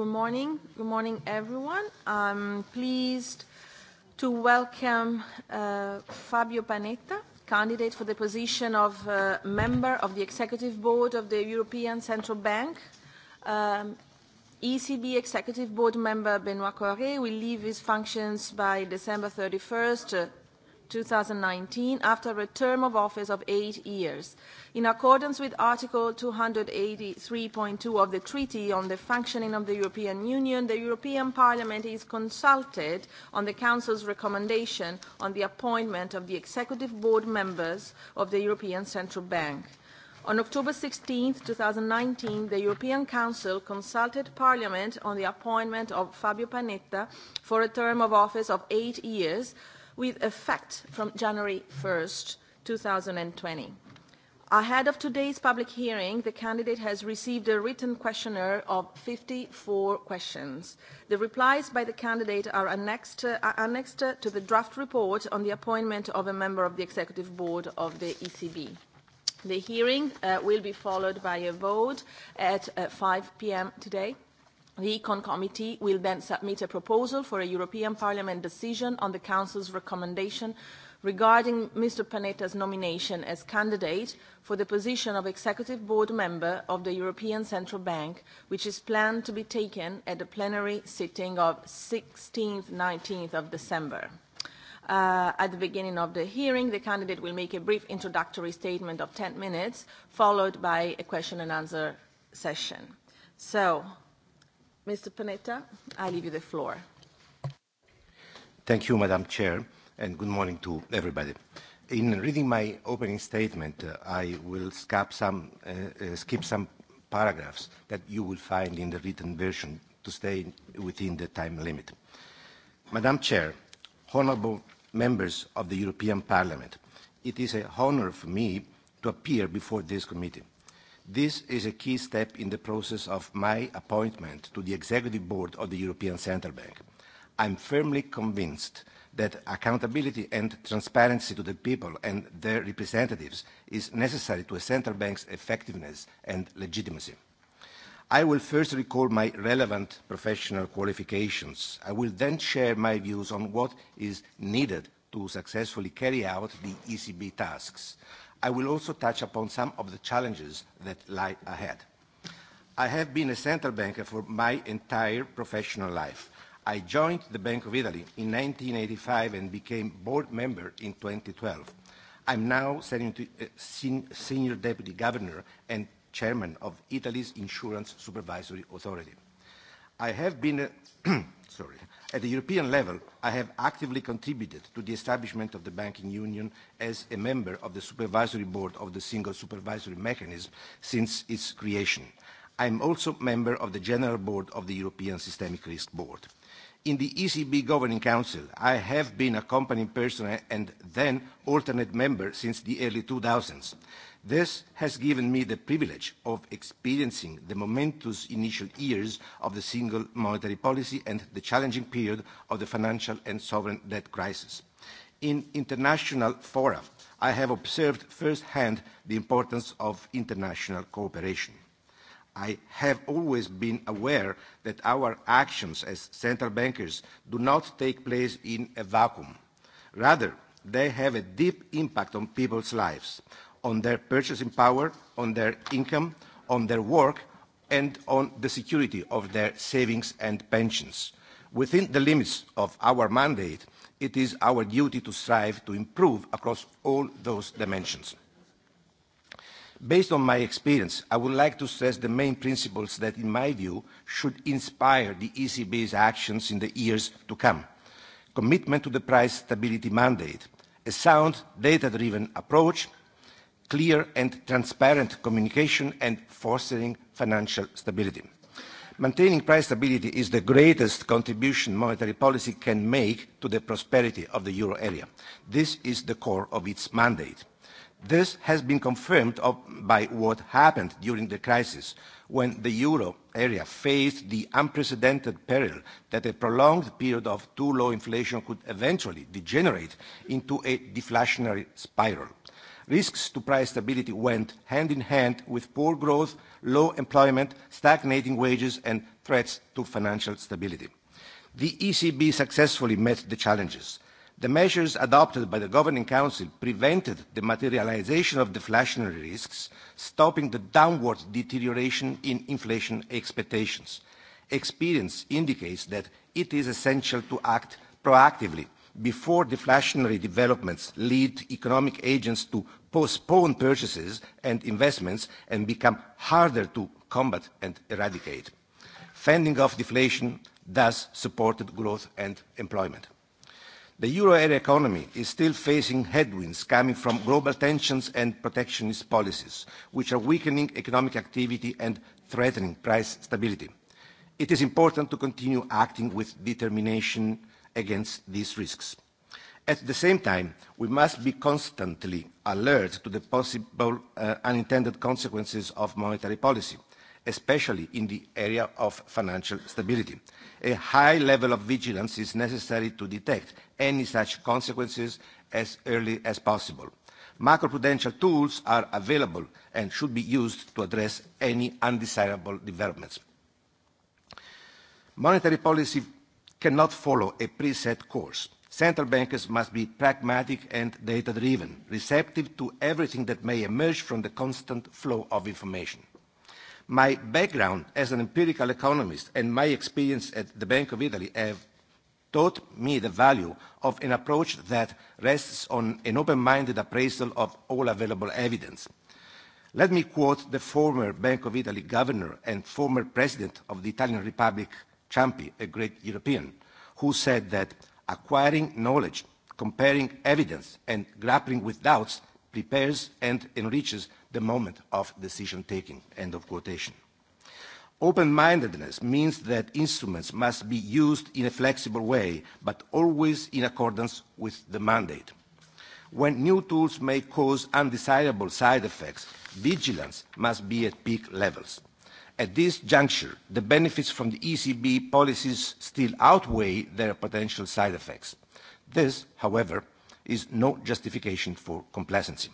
Good morning. Good morning, everyone. I'm pleased to welcome uh, Fabio Panetta, candidate for the position of uh, member of the Executive Board of the European Central Bank. Um, ECB Executive Board member Benoit Corre will leave his functions by December 31st, uh, 2019 after a term of office of eight years, in accordance with Article 283.2 of the Treaty on the Functioning of the European Union, the European Parliament is consulted on the Council's recommendation on the appointment of the Executive Board members of the European Central Bank. On October 16, 2019, the European Council consulted Parliament on the appointment of Fabio Panetta for a term of office of eight years, with effect from January 1st, 2020. Ahead of today's public hearing, the candidate has received a written questionnaire of 54 questions. The replies by the candidate are annexed, uh, annexed to the draft report on the appointment of a member of the Executive Board of the ECB. The hearing uh, will be followed by a vote at uh, 5 p.m. today the econ committee will then submit a proposal for a european parliament decision on the council's recommendation regarding mr panetta's nomination as candidate for the position of executive board member of the european central bank which is planned to be taken at the plenary sitting of 16th 19th of december uh, at the beginning of the hearing, the candidate will make a brief introductory statement of 10 minutes, followed by a question and answer session. So, Mr. Panetta, I leave you the floor. Thank you, Madam Chair, and good morning to everybody. In reading my opening statement, uh, I will skip some, uh, uh, skip some paragraphs that you will find in the written version to stay within the time limit. Madam Chair, honorable members of the European Parliament, it is a honor for me to appear before this committee. This is a key step in the process of my appointment to the Executive Board of the European Central Bank. I'm firmly convinced that accountability and transparency to the people and their representatives is necessary to a central bank's effectiveness and legitimacy. I will first recall my relevant professional qualifications. I will then share my views on what is needed to successfully carry out the ECB tasks. I will also touch upon some of the challenges that lie ahead. I have been a central banker for my entire professional life. I joined the Bank of Italy in 1985 and became board member in 2012. I'm now eh, senior deputy governor and chairman of Italy's Insurance Supervisory Authority. I have been a, sorry, At the European level, I have actively contributed to the establishment of the Banking Union as a member of the Supervisory Board of the Single Supervisory Mechanism since its creation. I am also member of the General Board of the European Systemic Risk Board. In the ECB Governing Council, I have been accompanying person and then alternate member since the early 2000s. This has given me the privilege of experiencing the momentous initial years of the single monetary policy and the challenging period of the financial and sovereign debt crisis. In international fora, I have observed firsthand the importance of international cooperation. I have always been aware that our actions as central bankers do not take place in a vacuum. Rather, they have a deep impact on people's lives, on their purchasing power, on their income, on their work, and on the security of their savings and pensions. Within the limits of our mandate, it is our duty to strive to improve across all those dimensions. Based on my experience, I would like to stress the main principles that, in my view, should inspire the ECB's actions in the years to come. Commitment to the price stability mandate, a sound data-driven approach clear and transparent communication and fostering financial stability. Maintaining price stability is the greatest contribution monetary policy can make to the prosperity of the euro area. This is the core of its mandate. This has been confirmed of, by what happened during the crisis, when the euro area faced the unprecedented peril that a prolonged period of too low inflation could eventually degenerate into a deflationary spiral. Risks to price stability went hand in hand with poor growth, low employment, stagnating wages and threats to financial stability. The ECB successfully met the challenges. The measures adopted by the Governing Council prevented the materialization of deflationary risks, stopping the downward deterioration in inflation expectations. Experience indicates that it is essential to act proactively before deflationary developments lead economic agents to postpone purchases and investments and become harder to combat and eradicate. Fending off deflation thus supported growth and employment. The euro area economy is still facing headwinds coming from global tensions and protectionist policies, which are weakening economic activity and threatening price stability. It is important to continue acting with determination against these risks. At the same time, we must be constantly alert to the possible uh, unintended consequences of monetary policy, especially in the area of financial stability. A high level of vigilance is necessary to detect any such consequences as early as possible. Macroprudential tools are available and should be used to address any undesirable developments. Monetary policy cannot follow a preset course. Central bankers must be pragmatic and data-driven, receptive to everything that may emerge from the constant flow of information. My background as an empirical economist and my experience at the Bank of Italy have taught me the value of an approach that rests on an open-minded appraisal of all available evidence. Let me quote the former Bank of Italy governor and former president of the Italian Republic, Ciampi, a great European, who said that acquiring knowledge, comparing evidence, and grappling with doubts prepares and enriches the moment of decision taking. End of quotation. Open-mindedness means that instruments must be used in a flexible way, but always in accordance with the mandate. When new tools may cause undesirable side effects, vigilance must be at peak levels. At this juncture, the benefits from the ECB policies still outweigh their potential side effects. This, however, is no justification for complacency.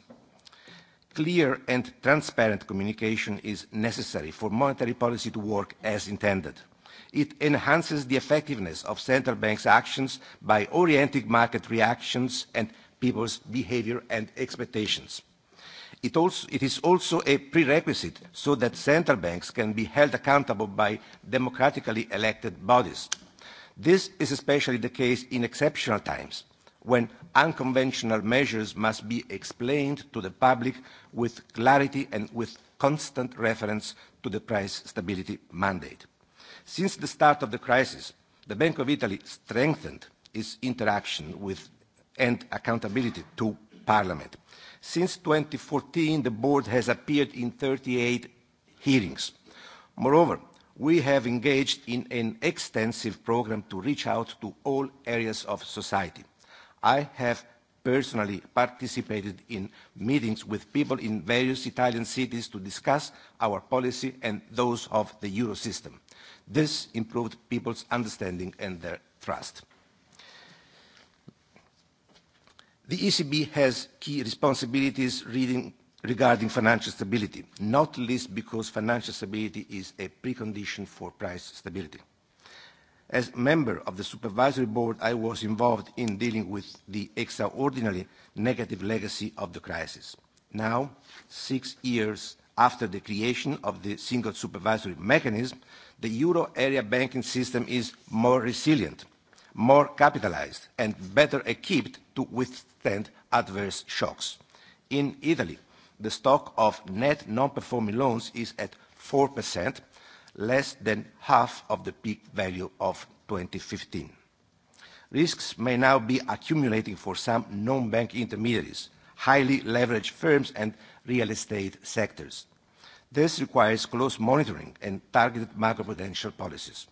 Clear and transparent communication is necessary for monetary policy to work as intended. It enhances the effectiveness of central banks' actions by orienting market reactions and people's behavior and expectations. It, also, it is also a prerequisite so that central banks can be held accountable by democratically elected bodies. This is especially the case in exceptional times, when unconventional measures must be explained to the public with clarity and with constant reference to the price stability mandate. Since the start of the crisis, the Bank of Italy strengthened its interaction with and accountability to Parliament. Since 2014, the board has appeared in 38 hearings. Moreover, we have engaged in an extensive program to reach out to all areas of society. I have personally participated in meetings with people in various Italian cities to discuss our policy and those of the Eurosystem. This improved people's understanding and their trust. The ECB has key responsibilities regarding financial stability, not least because financial stability is a precondition for price stability. As member of the supervisory board, I was involved in dealing with the extraordinarily negative legacy of the crisis. Now, six years after the creation of the single supervisory mechanism, the euro area banking system is more resilient – more capitalized and better equipped to withstand adverse shocks. In Italy, the stock of net non-performing loans is at 4%, less than half of the peak value of 2015. Risks may now be accumulating for some non-bank intermediaries, highly leveraged firms, and real estate sectors. This requires close monitoring and targeted macroprudential policies.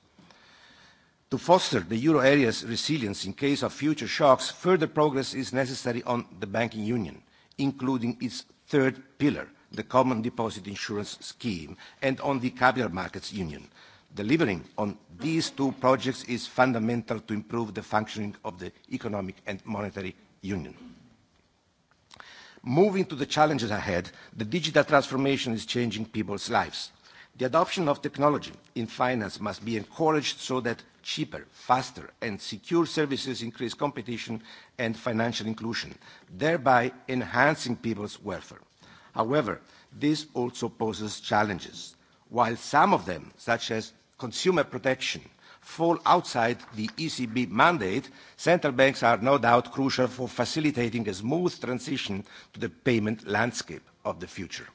To foster the euro area's resilience in case of future shocks, further progress is necessary on the banking union, including its third pillar, the common deposit insurance scheme, and on the capital markets union. Delivering on these two projects is fundamental to improve the functioning of the economic and monetary union. Moving to the challenges ahead, the digital transformation is changing people's lives. The adoption of technology in finance must be encouraged so that cheaper, faster and secure services increase competition and financial inclusion, thereby enhancing people's welfare. However, this also poses challenges. While some of them, such as consumer protection, fall outside the ECB mandate, central banks are no doubt crucial for facilitating a smooth transition to the payment landscape of the future.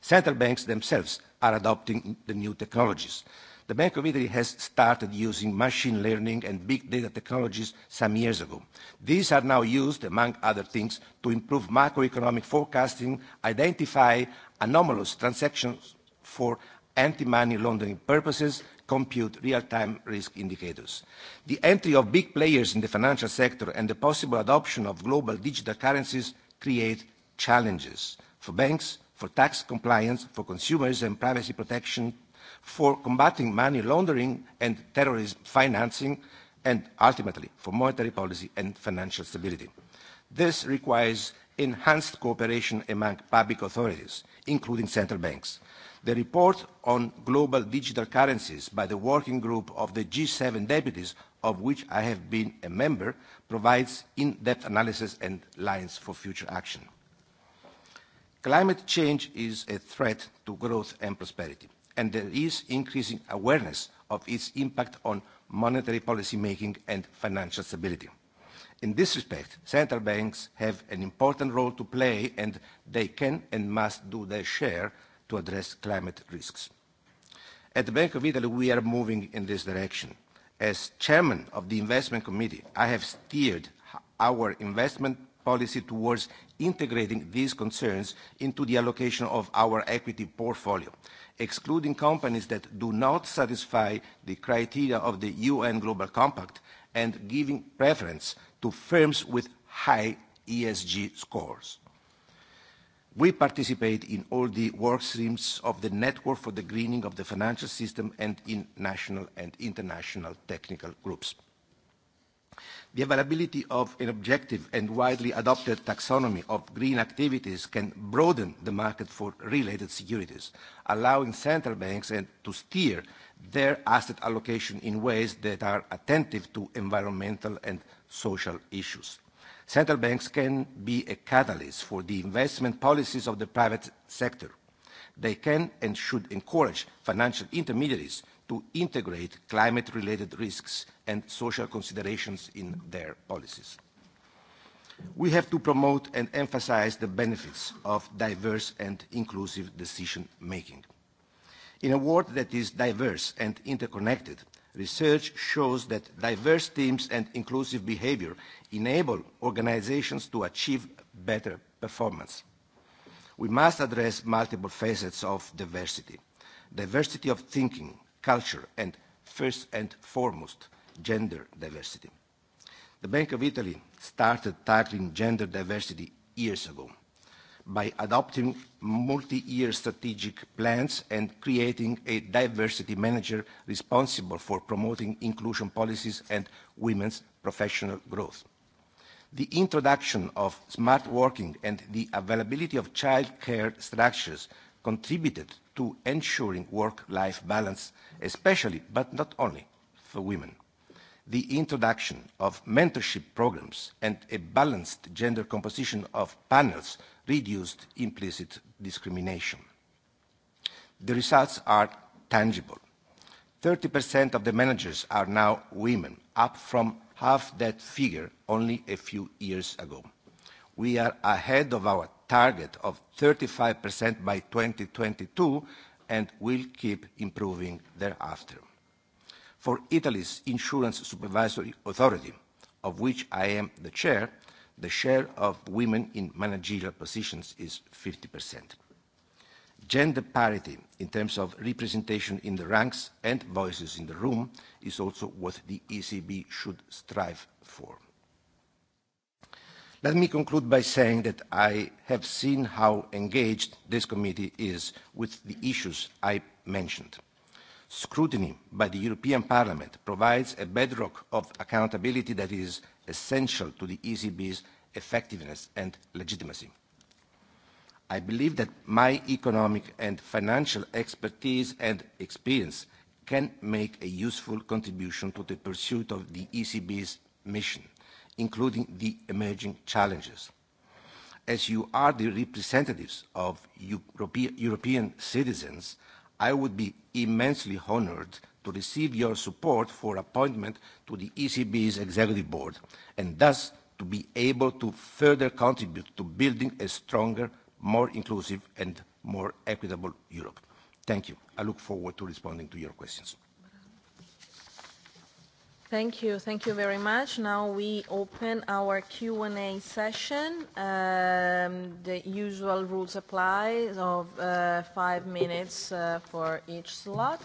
Central banks themselves are adopting the new technologies, The Bank of Italy has started using machine learning and big data technologies some years ago. These are now used, among other things, to improve macroeconomic forecasting, identify anomalous transactions for anti-money laundering purposes, compute real-time risk indicators. The entry of big players in the financial sector and the possible adoption of global digital currencies create challenges for banks, for tax compliance, for consumers and privacy protection for combating money laundering and terrorism financing, and ultimately for monetary policy and financial stability. This requires enhanced cooperation among public authorities, including central banks. The report on global digital currencies by the working group of the G7 deputies, of which I have been a member, provides in-depth analysis and lines for future action. Climate change is a threat to growth and prosperity and there is increasing awareness of its impact on monetary policy making and financial stability. In this respect, central banks have an important role to play and they can and must do their share to address climate risks. At the Bank of Italy, we are moving in this direction. As chairman of the investment committee, I have steered our investment policy towards integrating these concerns into the allocation of our equity portfolio excluding companies that do not satisfy the criteria of the UN Global Compact and giving preference to firms with high ESG scores. We participate in all the work streams of the Network for the Greening of the Financial System and in national and international technical groups. The availability of an objective and widely adopted taxonomy of green activities can broaden the market for related securities, allowing central banks and to steer their asset allocation in ways that are attentive to environmental and social issues. Central banks can be a catalyst for the investment policies of the private sector. They can and should encourage financial intermediaries to integrate climate-related risks and social considerations in their policies. We have to promote and emphasize the benefits of diverse and inclusive decision-making. In a world that is diverse and interconnected, research shows that diverse teams and inclusive behavior enable organizations to achieve better performance. We must address multiple facets of diversity. Diversity of thinking, culture, and first and foremost, gender diversity. The Bank of Italy started tackling gender diversity years ago by adopting multi-year strategic plans and creating a diversity manager responsible for promoting inclusion policies and women's professional growth. The introduction of smart working and the availability of childcare structures contributed to ensuring work-life balance, especially, but not only, for women. The introduction of mentorship programs and a balanced gender composition of panels reduced implicit discrimination. The results are tangible. 30% of the managers are now women, up from half that figure only a few years ago. We are ahead of our target of 35% by 2022 and will keep improving thereafter. For Italy's Insurance Supervisory Authority, of which I am the chair, the share of women in managerial positions is 50%. Gender parity in terms of representation in the ranks and voices in the room is also what the ECB should strive for. Let me conclude by saying that I have seen how engaged this committee is with the issues I mentioned. Scrutiny by the European Parliament provides a bedrock of accountability that is essential to the ECB's effectiveness and legitimacy. I believe that my economic and financial expertise and experience can make a useful contribution to the pursuit of the ECB's mission including the emerging challenges. As you are the representatives of European citizens, I would be immensely honoured to receive your support for appointment to the ECB's Executive Board and thus to be able to further contribute to building a stronger, more inclusive and more equitable Europe. Thank you. I look forward to responding to your questions. Thank you. Thank you very much. Now we open our Q&A session. Um, the usual rules apply of uh, five minutes uh, for each slot.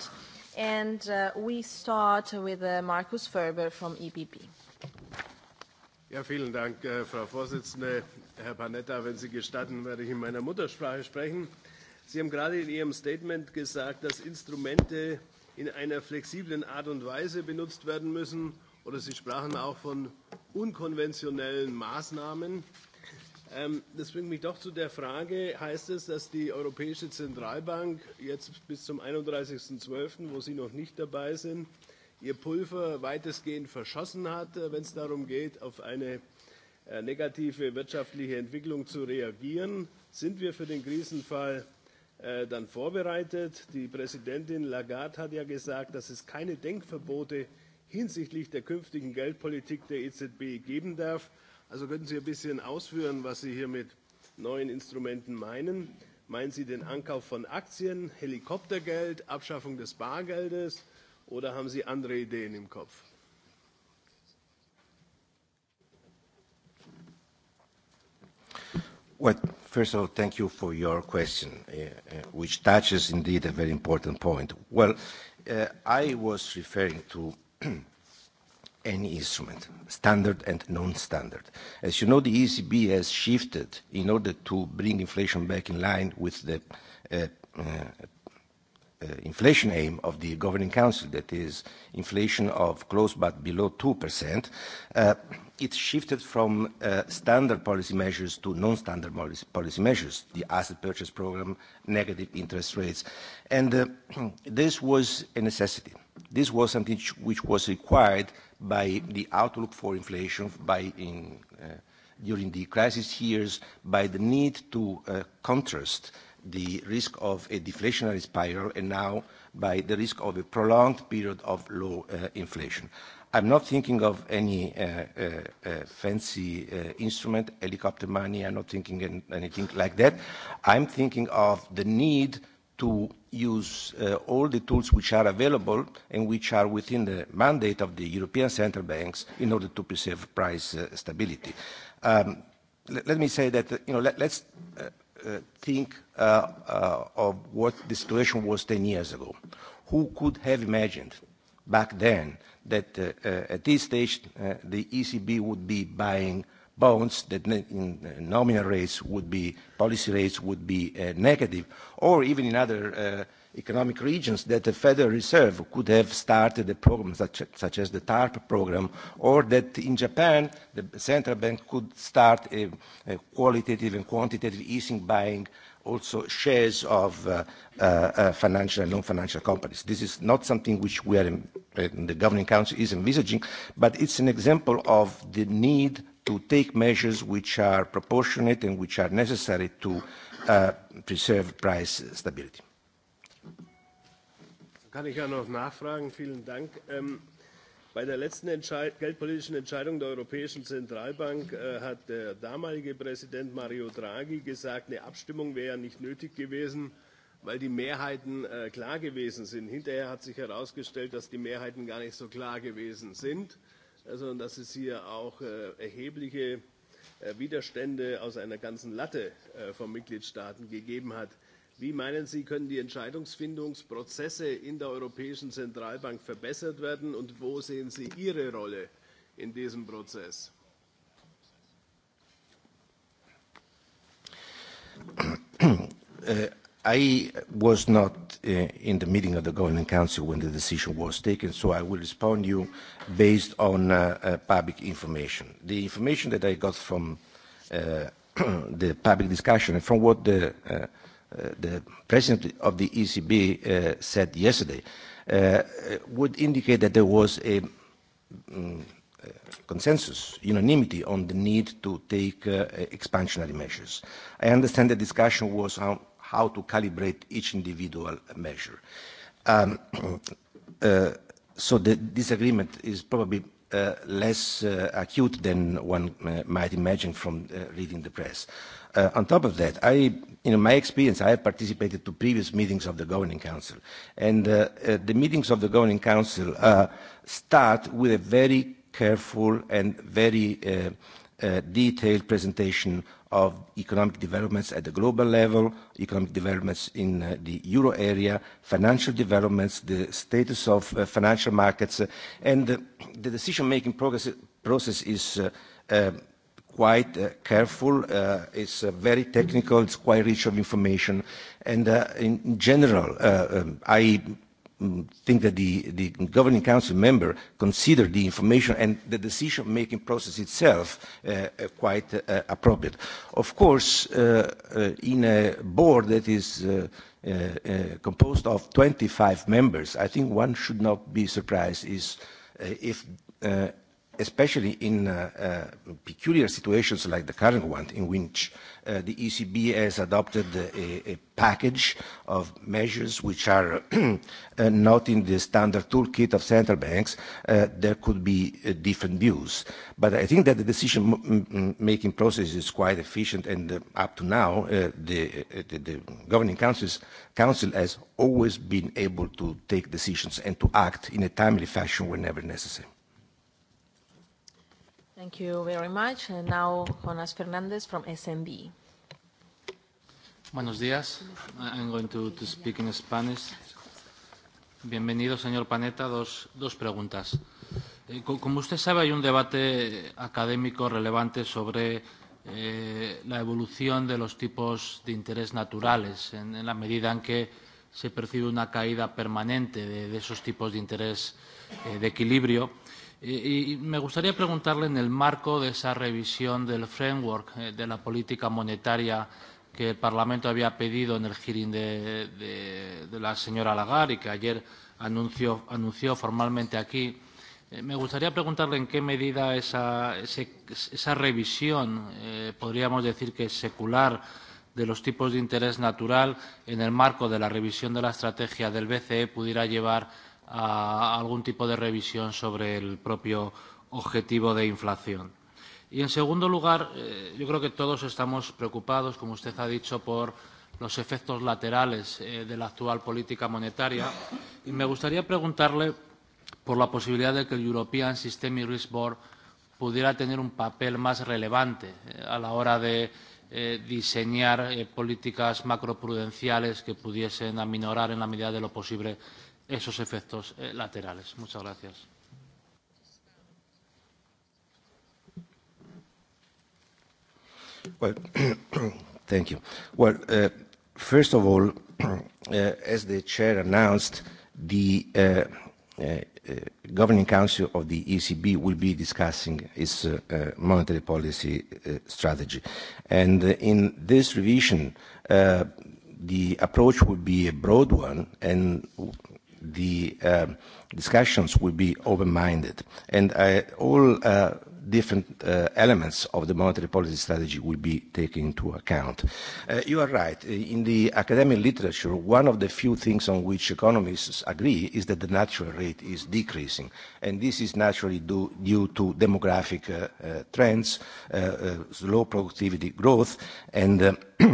And uh, we start with uh, Markus Ferber from EPP. Ja, vielen Dank, äh, Frau Vorsitzende. Herr Panetta, wenn Sie gestatten, werde ich in meiner Muttersprache sprechen. Sie haben gerade in Ihrem Statement gesagt, dass Instrumente in einer flexiblen Art und Weise benutzt werden müssen. Oder Sie sprachen auch von unkonventionellen Maßnahmen. Ähm, das bringt mich doch zu der Frage, heißt es, dass die Europäische Zentralbank jetzt bis zum 31.12., wo Sie noch nicht dabei sind, ihr Pulver weitestgehend verschossen hat, äh, wenn es darum geht, auf eine äh, negative wirtschaftliche Entwicklung zu reagieren? Sind wir für den Krisenfall Äh, dann vorbereitet. Die Präsidentin Lagarde hat ja gesagt, dass es keine Denkverbote hinsichtlich der künftigen Geldpolitik der EZB geben darf. Also könnten Sie ein bisschen ausführen, was Sie hier mit neuen Instrumenten meinen. Meinen Sie den Ankauf von Aktien, Helikoptergeld, Abschaffung des Bargeldes oder haben Sie andere Ideen im Kopf? Well, first of all, thank you for your question, uh, uh, which touches indeed a very important point. Well, uh, I was referring to any instrument, standard and non-standard. As you know, the ECB has shifted in order to bring inflation back in line with the uh, uh, Uh, inflation aim of the Governing Council, that is inflation of close but below 2%, uh, it shifted from uh, standard policy measures to non-standard policy measures, the asset purchase program, negative interest rates. And uh, this was a necessity. This was something which was required by the outlook for inflation by in, uh, during the crisis years, by the need to uh, contrast the risk of a deflationary spiral and now by the risk of a prolonged period of low uh, inflation. I'm not thinking of any uh, uh, uh fancy uh, instrument, helicopter money. I'm not thinking anything like that. I'm thinking of the need to use uh, all the tools which are available and which are within the mandate of the European Central Banks in order to preserve price stability. Um, let, me say that, you know, let, let's Uh, think uh, uh, of what the situation was 10 years ago. Who could have imagined back then that uh, uh, at this stage uh, the ECB would be buying bonds that in uh, nominal rates would be, policy rates would be uh, negative, or even in other uh, economic regions that the Federal Reserve could have started a program such, such as the TARP program, or that in Japan the central bank could start a, a qualitative and quantitative easing buying also shares of uh, uh, uh, financial and non-financial companies. This is not something which we are in, in the governing council is envisaging, but it's an example of the need to take measures which are proportionate and which are necessary to uh, preserve price stability. Kann ich ja noch nachfragen. Vielen Dank. Ähm, bei der letzten Entscheid geldpolitischen Entscheidung der Europäischen Zentralbank äh, hat der damalige Präsident Mario Draghi gesagt, eine Abstimmung wäre nicht nötig gewesen, weil die Mehrheiten äh, klar gewesen sind. Hinterher hat sich herausgestellt, dass die Mehrheiten gar nicht so klar gewesen sind, sondern dass es hier auch äh, erhebliche äh, Widerstände aus einer ganzen Latte äh, von Mitgliedstaaten gegeben hat. Wie meinen Sie, können die Entscheidungsfindungsprozesse in der Europäischen Zentralbank verbessert werden? Und wo sehen Sie Ihre Rolle in diesem Prozess? Uh, I was not uh, in the meeting of the Governing Council when the decision was taken, so I will respond you based on uh, uh, public information. The information that I got from uh, the public discussion and from what the uh, Uh, the president of the ECB uh, said yesterday, uh, would indicate that there was a um, consensus, unanimity on the need to take expansionary measures. I understand the discussion was on how to calibrate each individual measure. Um, so the disagreement is probably Uh, less uh, acute than one uh, might imagine from reading the press. Uh, on top of that, I, in my experience, I have participated to previous meetings of the Governing Council, and uh, uh, the meetings of the Governing Council uh, start with a very careful and very uh, uh, detailed presentation of economic developments at the global level, economic developments in uh, the euro area, financial developments, the status of uh, financial markets, uh, and uh, the decision-making process, process is uh, uh, quite uh, careful. Uh, it's uh, very technical. It's quite rich of information. And uh, in, general, uh, um, I mm, think that the, the governing council member considered the information and the decision-making process itself uh, uh, quite uh, appropriate. Of course, uh, uh, in a board that is uh, uh, uh, composed of 25 members, I think one should not be surprised is uh, if uh, especially in uh, uh, peculiar situations like the current one, in which uh, the ECB has adopted a, a package of measures which are uh, not in the standard toolkit of central banks, uh, there could be uh, different views. But I think that the decision-making process is quite efficient, and uh, up to now, uh, the, uh, the, the governing councils, council has always been able to take decisions and to act in a timely fashion whenever necessary. Thank you very much. And now Jonas Fernandez from SMB. Buenos días. I'm going to, speak in Spanish. Bienvenido, señor Panetta. Dos, dos preguntas. Eh, como usted sabe, hay un debate académico relevante sobre eh, la evolución de los tipos de interés naturales, en, la medida en que se percibe una caída permanente de, esos tipos de interés eh, de equilibrio Eh, y, y me gustaría preguntarle, en el marco de esa revisión del framework eh, de la política monetaria que el Parlamento había pedido en el hearing de, de, de la señora Lagarde y que ayer anunció, anunció formalmente aquí, eh, me gustaría preguntarle en qué medida esa, ese, esa revisión, eh, podríamos decir que secular, de los tipos de interés natural en el marco de la revisión de la estrategia del BCE pudiera llevar a algún tipo de revisión sobre el propio objetivo de inflación. Y, en segundo lugar, eh, yo creo que todos estamos preocupados, como usted ha dicho, por los efectos laterales eh, de la actual política monetaria. Y me gustaría preguntarle por la posibilidad de que el European Systemic Risk Board pudiera tener un papel más relevante eh, a la hora de eh, diseñar eh, políticas macroprudenciales que pudiesen aminorar en la medida de lo posible esos efectos eh, laterales. Muchas gracias. Well, thank you. Well, uh, first of all, uh, as the chair announced, the uh, uh, uh governing council of the ECB will be discussing its uh, uh, monetary policy uh, strategy, and uh, in this revision, uh, the approach will be a broad one and the uh, discussions will be open-minded, and uh, all uh, different uh, elements of the monetary policy strategy will be taken into account. Uh, you are right. In the academic literature, one of the few things on which economists agree is that the natural rate is decreasing, and this is naturally due, due to demographic uh, uh, trends, uh, uh, slow productivity growth, and uh,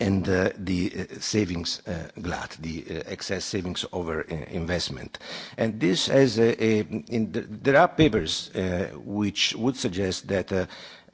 and uh, the uh, savings uh, glut, the uh, excess savings over uh, investment. And this has a, a in the, there are papers uh, which would suggest that uh,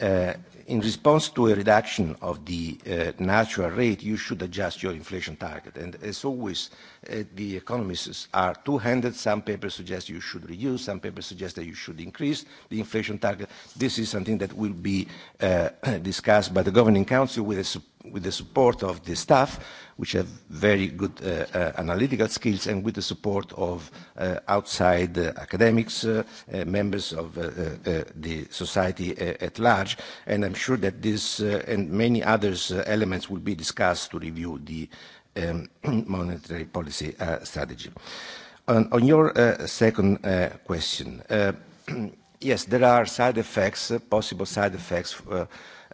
uh, in response to a reduction of the uh, natural rate, you should adjust your inflation target. And as always, uh, Uh, the economists are two-handed. Some papers suggest you should reduce. Some papers suggest that you should increase the inflation target. This is something that will be uh, discussed by the Governing Council with a with the support of the staff, which have very good uh, uh, analytical skills, and with the support of uh, outside uh, academics, uh, uh, members of uh, uh, uh the society uh, at large. And I'm sure that this uh, and many other uh, elements will be discussed to review the Um, monetary policy uh, strategy. On, on your uh, second uh, question, uh, yes, there are side effects, uh, possible side effects uh,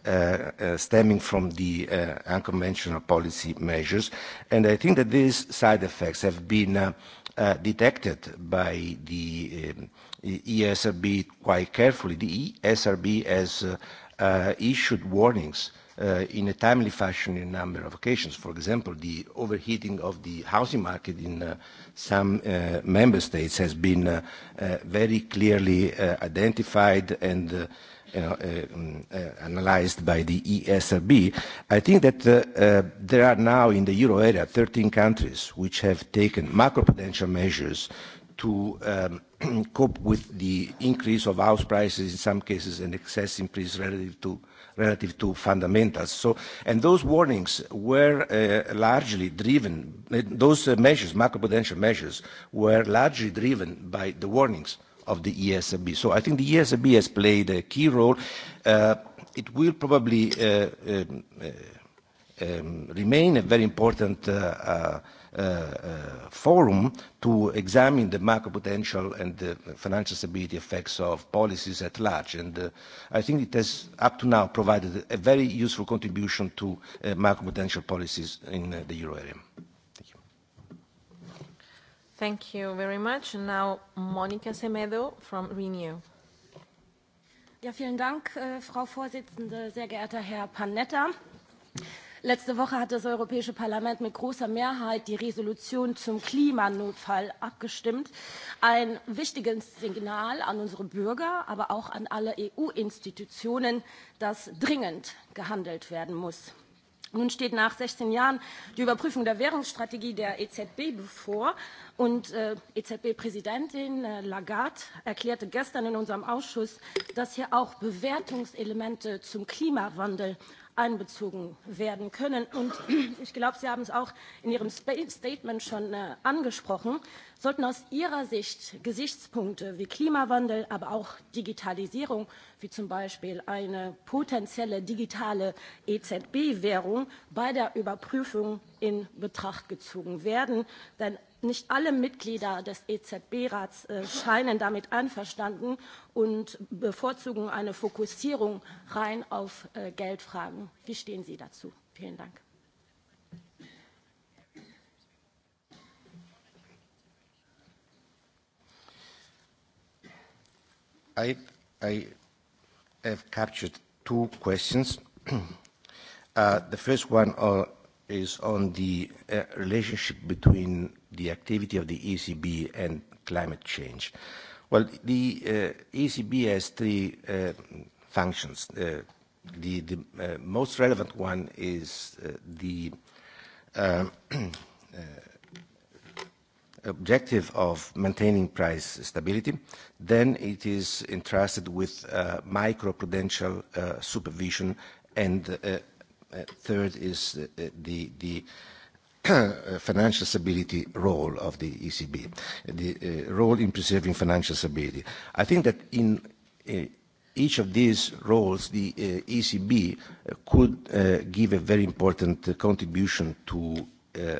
uh, uh, stemming from the uh, unconventional policy measures, and I think that these side effects have been uh, uh, detected by the um, ESRB quite carefully. The ESRB has uh, uh, issued warnings uh, in a timely fashion in a number of occasions. For example, the overheating of the housing market in uh, some uh, member states has been uh, uh, very clearly uh, identified and uh, you know, uh, um, uh, analyzed by the ESRB. I think that uh, uh, there are now in the euro area 13 countries which have taken macroprudential measures to um, cope with the increase of house prices in some cases and excess increase relative to uh, relative to fundamentals. So, and those warnings were uh, largely driven, uh, those uh, measures, macroprudential measures, were largely driven by the warnings of the ESB. So I think the ESB has played a key role. Uh, it will probably uh, um, uh, um, remain a very important uh, uh, Uh, uh, forum to examine the macro potential and the financial stability effects of policies at large. And uh, I think it has, up to now, provided a very useful contribution to uh, macro potential policies in uh, the euro area. Thank you. Thank you very much. And now, Monica Semedo from Renew. Ja, vielen Dank, äh, Frau Vorsitzende, sehr geehrter Herr Panetta. Letzte Woche hat das Europäische Parlament mit großer Mehrheit die Resolution zum Klimanotfall abgestimmt. Ein wichtiges Signal an unsere Bürger, aber auch an alle EU-Institutionen, dass dringend gehandelt werden muss. Nun steht nach 16 Jahren die Überprüfung der Währungsstrategie der EZB bevor. Und äh, EZB-Präsidentin äh, Lagarde erklärte gestern in unserem Ausschuss, dass hier auch Bewertungselemente zum Klimawandel einbezogen werden können. Und ich glaube, Sie haben es auch in Ihrem Statement schon äh, angesprochen, sollten aus Ihrer Sicht Gesichtspunkte wie Klimawandel, aber auch Digitalisierung, wie zum Beispiel eine potenzielle digitale EZB-Währung, bei der Überprüfung in Betracht gezogen werden. Denn Nicht alle Mitglieder des EZB-Rats äh, scheinen damit einverstanden und bevorzugen eine Fokussierung rein auf äh, Geldfragen. Wie stehen Sie dazu? Vielen Dank. I, I have captured two questions. uh, the first one uh, is on the uh, relationship between the activity of the ECB and climate change? Well, the uh, ECB has three uh, functions. Uh, the the uh, most relevant one is uh, the uh, uh, objective of maintaining price stability. Then it is entrusted with uh, microprudential uh, supervision, and uh, uh, third is uh, the the Uh, financial stability role of the ECB, the uh, role in preserving financial stability. I think that in uh, each of these roles, the uh, ECB uh, could uh, give a very important uh, contribution to uh,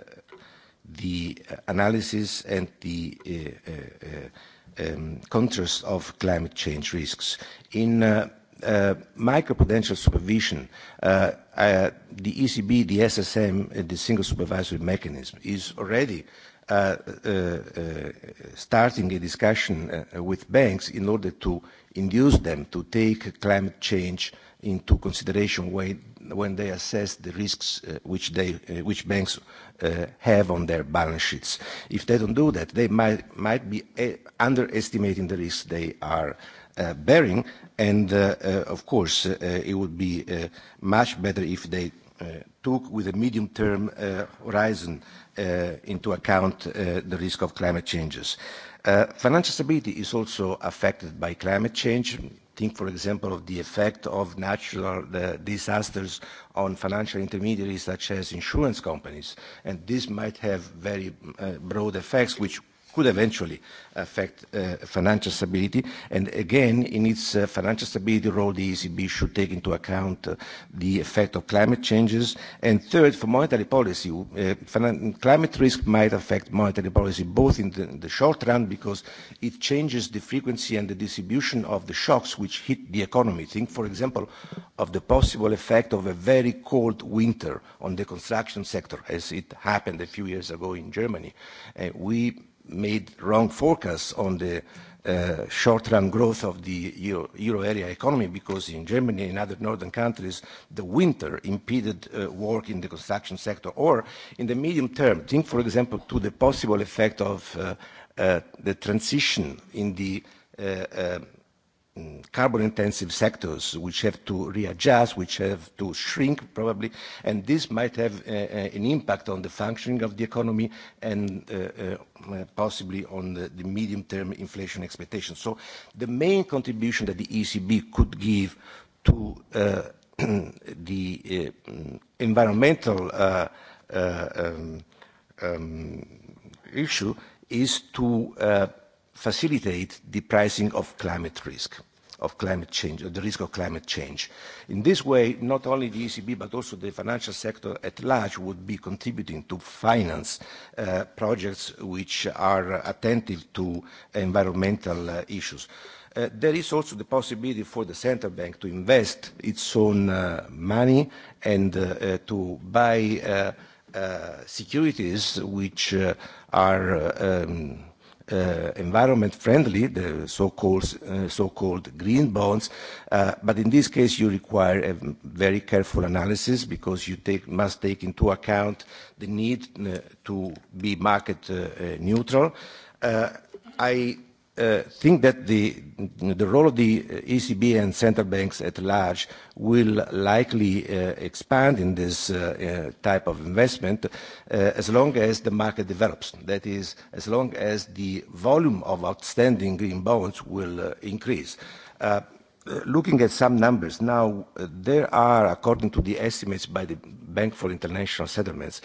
the analysis and the uh, uh, uh, um, contrast of climate change risks. In uh, uh, microprudential supervision, uh, uh, the ECB, the SSM, uh, the single supervisory mechanism, is already uh, uh, uh, starting a discussion uh, with banks in order to induce them to take climate change into consideration when, when they assess the risks uh, which, they, uh, which banks uh, have on their balance sheets. If they don't do that, they might, might be uh, underestimating the risks they are uh, bearing And uh, uh, of course, uh, uh, it would be uh, much better if they uh, took with a medium-term uh, horizon uh, into account uh, the risk of climate changes. Uh, financial stability is also affected by climate change. Think, for example, of the effect of natural uh, disasters on financial intermediaries such as insurance companies. And this might have very uh, broad effects, which could eventually affect uh, financial stability. And again, in its uh, financial stability role, the ECB should take into account uh, the effect of climate changes. And third, for monetary policy, uh, climate risk might affect monetary policy both in the, in the short run because it changes the frequency and the distribution of the shocks which hit the economy. Think, for example, of the possible effect of a very cold winter on the construction sector, as it happened a few years ago in Germany. Uh, we made wrong forecasts on the uh, short-run growth of the Euro, Euro area economy because in Germany and other northern countries, the winter impeded uh, work in the construction sector. Or in the medium term, think, for example, to the possible effect of uh, uh, the transition in the uh, uh, Mm, carbon intensive sectors which have to readjust, which have to shrink probably, and this might have uh, an impact on the functioning of the economy and uh, uh, uh possibly on the, the medium term inflation expectations. So the main contribution that the ECB could give to uh, the uh, environmental uh, uh, um, um, issue is to uh, facilitate the pricing of climate risk of climate change, or the risk of climate change. In this way, not only the ECB, but also the financial sector at large would be contributing to finance uh, projects which are attentive to environmental uh, issues. Uh, there is also the possibility for the central bank to invest its own uh, money and uh, uh, to buy uh, uh, securities which uh, are uh, um, uh, environment friendly, the so-called uh, so-called green bonds. Uh, but in this case, you require a very careful analysis because you take, must take into account the need uh, to be market uh, uh neutral. Uh, I Uh, think that the, the role of the ECB and central banks at large will likely uh, expand in this uh, uh, type of investment uh, as long as the market develops. That is, as long as the volume of outstanding green bonds will uh, increase. Uh, looking at some numbers now, uh, there are, according to the estimates by the Bank for International Settlements,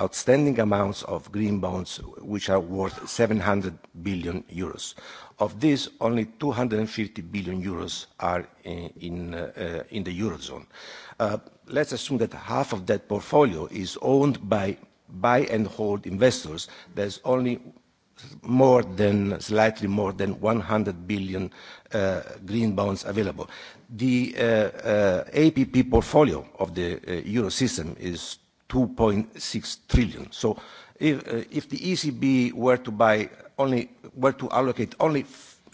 outstanding amounts of green bonds which are worth 700 billion euros. Of this, only 250 billion euros are uh, in, in, uh, uh, in the eurozone. Uh, let's assume that half of that portfolio is owned by buy and hold investors. There's only more than, slightly more than 100 billion uh, green bonds available. The uh, uh, APP portfolio of the uh, euro system is 2.6 trillion. So if, uh, if the ECB were to buy only, were to allocate only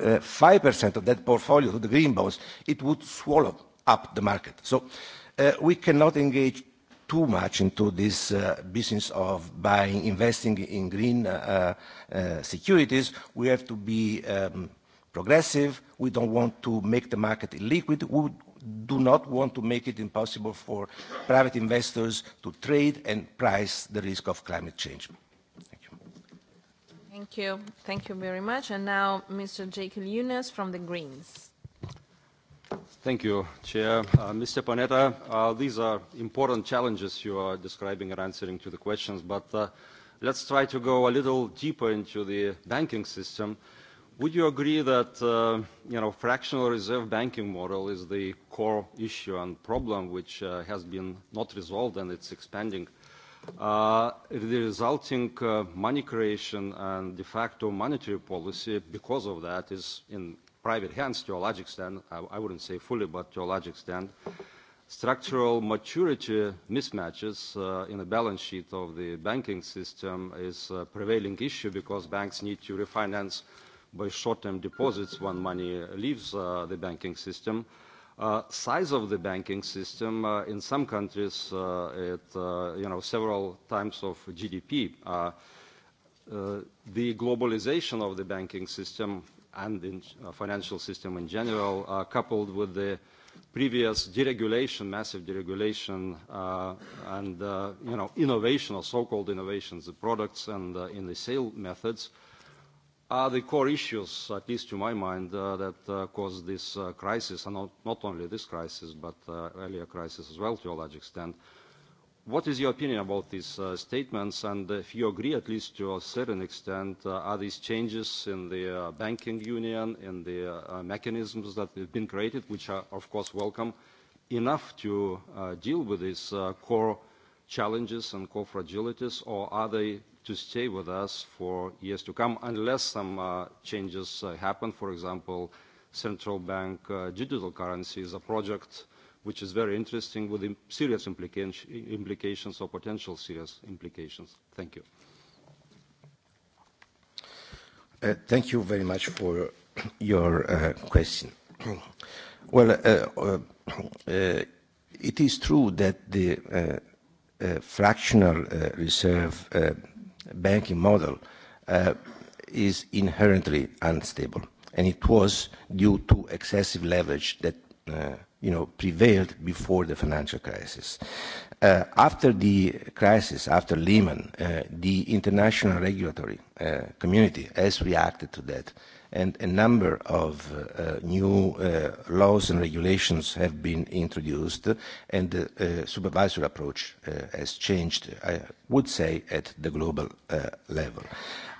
uh, five uh, 5% of that portfolio to the green bonds, it would swallow up the market. So uh, we cannot engage too much into this uh, business of buying, investing in green uh, uh, uh, securities. We have to be um, progressive. We don't want to make the market illiquid. We do not want to make it impossible for private investors to trade and price the risk of climate change. Thank you. Thank you. Thank you very much. And now Mr. Jekyll Yunus from the Greens. Thank you, Chair. Uh, Mr. Panetta, uh, these are important challenges you are describing and answering to the questions, but uh, let's try to go a little deeper into the banking system. Would you agree that, uh, you know, fractional reserve banking model is the core issue and problem which uh, has been not resolved and it's expanding? Uh, the resulting uh, money creation and de facto monetary policy because of that is in private hands to a large extent, I, I wouldn't say fully, but to a large extent, structural maturity mismatches uh, in the balance sheet of the banking system is a prevailing issue because banks need to refinance by short-term deposits when money leaves uh, the banking system. Uh, size of the banking system uh, in some countries uh, it, uh, you know several times of GDP. Uh, uh, the globalization of the banking system and the uh, financial system in general, uh, coupled with the previous deregulation, massive deregulation, uh, and uh, you know innovation or so-called innovations, the products and uh, in the sale methods, are the core issues, at least to my mind, uh, that uh, caused this uh, crisis, and not, not only this crisis, but uh, earlier crisis as well, to a large extent. Uh, What is your opinion about these uh, statements? And if you agree, at least to a certain extent, uh, are these changes in the uh, banking union, in the uh, mechanisms that have been created, which are, of course, welcome, enough to uh, deal with these uh, core challenges and core fragilities, or are they to stay with us for years to come, unless some uh, changes uh, happen? For example, central bank uh, digital currency is a project which is very interesting with serious implications or potential serious implications. Thank you. Uh, thank you very much for your uh, question. well, uh, uh, uh it is true that the uh, fractional reserve banking model is inherently unstable, and it was due to excessive leverage that you know, prevailed before the financial crisis. Uh, after the crisis, after Lehman, uh, the international regulatory uh, community has reacted to that, and a number of uh, new uh, laws and regulations have been introduced, and the uh, supervisory approach uh, has changed, I would say, at the global uh, level.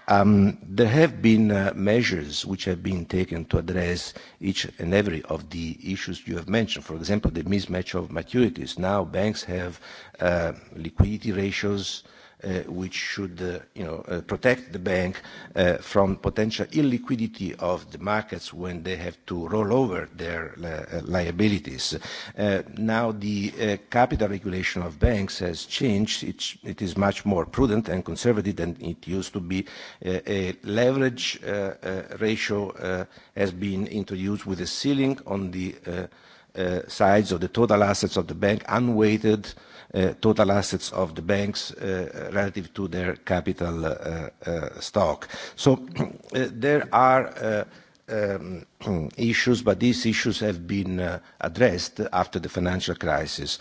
Um, there have been uh, measures which have been taken to address each and every of the issues you have mentioned. For example, the mismatch of maturities. Now banks have uh, liquidity ratios uh, Uh, which should uh, you know, uh, protect the bank from potential illiquidity of the markets when they have to roll over their liabilities. now, the capital regulation of banks has changed. It's, it is much more prudent and conservative than it used to be. a leverage ratio has been introduced with a ceiling on the sides of the total assets of the bank, unweighted uh, Uh, total assets of the banks uh, relative to their capital uh, stock. So there are um, issues, but these issues have been addressed after the financial crisis.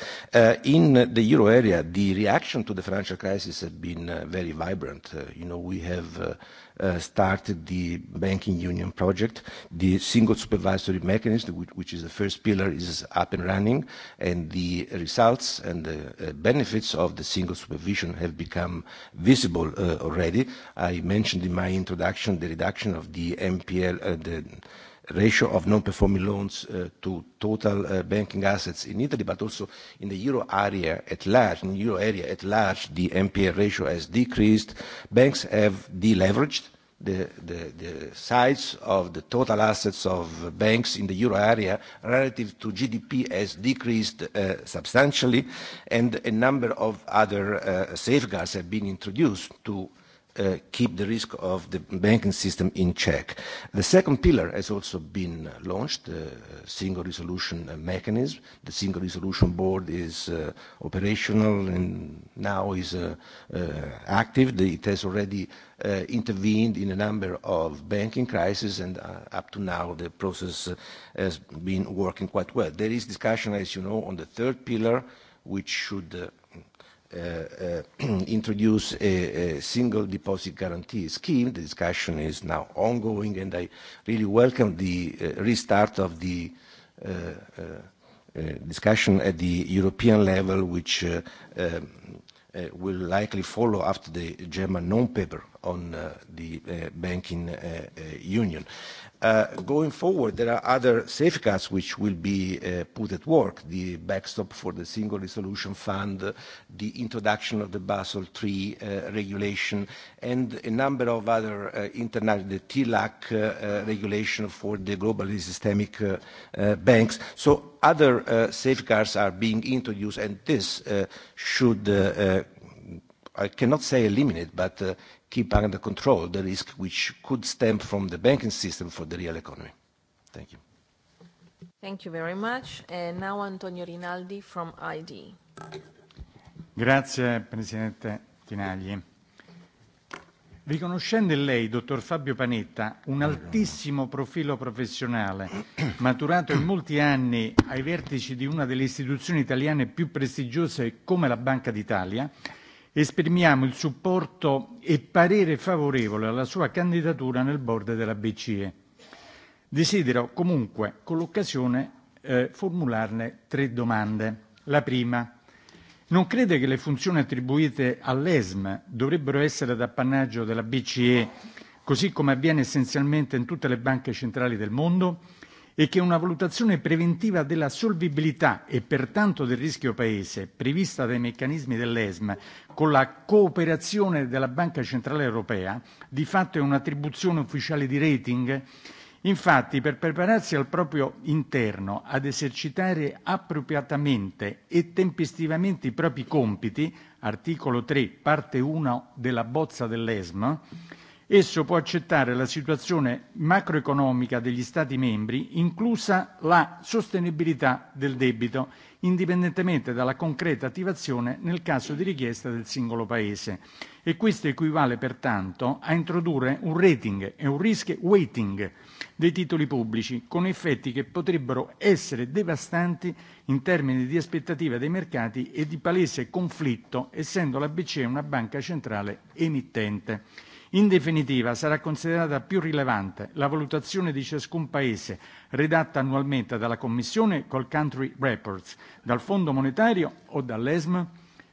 in the euro area, the reaction to the financial crisis has been very vibrant. you know, we have Uh, started the banking union project. The single supervisory mechanism, which, which is the first pillar, is up and running, and the results and the uh, benefits of the single supervision have become visible uh, already. I mentioned in my introduction the reduction of the MPL, uh, the ratio of non-performing loans uh, to total uh, banking assets in Italy, but also in the euro area at large, in the euro area at large, the NPL ratio has decreased. Banks have deleveraged the, size of the total assets of banks in the euro area relative to GDP has decreased uh, substantially, and a number of other safeguards have been introduced to Uh, keep the risk of the banking system in check. The second pillar has also been uh, launched, the uh, single resolution mechanism. The single resolution board is uh, operational and now is active. it has already intervened in a number of banking crises and up to now the process has been working quite well. There is discussion, as you know, on the third pillar, which should uh, uh introduce a, a single deposit guarantee scheme. The discussion is now ongoing, and I really welcome the uh, restart of the uh, uh, uh, discussion at the European level, which uh, um, uh, will likely follow after the German non-paper on uh, the uh, banking uh, uh, union. Uh, going forward, there are other safeguards which will be uh, put at work, the backstop for the Single Resolution Fund, the introduction of the Basel III uh, regulation, and a number of other uh, international, the TLAC uh, uh, regulation for the globally systemic uh, uh, banks. So other uh, safeguards are being introduced, and this uh, should uh, uh, I cannot say eliminate, but uh, keep under control the risk which could stem from the banking system for the real economy. Thank you. Thank you very much. And now Antonio Rinaldi from ID. Grazie Presidente Tinagli. Riconoscendo in lei, dottor Fabio Panetta, un altissimo profilo professionale, maturato in molti anni ai vertici di una delle istituzioni italiane più prestigiose come la Banca d'Italia, esprimiamo il supporto e parere favorevole alla sua candidatura nel board della BCE. Desidero comunque, con l'occasione, eh, formularne tre domande. La prima. Non crede che le funzioni attribuite all'ESM dovrebbero essere ad appannaggio della BCE, così come avviene essenzialmente in tutte le banche centrali del mondo? e che una valutazione preventiva della solvibilità e pertanto del rischio paese prevista dai meccanismi dell'ESM con la cooperazione della Banca Centrale Europea di fatto è un'attribuzione ufficiale di rating Infatti, per prepararsi al proprio interno ad esercitare appropriatamente e tempestivamente i propri compiti, articolo 3, parte 1 della bozza dell'ESM, Esso può accettare la situazione macroeconomica degli Stati membri, inclusa la sostenibilità del debito, indipendentemente dalla concreta attivazione nel caso di richiesta del singolo Paese. E questo equivale pertanto a introdurre un rating e un risk weighting dei titoli pubblici, con effetti che potrebbero essere devastanti in termini di aspettativa dei mercati e di palese conflitto, essendo la BCE una banca centrale emittente. In definitiva, sarà considerata più rilevante la valutazione di ciascun Paese, redatta annualmente dalla Commissione col Country Reports, dal Fondo monetario o dall'ESM?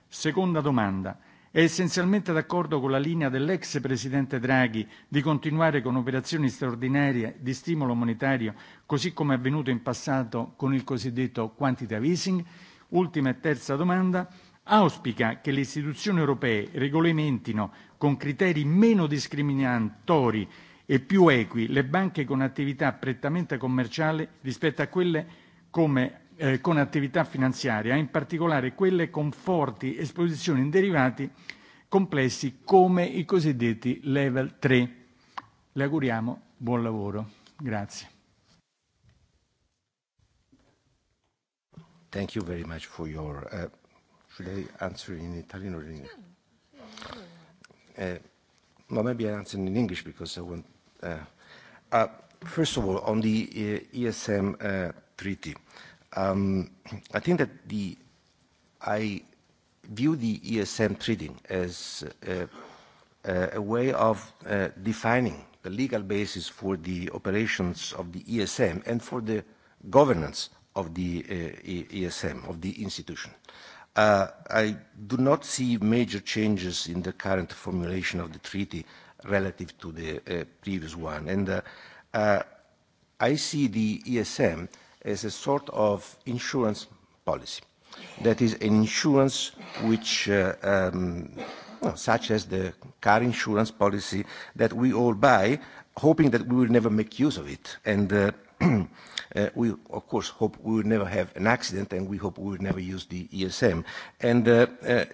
Seconda domanda. È essenzialmente d'accordo con la linea dell'ex presidente Draghi di continuare con operazioni straordinarie di stimolo monetario, così come avvenuto in passato con il cosiddetto quantitative easing? Ultima e terza domanda auspica che le istituzioni europee regolamentino con criteri meno discriminatori e più equi le banche con attività prettamente commerciali rispetto a quelle come, eh, con attività finanziaria, in particolare quelle con forti esposizioni in derivati complessi come i cosiddetti level 3. Le auguriamo buon lavoro. Grazie. Thank you very much for your uh, Should I answer in Italian or in English? Uh, well, maybe I answer in English because I want. Uh, uh, first of all, on the uh, ESM uh, treaty, um, I think that the I view the ESM treaty as uh, uh, a way of uh, defining the legal basis for the operations of the ESM and for the governance of the uh, ESM, of the institution. Uh, I do not see major changes in the current formulation of the treaty relative to the uh, previous one. And uh, uh, I see the ESM as a sort of insurance policy. That is an insurance which, uh, um, such as the car insurance policy that we all buy, hoping that we will never make use of it. And uh, Uh, we, of course, hope we will never have an accident, and we hope we will never use the ESM. And uh, uh, uh,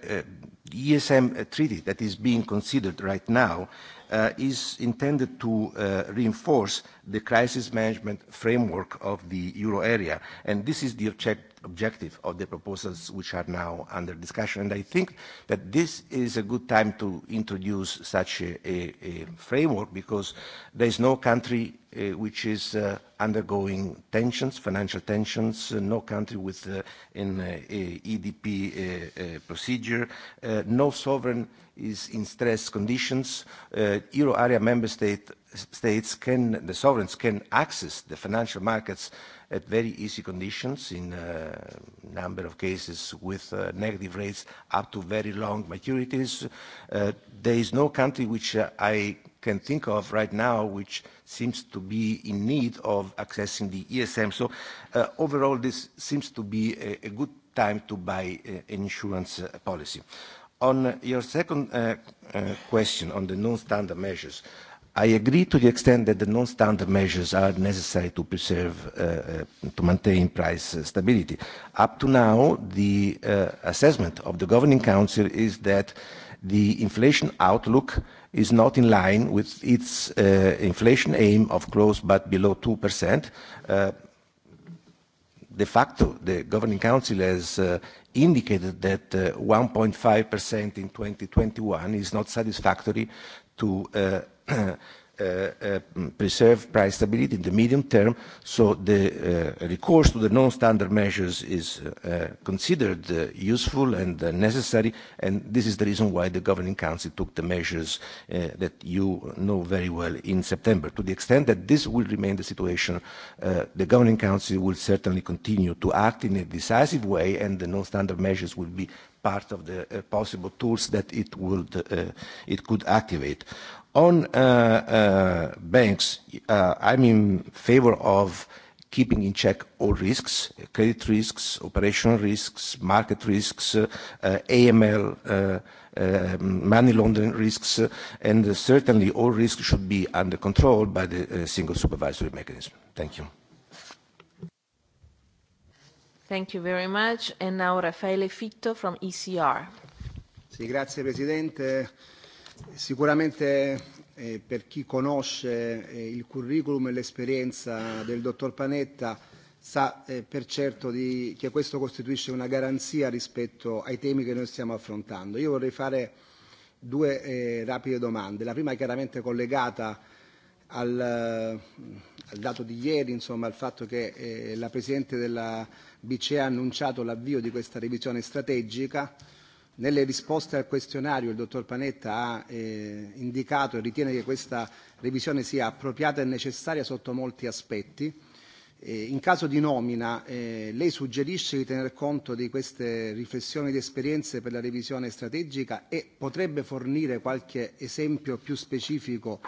the ESM treaty that is being considered right now uh, is intended to uh, reinforce the crisis management framework of the euro area. And this is the object, objective of the proposals which are now under discussion. And I think that this is a good time to introduce such a, a, a framework because there is no country uh, which is uh, undergoing tensions, financial tensions, uh, no country with uh, an uh, EDP uh, uh, procedure, uh, no sovereign uh, is in stress conditions, uh, euro area member state, states can, the sovereigns can access the financial markets at very easy conditions in a uh, number of cases with uh, negative rates up to very long maturities. Uh, there is no country which uh, I can think of right now which seems to be in need of accessing the ESM. So uh, overall, this seems to be a, a good time to buy uh, an insurance uh, policy. On your second uh, uh, question on the non-standard measures, I agree to the extent that the non-standard measures are necessary to preserve, uh, to maintain price stability. Up to now, the assessment of the Governing Council is that the inflation outlook is not in line with its inflation aim of close but below 2% de facto, the Governing Council has indicated that 1.5% uh, in 2021 is not satisfactory to uh, Uh, uh, preserve price stability in the medium term, so the uh, recourse to the non-standard measures is considered useful and necessary, and this is the reason why the Governing Council took the measures that you know very well in September. To the extent that this will remain the situation, the Governing Council will certainly continue to act in a decisive way, and the non-standard measures will be part of the uh, possible tools that it would uh, it could activate. On uh, uh, banks, uh, I'm in favor of keeping in check all risks, credit risks, operational risks, market risks, AML, money laundering risks, and certainly all risks should be under control by the single supervisory mechanism. Thank you. Thank you very much. And now Raffaele Fitto from ECR. Sì, grazie Presidente. Sicuramente eh, per chi conosce eh, il curriculum e l'esperienza del dottor Panetta sa eh, per certo di, che questo costituisce una garanzia rispetto ai temi che noi stiamo affrontando. Io vorrei fare due eh, rapide domande. La prima è chiaramente collegata al, al dato di ieri, insomma, al fatto che eh, la Presidente della BCE ha annunciato l'avvio di questa revisione strategica Nelle risposte al questionario il dottor Panetta ha eh, indicato e ritiene che questa revisione sia appropriata e necessaria sotto molti aspetti. Eh, in caso di nomina, eh, lei suggerisce di tener conto di queste riflessioni di esperienze per la revisione strategica e potrebbe fornire qualche esempio più specifico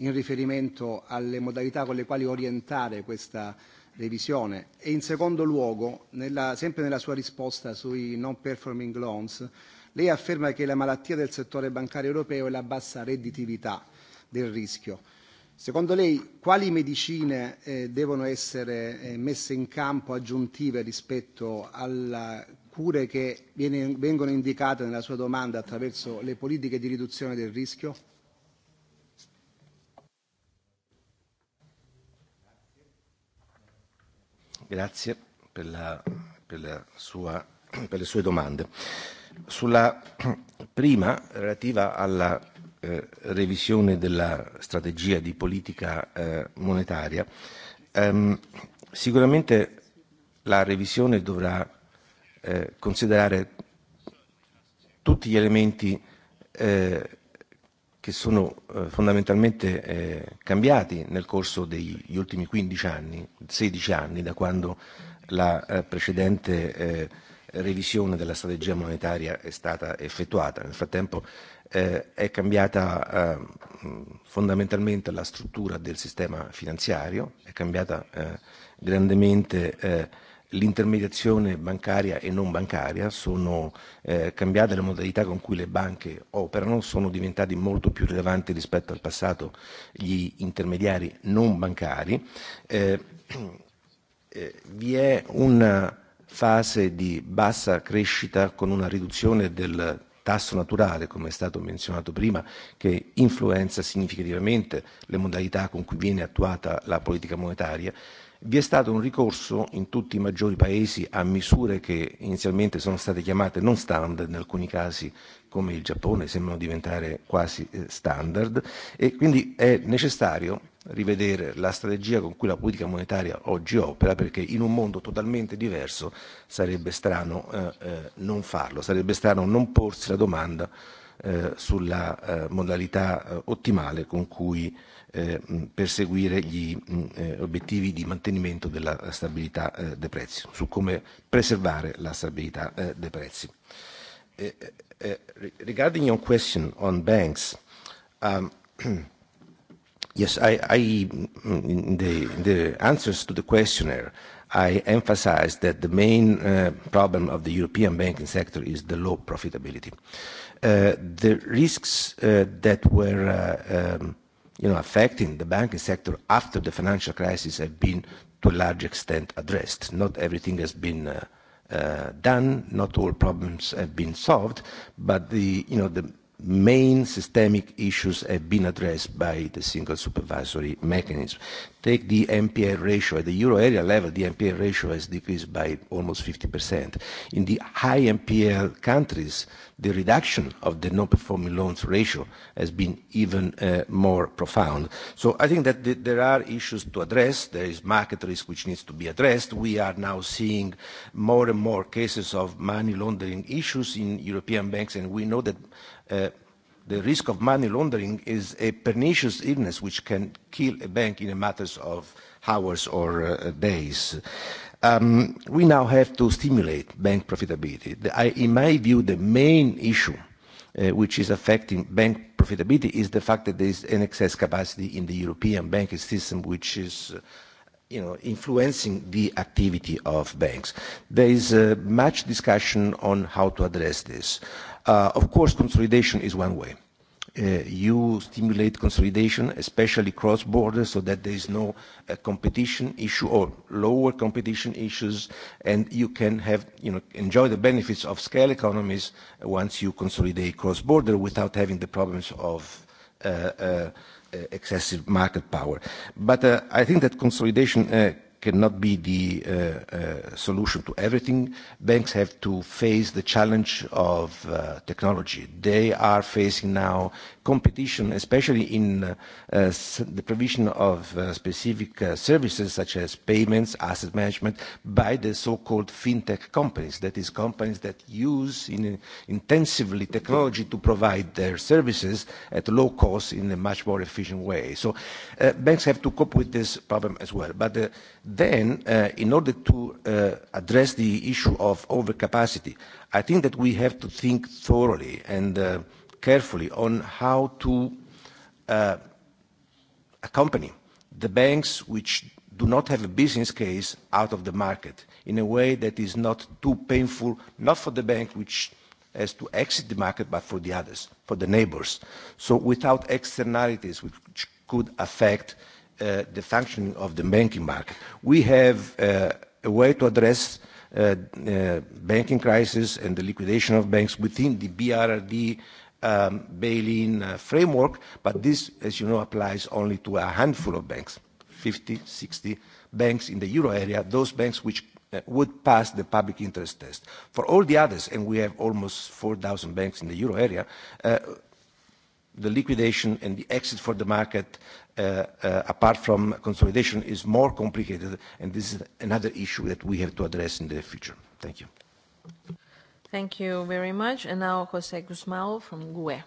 in riferimento alle modalità con le quali orientare questa revisione? revisione e in secondo luogo, nella, sempre nella sua risposta sui non performing loans, lei afferma che la malattia del settore bancario europeo è la bassa redditività del rischio. Secondo lei quali medicine eh, devono essere eh, messe in campo aggiuntive rispetto alle cure che viene, vengono indicate nella sua domanda attraverso le politiche di riduzione del rischio? grazie per, la, per, la sua, per le sue domande. Sulla prima, relativa alla eh, revisione della strategia di politica eh, monetaria, ehm, sicuramente la revisione dovrà eh, considerare tutti gli elementi eh, che sono eh, fondamentalmente eh, cambiati nel corso degli ultimi 15 anni, 16 anni, da quando la eh, precedente eh, revisione della strategia monetaria è stata effettuata. Nel frattempo eh, è cambiata eh, fondamentalmente la struttura del sistema finanziario, è cambiata eh, grandemente eh, l'intermediazione bancaria e non bancaria, sono eh, cambiate le modalità con cui le banche operano, sono diventati molto più rilevanti rispetto al passato gli intermediari non bancari. Eh, eh, vi è una fase di bassa crescita con una riduzione del tasso naturale, come è stato menzionato prima, che influenza significativamente le modalità con cui viene attuata la politica monetaria. Vi è stato un ricorso in tutti i maggiori Paesi a misure che inizialmente sono state chiamate non *standard*, in alcuni casi, come il Giappone, sembrano diventare quasi eh, *standard*. e Quindi è necessario rivedere la strategia con cui la politica monetaria oggi opera, perché in un mondo totalmente diverso sarebbe strano eh, eh non farlo, sarebbe strano non porsi la domanda eh, sulla eh, modalità eh, ottimale con cui eh, eh, perseguire gli eh, obiettivi di mantenimento della stabilità eh, dei prezzi, su come preservare la stabilità eh, dei prezzi. Eh, eh, eh regarding your question on banks, um, yes, I, I mm, in, the, in the answers to the questionnaire, I emphasized that the main uh, problem of the European banking sector is the low profitability. Uh, the risks uh, that were uh, um, you know, affecting the banking sector after the financial crisis have been to a large extent addressed. Not everything has been uh, uh, done, not all problems have been solved, but the, you know, the main systemic issues have been addressed by the single supervisory mechanism. Take the NPL ratio. At the euro area level, the NPL ratio has decreased by almost 50%. In the high NPL countries, the reduction of the non-performing loans ratio has been even uh, more profound. So I think that th there are issues to address. There is market risk which needs to be addressed. We are now seeing more and more cases of money laundering issues in European banks, and we know that Uh, the risk of money laundering is a pernicious illness which can kill a bank in a matter of hours or uh, days. Um, we now have to stimulate bank profitability. The, I, in my view, the main issue uh, which is affecting bank profitability is the fact that there is an excess capacity in the European banking system, which is uh, you know, influencing the activity of banks. There is uh, much discussion on how to address this. Uh, of course, consolidation is one way. Uh, you stimulate consolidation, especially cross-border, so that there is no uh, competition issue or lower competition issues, and you can have, you know, enjoy the benefits of scale economies once you consolidate cross-border without having the problems of excessive market power. But I think that consolidation cannot be the uh, uh, solution to everything. Banks have to face the challenge of uh, technology. They are facing now competition, especially in uh, uh the provision of uh, specific uh, services such as payments, asset management, by the so-called fintech companies, that is, companies that use in, uh, intensively technology to provide their services at low cost in a much more efficient way. So uh, banks have to cope with this problem as well. But uh, then, uh, in order to uh, address the issue of overcapacity, I think that we have to think thoroughly and uh, carefully on how to uh, accompany the banks which do not have a business case out of the market in a way that is not too painful, not for the bank which has to exit the market, but for the others, for the neighbors. So without externalities which could affect uh, the functioning of the banking market. We have uh, a way to address uh, uh, banking crisis and the liquidation of banks within the BRRD Um, bail-in uh, framework, but this, as you know, applies only to a handful of banks, 50, 60 banks in the euro area, those banks which uh, would pass the public interest test. For all the others, and we have almost 4,000 banks in the euro area, uh, the liquidation and the exit for the market, uh, uh, apart from consolidation, is more complicated, and this is another issue that we have to address in the future. Thank you. Thank you very much. And now Jose Guzmão from GUE.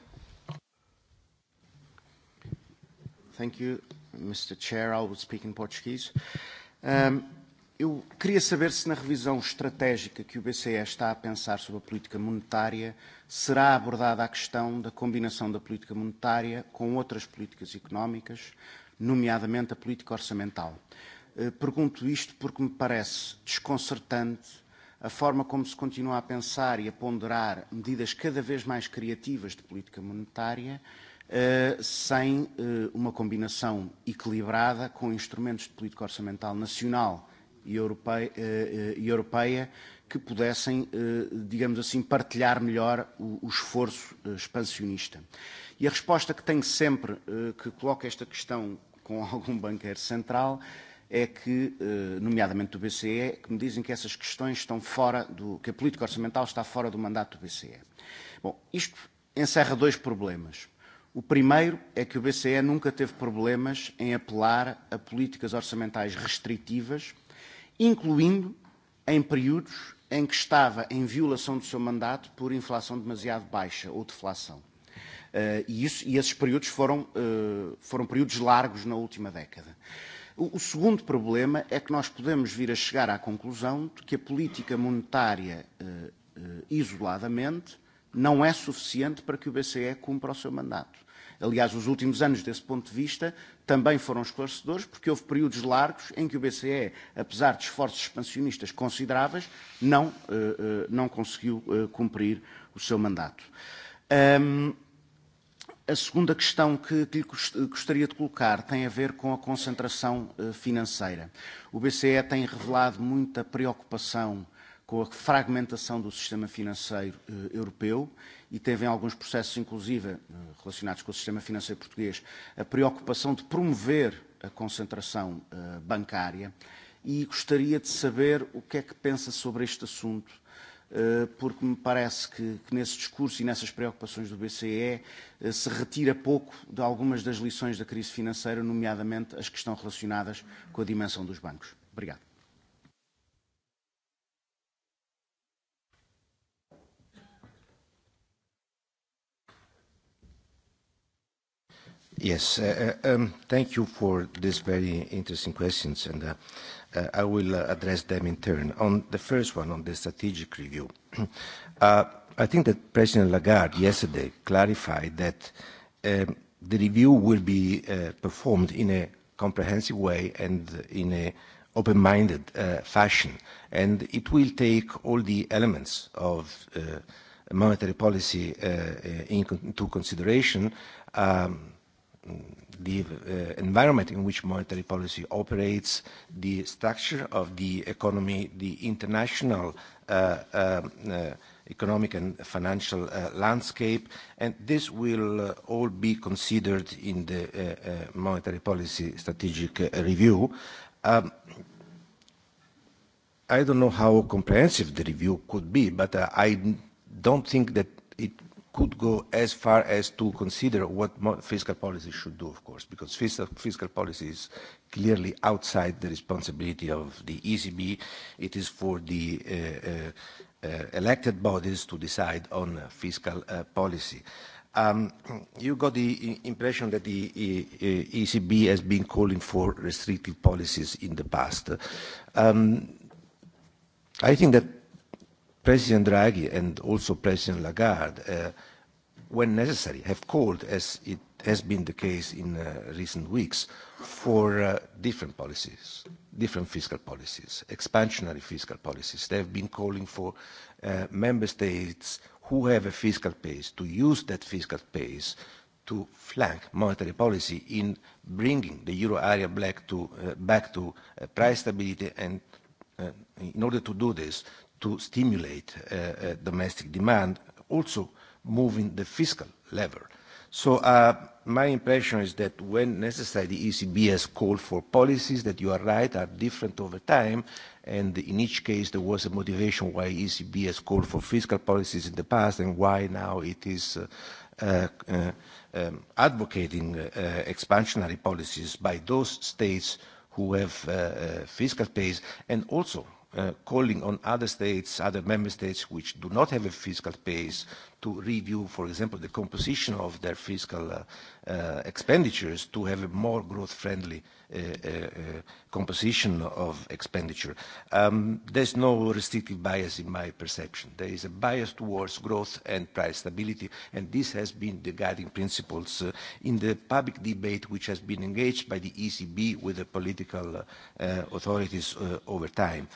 Thank you, Mr. Chair. I will speak in Portuguese. Um, eu queria saber se na revisão estratégica que o BCE está a pensar sobre a política monetária será abordada a questão da combinação da política monetária com outras políticas económicas, nomeadamente a política orçamental. Uh, pergunto isto porque me parece desconcertante a forma como se continua a pensar e a ponderar medidas cada vez mais criativas de política monetária, uh, sem uh, uma combinação equilibrada com instrumentos de política orçamental nacional e europeia, uh, uh, europeia que pudessem, uh, digamos assim, partilhar melhor o, o esforço uh, expansionista. E a resposta que tenho sempre uh, que coloco esta questão com algum banqueiro central é que, eh, nomeadamente do BCE, que me dizem que essas questões estão fora do, que a política orçamental está fora do mandato do BCE. Bom, isto encerra dois problemas. O primeiro é que o BCE nunca teve problemas em apelar a políticas orçamentais restritivas, incluindo em períodos em que estava em violação do seu mandato por inflação demasiado baixa ou deflação. Uh, e, isso, e esses períodos foram, uh, foram períodos largos na última década. Uh, o, segundo problema é que nós podemos vir a chegar à conclusão de que a política monetária eh, eh, isoladamente não é suficiente para que o BCE cumpra o seu mandato. Aliás, os últimos anos, desse ponto de vista, também foram esclarecedores, porque houve períodos largos em que o BCE, apesar de esforços expansionistas consideráveis, não, uh, uh, não conseguiu uh, cumprir o seu mandato. Um, a segunda questão que, que lhe gostaria de colocar tem a ver com a concentração eh, financeira. O BCE tem revelado muita preocupação com a fragmentação do sistema financeiro eh, europeu e teve em alguns processos, inclusive eh, relacionados com o sistema financeiro português, a preocupação de promover a concentração eh, bancária e gostaria de saber o que é que pensa sobre este assunto Eh, porque me parece que, que nesse discurso e nessas preocupações do BCE eh, se retira pouco de algumas das lições da crise financeira, nomeadamente as que estão relacionadas com a dimensão dos bancos. Obrigado. Yes, uh, um, thank you for these very interesting questions. And uh, Uh, I will uh, address them in turn. On the first one, on the strategic review, uh, I think that President Lagarde yesterday clarified that um, the review will be uh, performed in a comprehensive way and in an open-minded uh, fashion, and it will take all the elements of uh, monetary policy uh, into consideration. Um, the uh, environment in which monetary policy operates, the structure of the economy, the international uh, um, uh, economic and financial uh, landscape, and this will uh, all be considered in the uh, uh, monetary policy strategic uh, review. Um, I don't know how comprehensive the review could be, but uh, I don't think that it could go as far as to consider what fiscal policy should do, of course, because fiscal, fiscal policy is clearly outside the responsibility of the ECB. It is for the uh, uh, uh, elected bodies to decide on fiscal uh, policy. Um, you got the impression that the uh, uh, ECB has been calling for restrictive policies in the past. Um, I think that President Draghi and also President Lagarde, uh, when necessary, have called, as it has been the case in uh, recent weeks, for uh, different policies, different fiscal policies, expansionary fiscal policies. They have been calling for uh, member states who have a fiscal pace to use that fiscal pace to flank monetary policy in bringing the euro area back to, uh, back to uh, price stability and uh, in order to do this, to stimulate uh, uh, domestic demand, also moving the fiscal lever. So uh, my impression is that when necessary, the ECB has called for policies that, you are right, are different over time, and in each case there was a motivation why ECB has called for fiscal policies in the past and why now it is uh, uh, um, advocating uh, expansionary policies by those states who have uh, uh, fiscal space and also Uh, calling on other states, other member states which do not have a fiscal space to review, for example, the composition of their fiscal uh, uh, expenditures to have a more growth-friendly uh, uh, uh, composition of expenditure. Um, there's no restrictive bias in my perception. There is a bias towards growth and price stability, and this has been the guiding principles uh, in the public debate which has been engaged by the ECB with the political uh, uh, authorities uh, over time.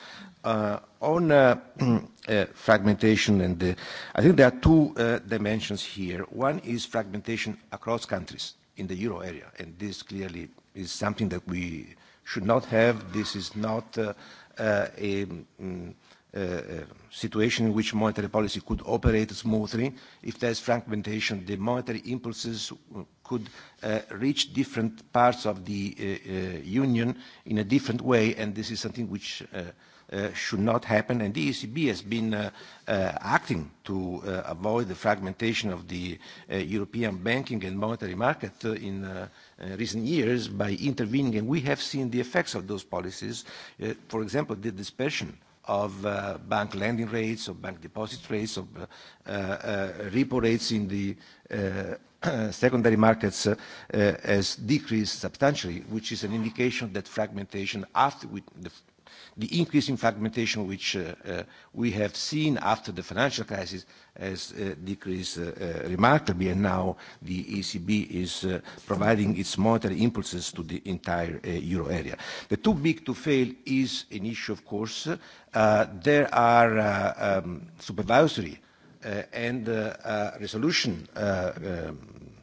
Uh, on uh, uh, fragmentation and the, I think there are two uh, dimensions here. One is fragmentation across countries in the euro area, and this clearly is something that we should not have. This is not uh, uh, a, um, uh, situation in which monetary policy could operate smoothly. If there's fragmentation, the monetary impulses could uh, reach different parts of the uh, uh, union in a different way, and this is something which uh, Uh, should not happen. And the ECB has been uh, uh, acting to uh, avoid the fragmentation of the uh, European banking and monetary market uh, in uh, uh, recent years by intervening. And we have seen the effects of those policies. Uh, for example, the dispersion of uh, bank lending rates, of bank deposit rates, of uh, uh, uh repo rates in the uh, secondary markets uh, uh, has decreased substantially, which is an indication that fragmentation after we, the the increase in fragmentation which uh, uh, we have seen after the financial crisis has uh, decreased uh, uh, remarkably and now the ECB is uh, providing its monetary impulses to the entire uh, euro area. The too big to fail is an issue of course. Uh, there are uh, um, supervisory uh, and uh, uh, resolution uh, um,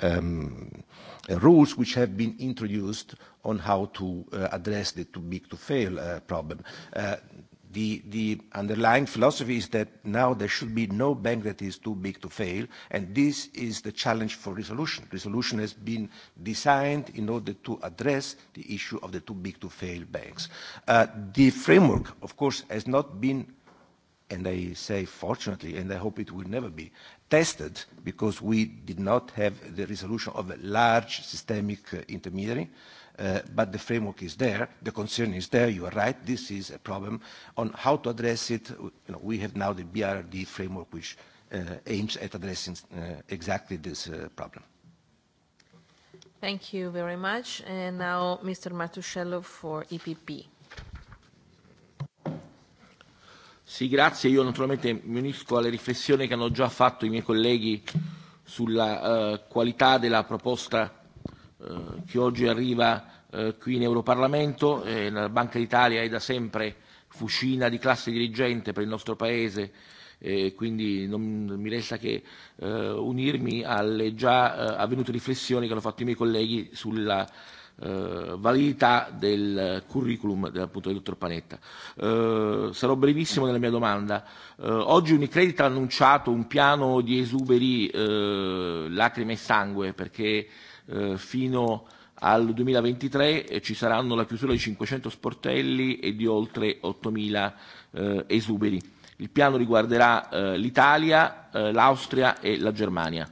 um, uh, rules which have been introduced on how to uh, address the too big to fail uh, problem. Uh, the, the underlying philosophy is that now there should be no bank that is too big to fail, and this is the challenge for resolution. Resolution has been designed in order to address the issue of the too big to fail banks. Uh, the framework, of course, has not been and I say fortunately, and I hope it will never be, tested because we did not have the resolution of a large systemic uh, intermediary. Uh, Uh, but the framework is there, the concern is there, you are right, this is a problem. On how to address it, you know, we have now the BRD framework which uh, aims at addressing uh, exactly this uh, problem. Thank you very much. And now Mr. Matuscello for EPP. Sì, grazie. Io naturalmente mi unisco alle riflessioni che hanno già fatto i miei colleghi sulla uh, qualità della proposta Eh, che oggi arriva eh, qui in Europarlamento. Eh, la Banca d'Italia è da sempre fucina di classe dirigente per il nostro Paese e quindi non mi resta che eh, unirmi alle già eh, avvenute riflessioni che hanno fatto i miei colleghi sulla uh, validità del curriculum appunto, del dottor Panetta. Uh, sarò brevissimo nella mia domanda. Uh, oggi Unicredit ha annunciato un piano di esuberi uh, lacrime e sangue perché uh, Eh, fino al 2023 ci saranno la chiusura di 500 sportelli e di oltre 8.000 eh, esuberi. Il piano riguarderà eh, l'Italia, eh, l'Austria e la Germania.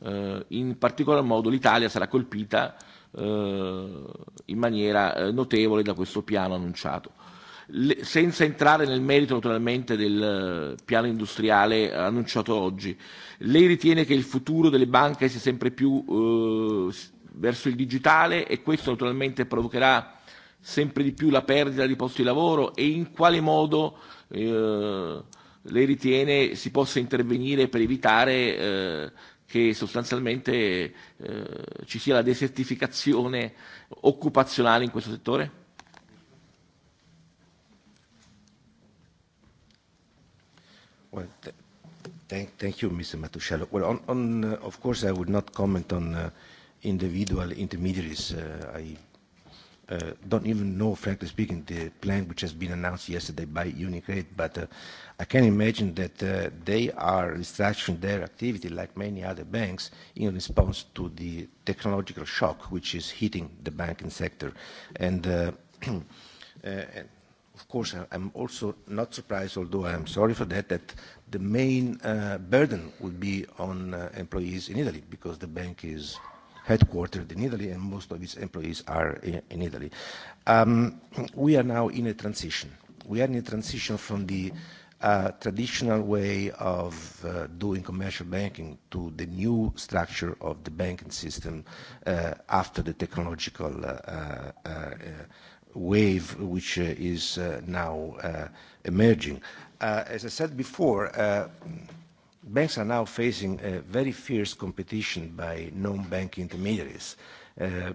Eh, in particolar modo l'Italia sarà colpita eh, in maniera eh, notevole da questo piano annunciato. Le, senza entrare nel merito naturalmente del eh, piano industriale annunciato oggi, lei ritiene che il futuro delle banche sia sempre più eh, verso il digitale e questo naturalmente provocherà sempre di più la perdita di posti di lavoro e in quale modo eh, lei ritiene si possa intervenire per evitare eh, che sostanzialmente eh, ci sia la desertificazione occupazionale in questo settore? Well, th thank, thank you, Mr. Matuscello. Well, on, on uh, of course, I would not comment on uh, individual intermediaries. Uh, I uh, don't even know, frankly speaking, the plan which has been announced yesterday by Unicredit, but uh, I can imagine that uh, they are restructuring their activity like many other banks in response to the technological shock which is hitting the banking sector. And, uh, uh, of course, I'm also not surprised, although I'm sorry for that, that the main uh, burden would be on uh, employees in Italy because the bank is headquartered in Italy and most of its employees are in, in Italy. Um, we are now in a transition. We are in a transition from the uh, traditional way of uh, doing commercial banking to the new structure of the banking system uh, after the technological uh, uh, uh, wave which uh, is uh, now uh, emerging. as I said before, banks are now facing a very fierce competition by non-bank intermediaries. Uh,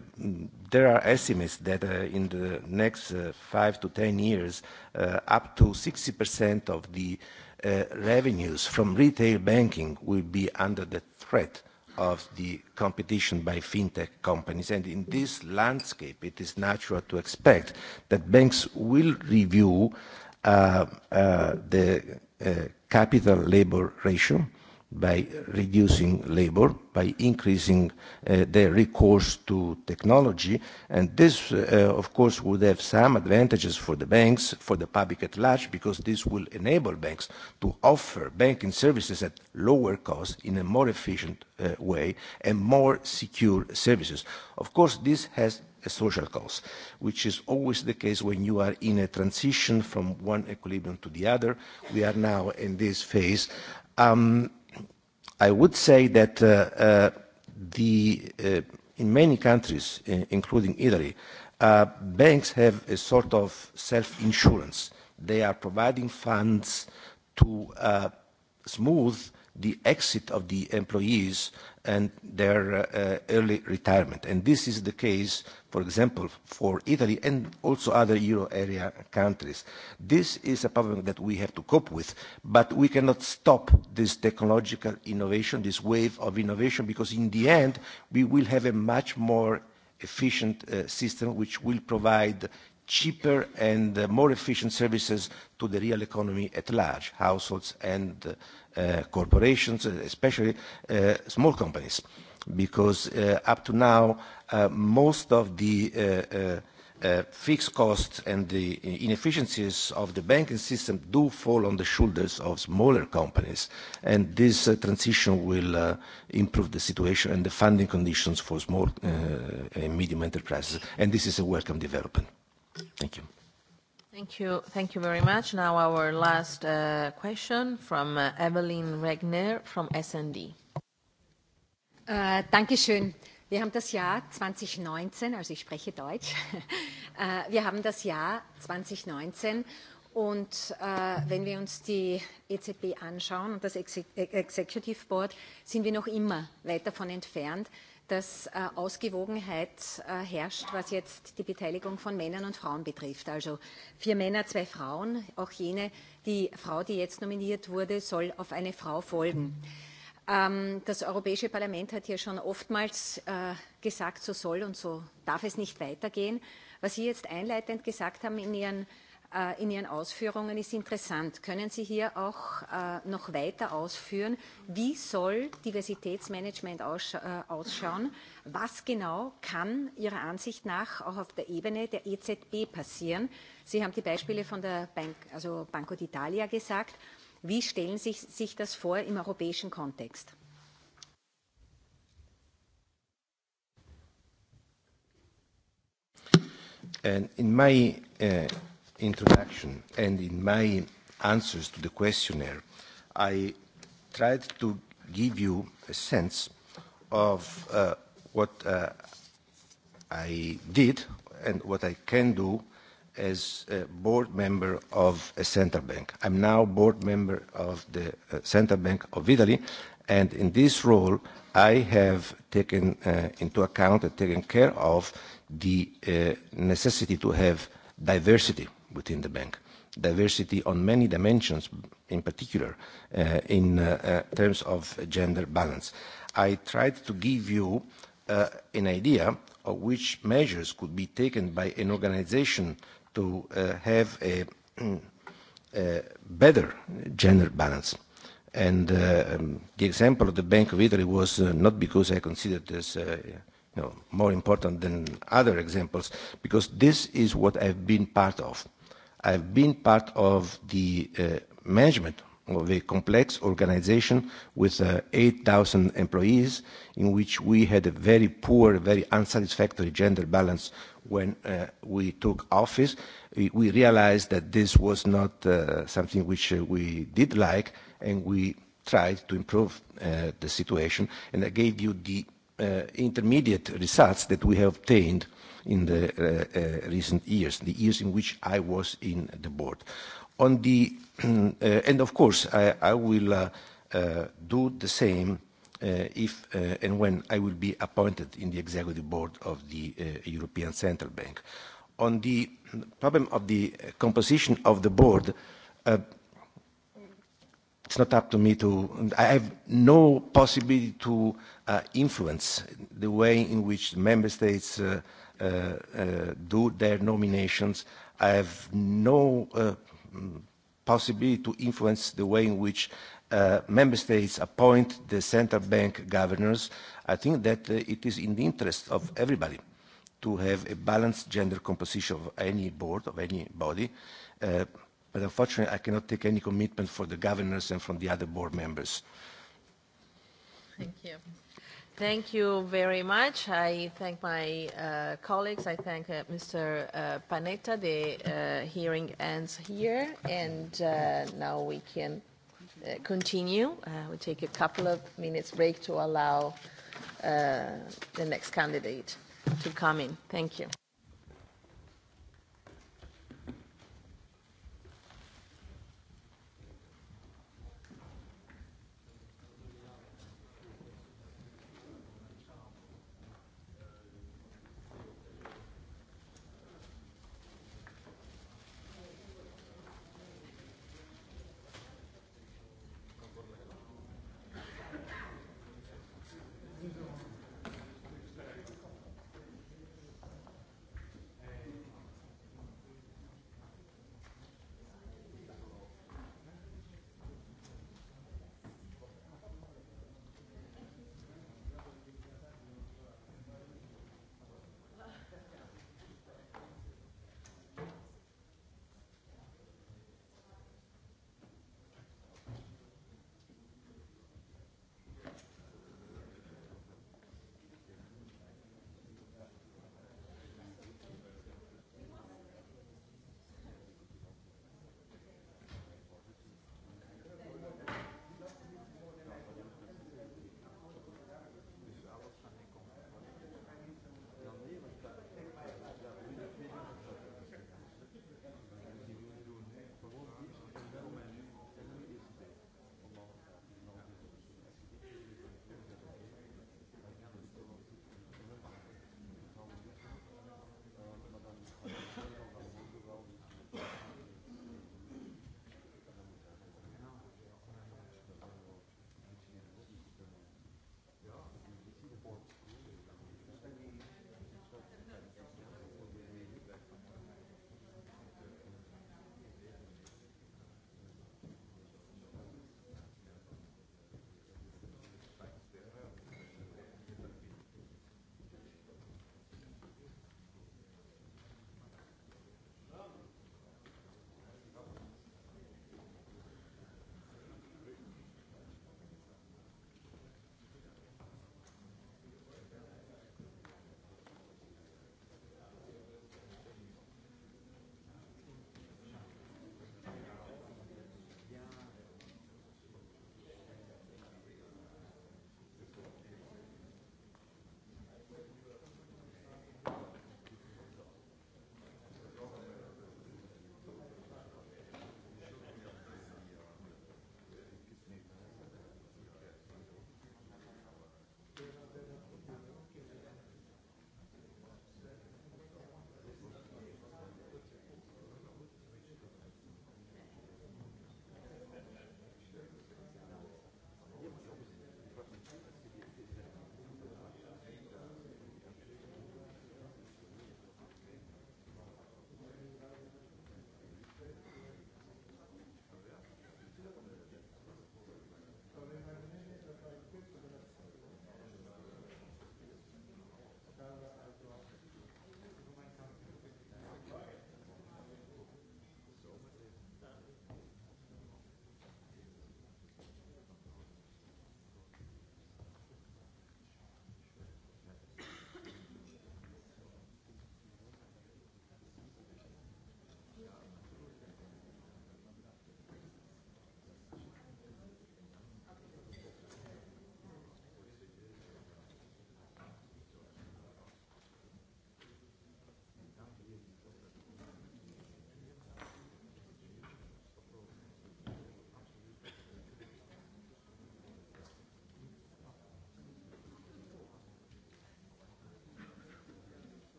there are estimates that uh, in the next uh, five to ten years, uh, up to 60% of the uh, revenues from retail banking will be under the threat of the competition by fintech companies. And in this landscape, it is natural to expect that banks will review uh, uh, the uh, capital labor ratio by reducing labor, by increasing uh, the recourse to technology. And this, uh, of course, would have some advantages for the banks, for the public at large, because this will enable banks to offer banking services at lower cost in a more efficient uh, way and more secure services. Of course, this has a social cost, which is always the case when you are in a transition from one equilibrium to the other. We are now in this phase. Um, I would say that uh, uh, the, uh, in many countries, in, including Italy, uh, banks have a sort of self-insurance. They are providing funds to uh, smooth the exit of the employees and their uh, early retirement. And this is the case, for example, for Italy and also other euro area countries. This is a problem that we have to cope with, but we cannot stop this technological innovation, this wave of innovation, because in the end, we will have a much more efficient uh, system which will provide cheaper and uh, more efficient services to the real economy at large, households and uh, Uh, corporations, uh, especially uh, small companies, because uh, up to now, uh, most of the uh, uh, uh, fixed costs and the inefficiencies of the banking system do fall on the shoulders of smaller companies. And this uh, transition will uh, improve the situation and the funding conditions for small uh, and medium enterprises. And this is a welcome development. Thank you. Thank you. Thank you very much. Now our last uh, question from uh, Evelyn Regner from S&D. Äh, Dankeschön. Wir haben das Jahr 2019, also ich spreche Deutsch. Äh, wir haben das Jahr 2019 und äh, wenn wir uns die EZB anschauen und das Executive Board, sind wir noch immer weit davon entfernt, dass äh, Ausgewogenheit äh, herrscht, was jetzt die Beteiligung von Männern und Frauen betrifft. Also vier Männer, zwei Frauen. Auch jene, die Frau, die jetzt nominiert wurde, soll auf eine Frau folgen. Ähm, das Europäische Parlament hat hier schon oftmals äh, gesagt, so soll und so darf es nicht weitergehen. Was Sie jetzt einleitend gesagt haben in Ihren Äh, in Ihren Ausführungen ist interessant. Können Sie hier auch äh, noch weiter ausführen, wie soll Diversitätsmanagement äh, ausschauen? Was genau kann Ihrer Ansicht nach auch auf der Ebene der EZB passieren? Sie haben die Beispiele von der Bank, also Banco d'Italia gesagt. Wie stellen Sie sich das vor im europäischen Kontext? And in my uh, introduction and in my answers to the questionnaire, I tried to give you a sense of uh, what uh, I did and what I can do as a board member of a central bank. I'm now board member of the uh, Central Bank of Italy, and in this role, I have taken uh, into account and taken care of the uh, necessity to have diversity within the bank. Diversity on many dimensions, in particular uh, in uh, uh, terms of gender balance. I tried to give you uh, an idea of which measures could be taken by an organization to uh, have a, a better gender balance. And uh, um, the example of the Bank of Italy was uh, not because I considered this uh, you know, more important than other examples, because this is what I've been part of. I've been part of the uh, management of a complex organization with uh, 8,000 employees, in which we had a very poor, very unsatisfactory gender balance when uh, we took office. We, realized that this was not uh, something which uh, we did like, and we tried to improve uh, the situation. And I gave you the uh, intermediate results that we have obtained uh, in the uh, uh, recent years, the years in which I was in the board. On the, uh, and of course, I, I will do the same Uh, if uh, and when I will be appointed in the executive board of the uh, European Central Bank. On the problem of the composition of the board, it's not up to me to, I have no possibility to influence the way in which member states Uh, uh, do their nominations. I have no uh, possibility to influence the way in which uh, member states appoint the central bank governors. I think that uh, it is in the interest of everybody to have a balanced gender composition of any board, of any body. Uh, but unfortunately, I cannot take any commitment for the governors and from the other board members. Thank you. Thank you very much. I thank my uh, colleagues. I thank uh, Mr. Uh, Panetta. The uh, hearing ends here, and uh, now we can uh, continue. Uh, we take a couple of minutes break to allow uh, the next candidate to come in. Thank you.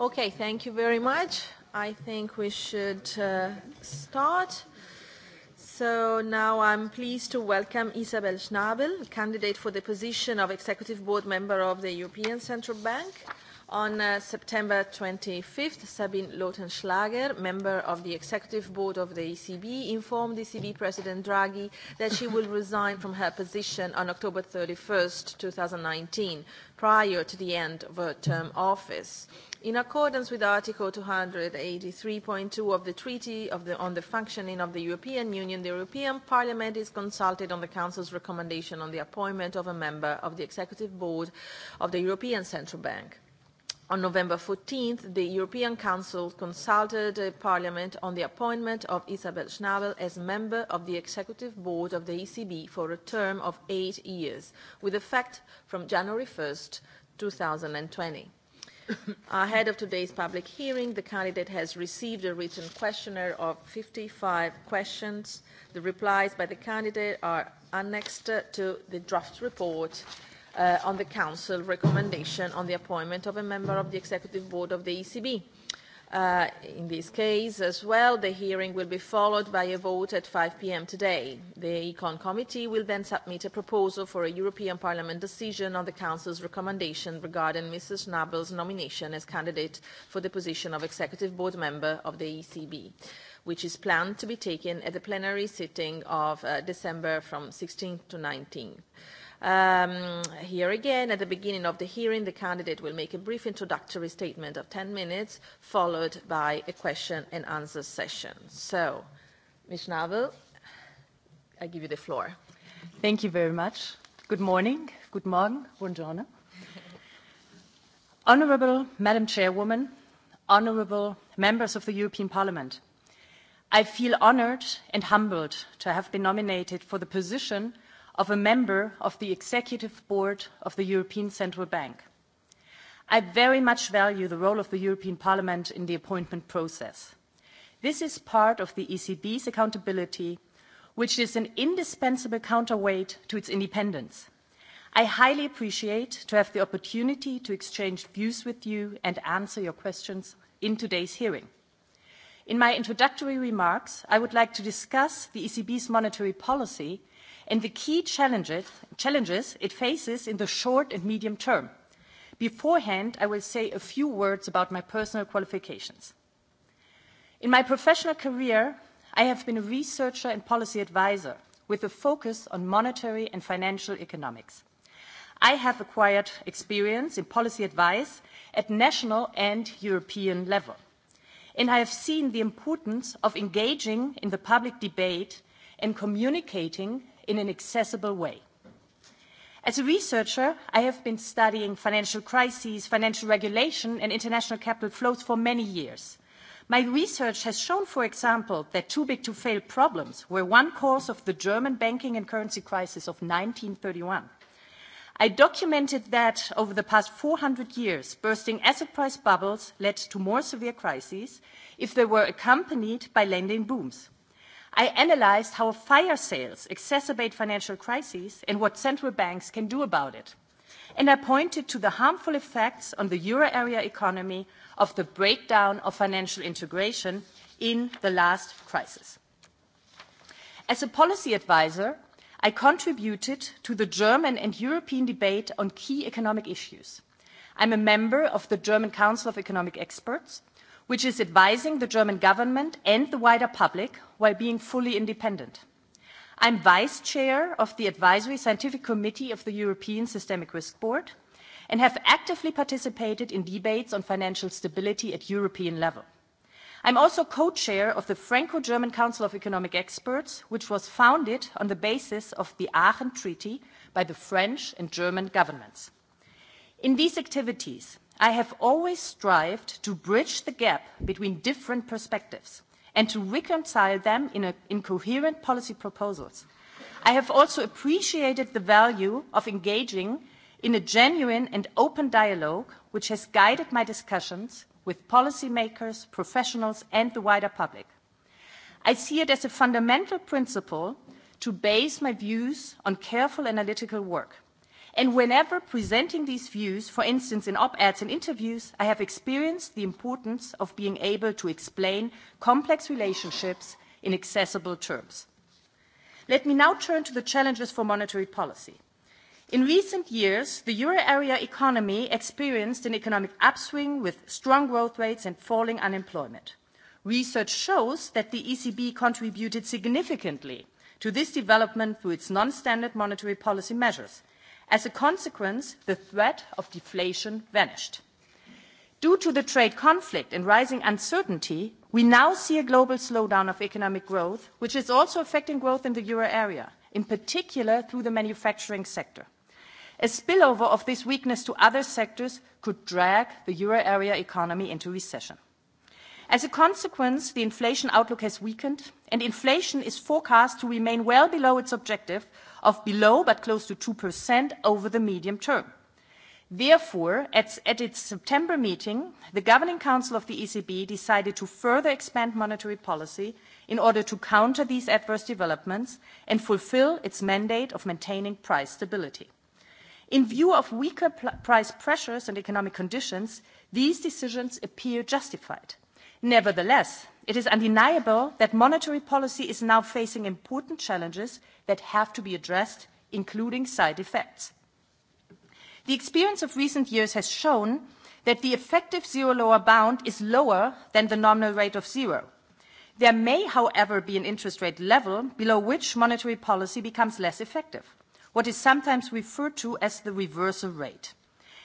Okay, thank you very much. I think we should uh, start. So now I'm pleased to welcome Isabel Schnabel, candidate for the position of Executive Board Member of the European Central Bank. On uh, September 25th, Sabine Lautenschlager, member of the Executive Board of the ECB, informed ECB President Draghi that she will resign from her position on October 31st, 2019, prior to the end of her term office. In accordance with Article 283.2 of the Treaty of the, on the Functioning of the European Union, the European Parliament is consulted on the Council's recommendation on the appointment of a member of the Executive Board of the European Central Bank. On November 14th, the European Council consulted Parliament on the appointment of Isabel Schnabel as member of the Executive Board of the ECB for a term of eight years, with effect from January 1st, 2020. Ahead of today's public hearing, the candidate has received a written questionnaire of 55 questions. The replies by the candidate are annexed to the draft report uh, on the Council recommendation on the appointment of a member of the Executive Board of the ECB. Uh, in this case as well, the hearing will be followed by a vote at 5 p.m. today. The Econ Committee will then submit a proposal for a European Parliament decision on the Council's recommendation regarding Mrs. Nabel's nomination as candidate for the position of Executive Board Member of the ECB, which is planned to be taken at the plenary sitting of uh, December from 16 to 19. Um, here again, at the beginning of the hearing, the candidate will make a brief introductory statement of 10 minutes, followed by a question and answer session. So, Ms. Navel, I give you the floor. Thank you very much. Good morning, good morgen, buongiorno. Honourable Madam Chairwoman, honourable members of the European Parliament, I feel honoured and humbled to have been nominated for the position of a member of the executive board of the European Central Bank. I very much value the role of the European Parliament in the appointment process. This is part of the ECB's accountability, which is an indispensable counterweight to its independence. I highly appreciate to have the opportunity to exchange views with you and answer your questions in today's hearing. In my introductory remarks, I would like to discuss the ECB's monetary policy and the key challenges, challenges it faces in the short and medium term. Beforehand, I will say a few words about my personal qualifications. In my professional career, I have been a researcher and policy advisor with a focus on monetary and financial economics. I have acquired experience in policy advice at national and European level. And I have seen the importance of engaging in the public debate and communicating in an accessible way. As a researcher, I have been studying financial crises, financial regulation and international capital flows for many years. My research has shown, for example, that too big to fail problems were one cause of the German banking and currency crisis of 1931. I documented that over the past 400 years, bursting asset price bubbles led to more severe crises if they were accompanied by lending booms. I analysed how fire sales exacerbate financial crises and what central banks can do about it. And I pointed to the harmful effects on the euro area economy of the breakdown of financial integration in the last crisis. As a policy advisor, I contributed to the German and European debate on key economic issues. I'm a member of the German Council of Economic Experts, which is advising the German government and the wider public while being fully independent. I'm vice chair of the Advisory Scientific Committee of the European Systemic Risk Board and have actively participated in debates on financial stability at European level. I'm also co-chair of the Franco-German Council of Economic Experts, which was founded on the basis of the Aachen Treaty by the French and German governments. In these activities, I have always strived to bridge the gap between different perspectives and to reconcile them in, a, in coherent policy proposals. I have also appreciated the value of engaging in a genuine and open dialogue which has guided my discussions with policymakers, professionals and the wider public. I see it as a fundamental principle to base my views on careful analytical work. And whenever presenting these views, for instance in op-eds and interviews, I have experienced the importance of being able to explain complex relationships in accessible terms. Let me now turn to the challenges for monetary policy. In recent years, the euro area economy experienced an economic upswing with strong growth rates and falling unemployment. Research shows that the ECB contributed significantly to this development through its non-standard monetary policy measures As a consequence, the threat of deflation vanished. Due to the trade conflict and rising uncertainty, we now see a global slowdown of economic growth, which is also affecting growth in the euro area, in particular through the manufacturing sector. A spillover of this weakness to other sectors could drag the euro area economy into recession. As a consequence, the inflation outlook has weakened, and inflation is forecast to remain well below its objective of below but close to 2% over the medium term. Therefore, at, its September meeting, the Governing Council of the ECB decided to further expand monetary policy in order to counter these adverse developments and fulfill its mandate of maintaining price stability. In view of weaker price pressures and economic conditions, these decisions appear justified. Nevertheless, it is undeniable that monetary policy is now facing important challenges that have to be addressed, including side effects. The experience of recent years has shown that the effective zero lower bound is lower than the nominal rate of zero. There may, however, be an interest rate level below which monetary policy becomes less effective, what is sometimes referred to as the reversal rate.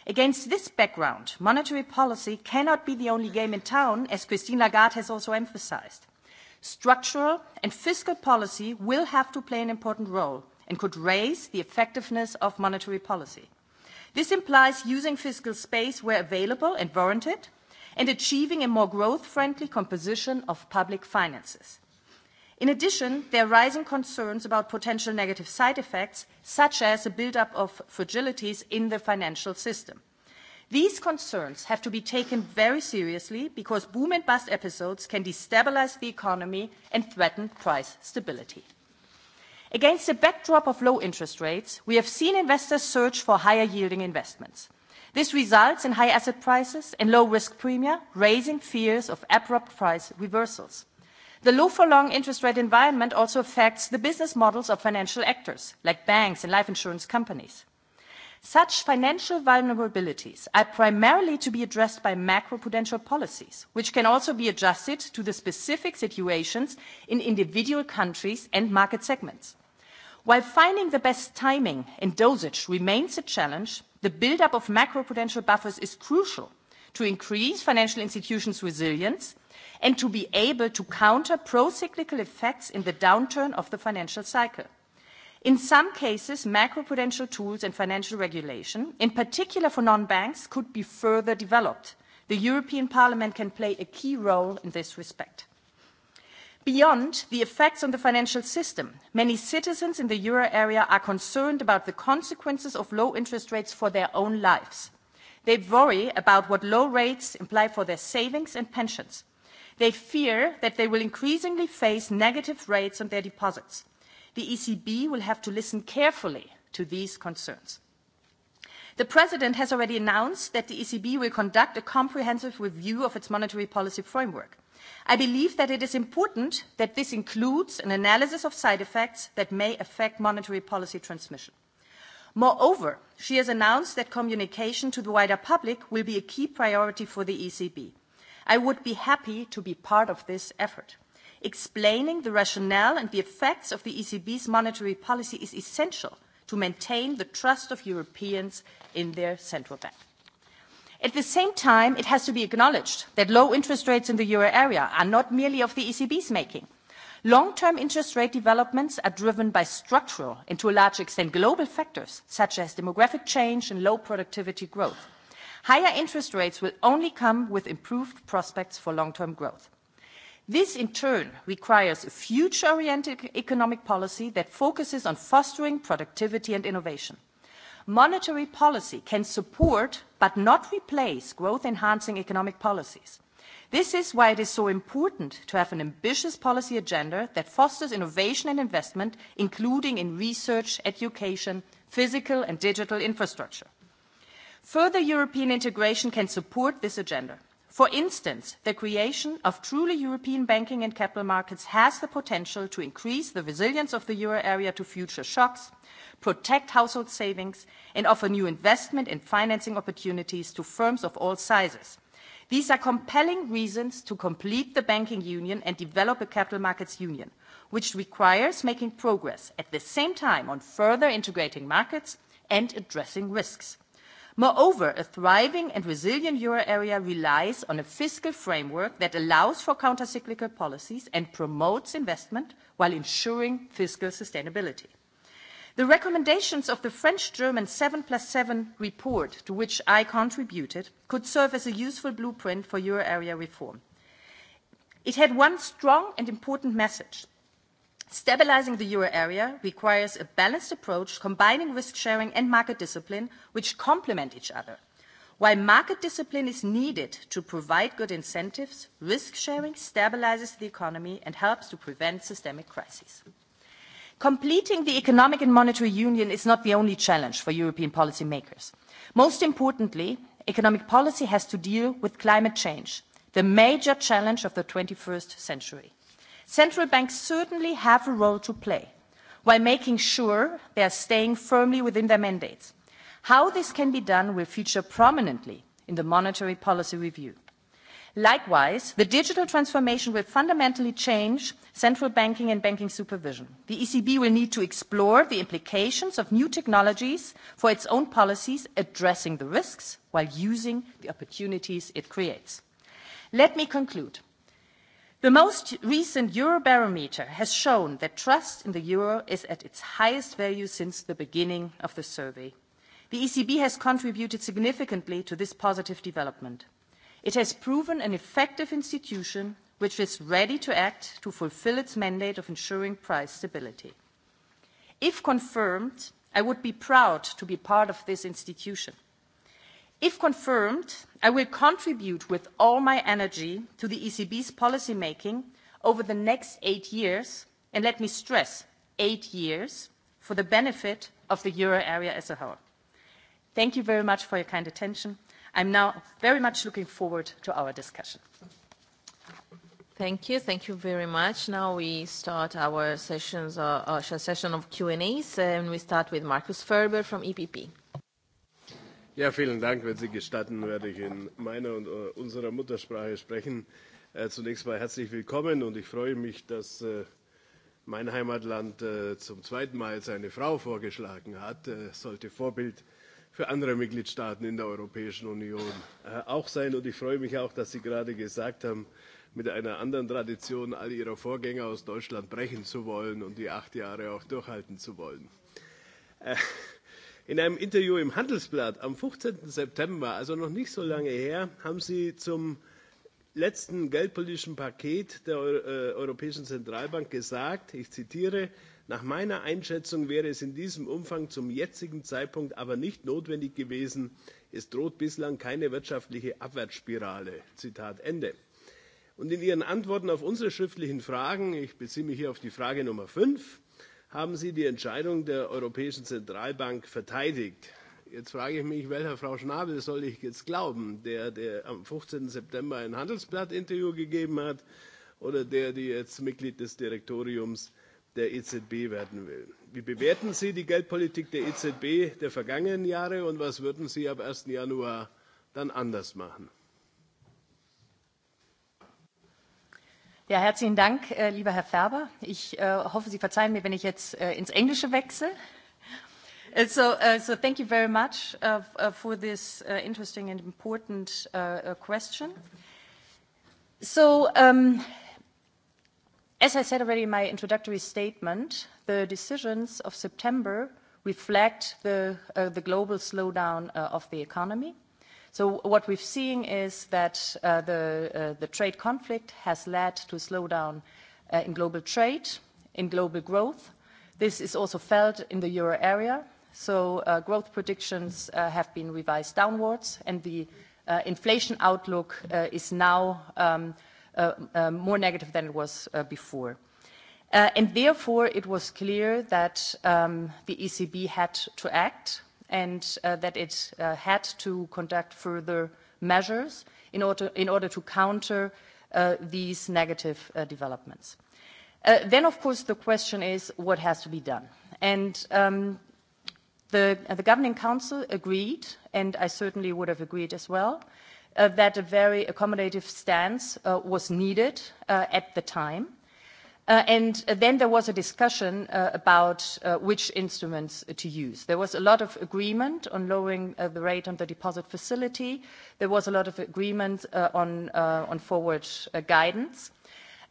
Against this background, monetary policy cannot be the only game in town, as Christine Lagarde has also emphasized structural and fiscal policy will have to play an important role and could raise the effectiveness of monetary policy. This implies using fiscal space where available and warranted and achieving a more growth-friendly composition of public finances. In addition, there are rising concerns about potential negative side effects, such as a build-up of fragilities in the financial system. These concerns have to be taken very seriously because boom and bust episodes can destabilize the economy and threaten price stability. Against the backdrop of low interest rates, we have seen investors search for higher yielding investments. This results in high asset prices and low risk premia, raising fears of abrupt price reversals. The low for long interest rate environment also affects the business models of financial actors, like banks and life insurance companies. Such financial vulnerabilities are primarily to be addressed by macroprudential policies, which can also be adjusted to the specific situations in individual countries and market segments. While finding the best timing and dosage remains a challenge, the build-up of macroprudential buffers is crucial to increase financial institutions' resilience and to be able to counter pro-cyclical effects in the downturn of the financial cycle. In some cases, macroprudential tools and financial regulation, in particular for non-banks, could be further developed. The European Parliament can play a key role in this respect. Beyond the effects on the financial system, many citizens in the euro area are concerned about the consequences of low interest rates for their own lives. They worry about what low rates imply for their savings and pensions. They fear that they will increasingly face negative rates on their deposits the ECB will have to listen carefully to these concerns. The President has already announced that the ECB will conduct a comprehensive review of its monetary policy framework. I believe that it is important that this includes an analysis of side effects that may affect monetary policy transmission. Moreover, she has announced that communication to the wider public will be a key priority for the ECB. I would be happy to be part of this effort explaining the rationale and the effects of the ecb's monetary policy is essential to maintain the trust of europeans in their central bank. at the same time it has to be acknowledged that low interest rates in the euro area are not merely of the ecb's making. long term interest rate developments are driven by structural and to a large extent global factors such as demographic change and low productivity growth. higher interest rates will only come with improved prospects for long term growth This, in turn, requires a future-oriented economic policy that focuses on fostering productivity and innovation. Monetary policy can support but not replace growth-enhancing economic policies. This is why it is so important to have an ambitious policy agenda that fosters innovation and investment, including in research, education, physical and digital infrastructure. Further European integration can support this agenda. For instance, the creation of truly European banking and capital markets has the potential to increase the resilience of the euro area to future shocks, protect household savings, and offer new investment and financing opportunities to firms of all sizes. These are compelling reasons to complete the banking union and develop a capital markets union, which requires making progress at the same time on further integrating markets and addressing risks. Moreover, a thriving and resilient euro area relies on a fiscal framework that allows for countercyclical policies and promotes investment while ensuring fiscal sustainability. The recommendations of the French-German 7+7 report, to which I contributed, could serve as a useful blueprint for euro area reform. It had one strong and important message stabilising the euro area requires a balanced approach combining risk sharing and market discipline which complement each other. while market discipline is needed to provide good incentives risk sharing stabilises the economy and helps to prevent systemic crises. completing the economic and monetary union is not the only challenge for european policymakers. most importantly economic policy has to deal with climate change the major challenge of the 21st century. Central banks certainly have a role to play while making sure they are staying firmly within their mandates. How this can be done will feature prominently in the monetary policy review. Likewise, the digital transformation will fundamentally change central banking and banking supervision. The ECB will need to explore the implications of new technologies for its own policies, addressing the risks while using the opportunities it creates. Let me conclude the most recent eurobarometer has shown that trust in the euro is at its highest value since the beginning of the survey. the ecb has contributed significantly to this positive development. it has proven an effective institution which is ready to act to fulfil its mandate of ensuring price stability. if confirmed i would be proud to be part of this institution. If confirmed, I will contribute with all my energy to the ECB's policy making over the next eight years, and let me stress, eight years, for the benefit of the euro area as a whole. Thank you very much for your kind attention. I'm now very much looking forward to our discussion. Thank you. Thank you very much. Now we start our sessions, uh, uh session of Q&As, and we start with Markus Ferber from EPP. Ja, vielen Dank. Wenn Sie gestatten, werde ich in meiner und äh, unserer Muttersprache sprechen. Äh, zunächst mal herzlich willkommen und ich freue mich, dass äh, mein Heimatland zum zweiten Mal jetzt eine Frau vorgeschlagen hat. Sollte Vorbild für andere Mitgliedstaaten in der Europäischen Union auch sein. Und ich freue mich auch, dass Sie gerade gesagt haben, mit einer anderen Tradition all Ihrer Vorgänger aus Deutschland brechen zu wollen und die acht Jahre auch durchhalten zu wollen. In einem Interview im Handelsblatt am 15. September, also noch nicht so lange her, haben Sie zum letzten geldpolitischen Paket der äh, Europäischen Zentralbank gesagt, ich zitiere, nach meiner Einschätzung wäre es in diesem Umfang zum jetzigen Zeitpunkt aber nicht notwendig gewesen. Es droht bislang keine wirtschaftliche Abwärtsspirale. Zitat Ende. Und in Ihren Antworten auf unsere schriftlichen Fragen, ich beziehe mich hier auf die Frage Nummer 5, haben Sie die Entscheidung der Europäischen Zentralbank verteidigt. Jetzt frage ich mich, welcher Frau Schnabel soll ich jetzt glauben, der, der am 15. September ein Handelsblatt-Interview gegeben hat oder der, die jetzt Mitglied des Direktoriums der EZB werden will. Wie bewerten Sie die Geldpolitik der EZB der vergangenen Jahre und was würden Sie ab 1. Januar dann anders machen? Ja, herzlichen Dank, äh, lieber Herr Ferber. Ich äh, hoffe, Sie verzeihen mir, wenn ich jetzt äh, ins Englische wechsle. Äh, so, uh, so thank you very much uh, uh, for this uh, interesting and important uh, uh, question. So, um, as I said already in my introductory statement, the decisions of September reflect the, uh, the global slowdown uh, of the economy. So what we've seen is that uh, uh, the, trade conflict has led to a slowdown uh, in global trade, in global growth. This is also felt in the euro area. So growth predictions have been revised downwards, and the inflation outlook is now um, um, more negative than it was before. and therefore, it was clear that um, the ECB had to act and uh, that it uh, had to conduct further measures in order, in order to counter uh, these negative uh, developments. Uh, then, of course, the question is what has to be done. And um, the, uh, the, Governing Council agreed, and I certainly would have agreed as well, that a very accommodative stance was needed at the time Uh, and uh, then there was a discussion uh, about uh, which instruments to use. There was a lot of agreement on lowering uh, the rate on the deposit facility. There was a lot of agreement on, on, forward guidance.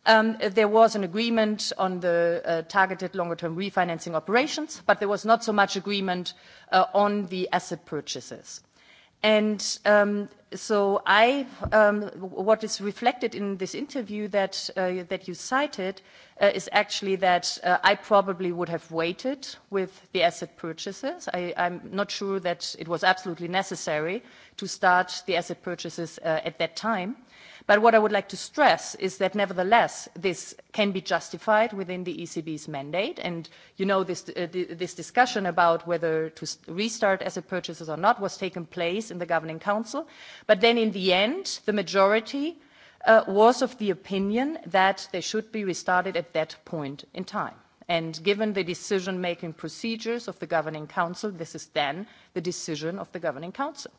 Um, there was an agreement on the targeted longer-term refinancing operations, but there was not so much agreement on the asset purchases. And um, so I, um, what is reflected in this interview that, uh, that you cited uh, is actually that uh, I probably would have waited with the asset purchases. I, I'm not sure that it was absolutely necessary to start the asset purchases uh, at that time but what i would like to stress is that nevertheless this can be justified within the ecb's mandate and you know this, uh, this discussion about whether to restart asset purchases or not was taken place in the governing council but then in the end the majority uh, was of the opinion that they should be restarted at that point in time and given the decision making procedures of the governing council this is then the decision of the governing council.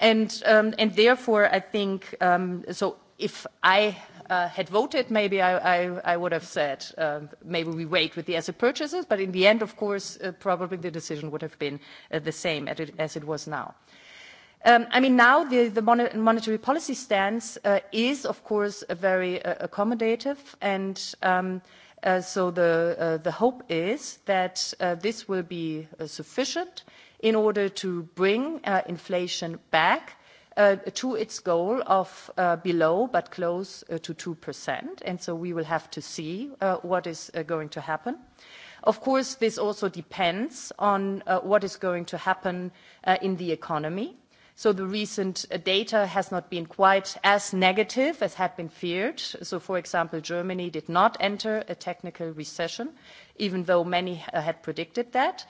And, um, and therefore, I think, um, so if I uh, had voted, maybe I, I, I would have said, uh, maybe we wait with the asset purchases, but in the end, of course, uh, probably the decision would have been uh, the same as it, as it was now. Um, I mean, now the, the monetary policy stance uh, is, of course, very uh, accommodative, and um, so the, the hope is that this will be sufficient in order to bring uh, inflation back uh, to its goal of uh, below but close to 2%. And so we will have to see what is going to happen. Of course, this also depends on what is going to happen in the economy. So the recent data has not been quite as negative as had been feared. So, for example, Germany did not enter a technical recession, even though many had predicted that.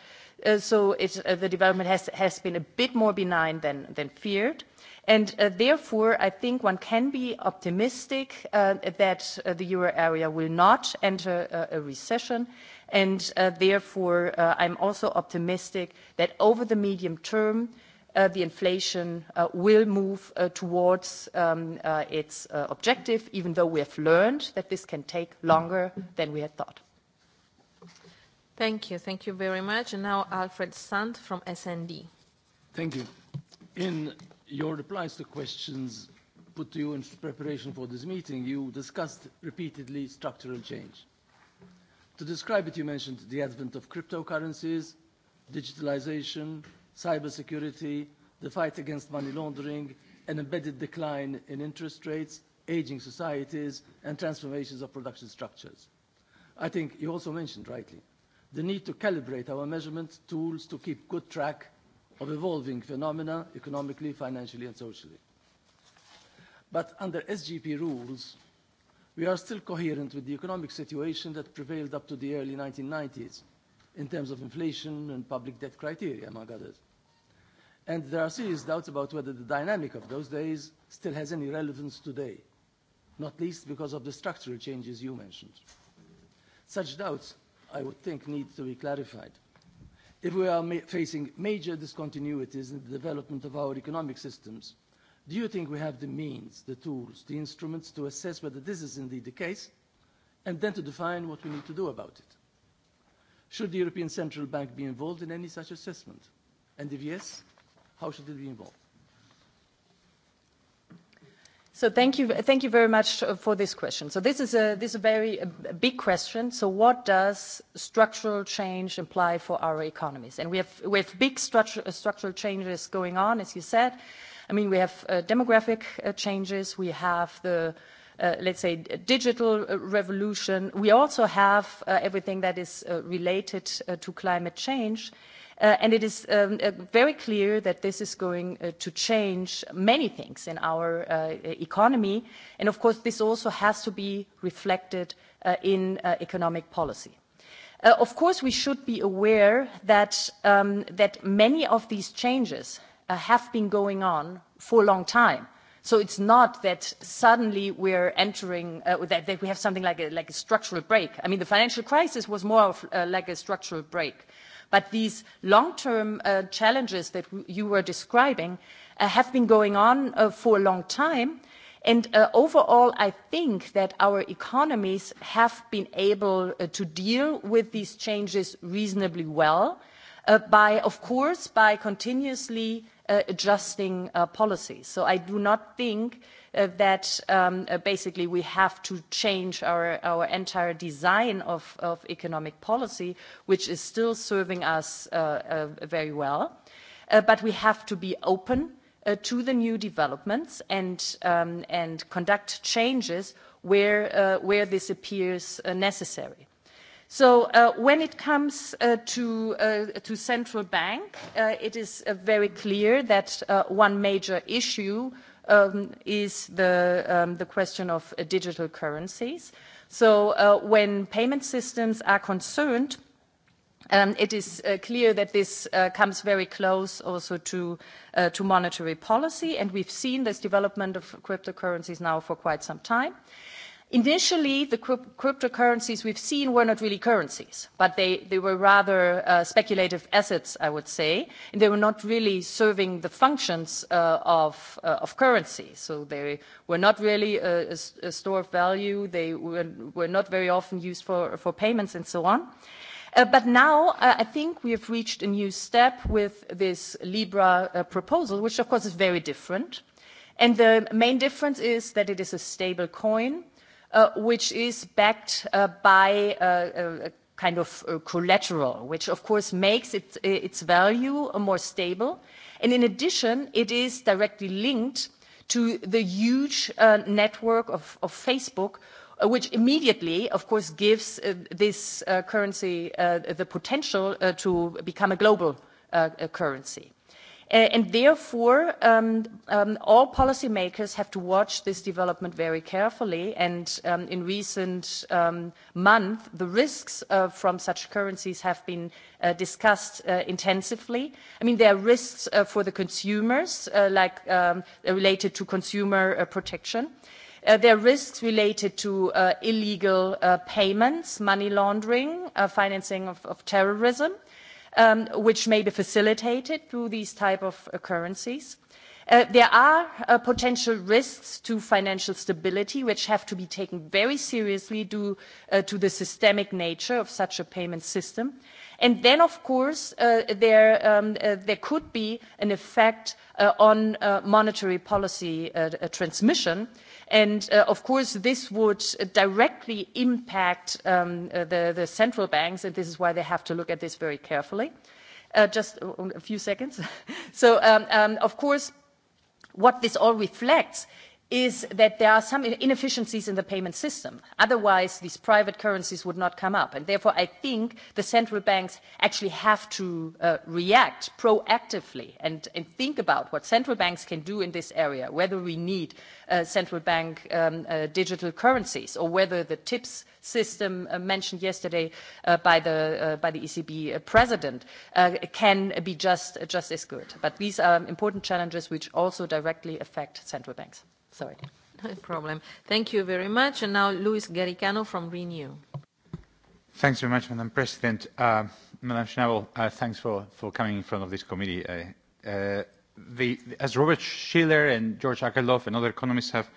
Uh, so uh, the development has, has been a bit more benign than, than feared. And uh, therefore, I think one can be optimistic uh, that uh, the euro area will not enter a recession. And therefore, I'm also optimistic that over the medium term, the inflation will move towards um, its objective, even though we have learned that this can take longer than we had thought. Thank you. Thank you very much. And now Alfred Sand from SND. Thank you. In your replies to questions put to you in preparation for this meeting, you discussed repeatedly structural change. To describe it, you mentioned the advent of cryptocurrencies, digitalization, cybersecurity, the fight against money laundering, an embedded decline in interest rates, aging societies, and transformations of production structures. I think you also mentioned rightly the need to calibrate our measurement tools to keep good track of evolving phenomena economically, financially and socially. But under SGP rules, we are still coherent with the economic situation that prevailed up to the early 1990s in terms of inflation and public debt criteria, among others. And there are serious doubts about whether the dynamic of those days still has any relevance today, not least because of the structural changes you mentioned. Such doubts I would think, needs to be clarified. If we are ma facing major discontinuities in the development of our economic systems, do you think we have the means, the tools, the instruments to assess whether this is indeed the case, and then to define what we need to do about it? Should the European Central Bank be involved in any such assessment? And if yes, how should it be involved? So thank you, thank you very much uh, for this question. So this is a, this is a very big question. So what does structural change imply for our economies? And we have, we have big structure, uh, structural changes going on, as you said. I mean, we have uh, demographic uh, changes. We have the, uh, let's say, digital uh, revolution. We also have everything that is related to climate change. Uh, and it is um, uh, very clear that this is going uh, to change many things in our uh, economy. And of course, this also has to be reflected uh, in uh, economic policy. of course, we should be aware that, um, that many of these changes have been going on for a long time. So it's not that suddenly we're entering, uh, that, that we have something like a, like a structural break. I mean, the financial crisis was more of uh, like a structural break. But these long-term uh, challenges that you were describing uh, have been going on uh, for a long time. And uh, overall, I think that our economies have been able uh, to deal with these changes reasonably well, uh, by, of course, by continuously uh, adjusting uh, policies. So I do not think Uh, that um, uh, basically we have to change our, entire design of, economic policy, which is still serving us uh, very well. but we have to be open to the new developments and, um, conduct changes where, this appears necessary. So when it comes to, central bank, it is very clear that one major issue Um, is um, the, question of uh, digital currencies. So uh, when payment systems are concerned, um, it is uh, clear that this comes very close also to, monetary policy, and we've seen this development of cryptocurrencies now for quite some time. Initially, the cryptocurrencies we've seen were not really currencies, but they, they were rather uh, speculative assets, I would say, and they were not really serving the functions uh, of, uh, of currency. So they were not really a, a, a store of value. They were, were not very often used for, for payments and so on. Uh, but now uh, I think we have reached a new step with this Libra uh, proposal, which of course is very different. And the main difference is that it is a stable coin Uh, which is backed uh, by a uh, kind of collateral, which of course makes its value more stable. And in addition, it is directly linked to the huge network of Facebook, which immediately, of course, gives this currency the potential to become a global currency. Uh, and therefore, um, um, all policymakers have to watch this development very carefully. And um, in recent um, months, the risks uh, from such currencies have been uh, discussed uh, intensively. I mean, there are risks uh, for the consumers, uh, like um, related to consumer protection. Uh, there are risks related to uh, illegal uh, payments, money laundering, financing of, of terrorism. Um, which may be facilitated through these type of uh, currencies. Uh, there are uh, potential risks to financial stability which have to be taken very seriously due to the systemic nature of such a payment system and then of course there, um, there could be an effect on monetary policy transmission And uh, of course, this would directly impact um, uh, the, the, central banks, and this is why they have to look at this very carefully. Uh, just a few seconds. so, um, um, of course, what this all reflects is that there are some inefficiencies in the payment system. Otherwise, these private currencies would not come up. And therefore, I think the central banks actually have to uh, react proactively and, and, think about what central banks can do in this area, whether we need uh, central bank um, uh, digital currencies or whether the TIPS system uh, mentioned yesterday uh, by, the, uh, by the ECB president can be just, just as good. But these are important challenges which also directly affect central banks. Sorry. No problem. Thank you very much. And now Luis Garicano from Renew. Thanks very much, Madam President. Uh, Madam Schnabel, uh, thanks for, for coming in front of this committee. Uh, uh, the, as Robert Schiller and George Akerlof and other economists have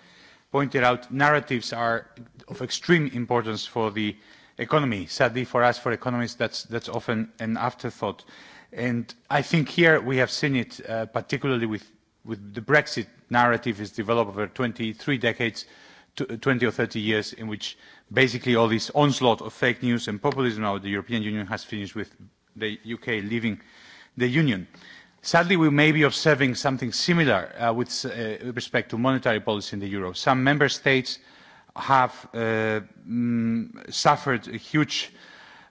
pointed out, narratives are of extreme importance for the economy. Sadly for us, for economists, that's, that's often an afterthought. And I think here we have seen it, uh, particularly with with the Brexit narrative is developed over 23 decades, 20 uh, or 30 years in which basically all this onslaught of fake news and populism out of the European Union has finished with the UK leaving the Union. Sadly, we may be observing something similar uh, with uh, respect to monetary policy in the euro. Some member states have uh, mm, suffered a huge uh,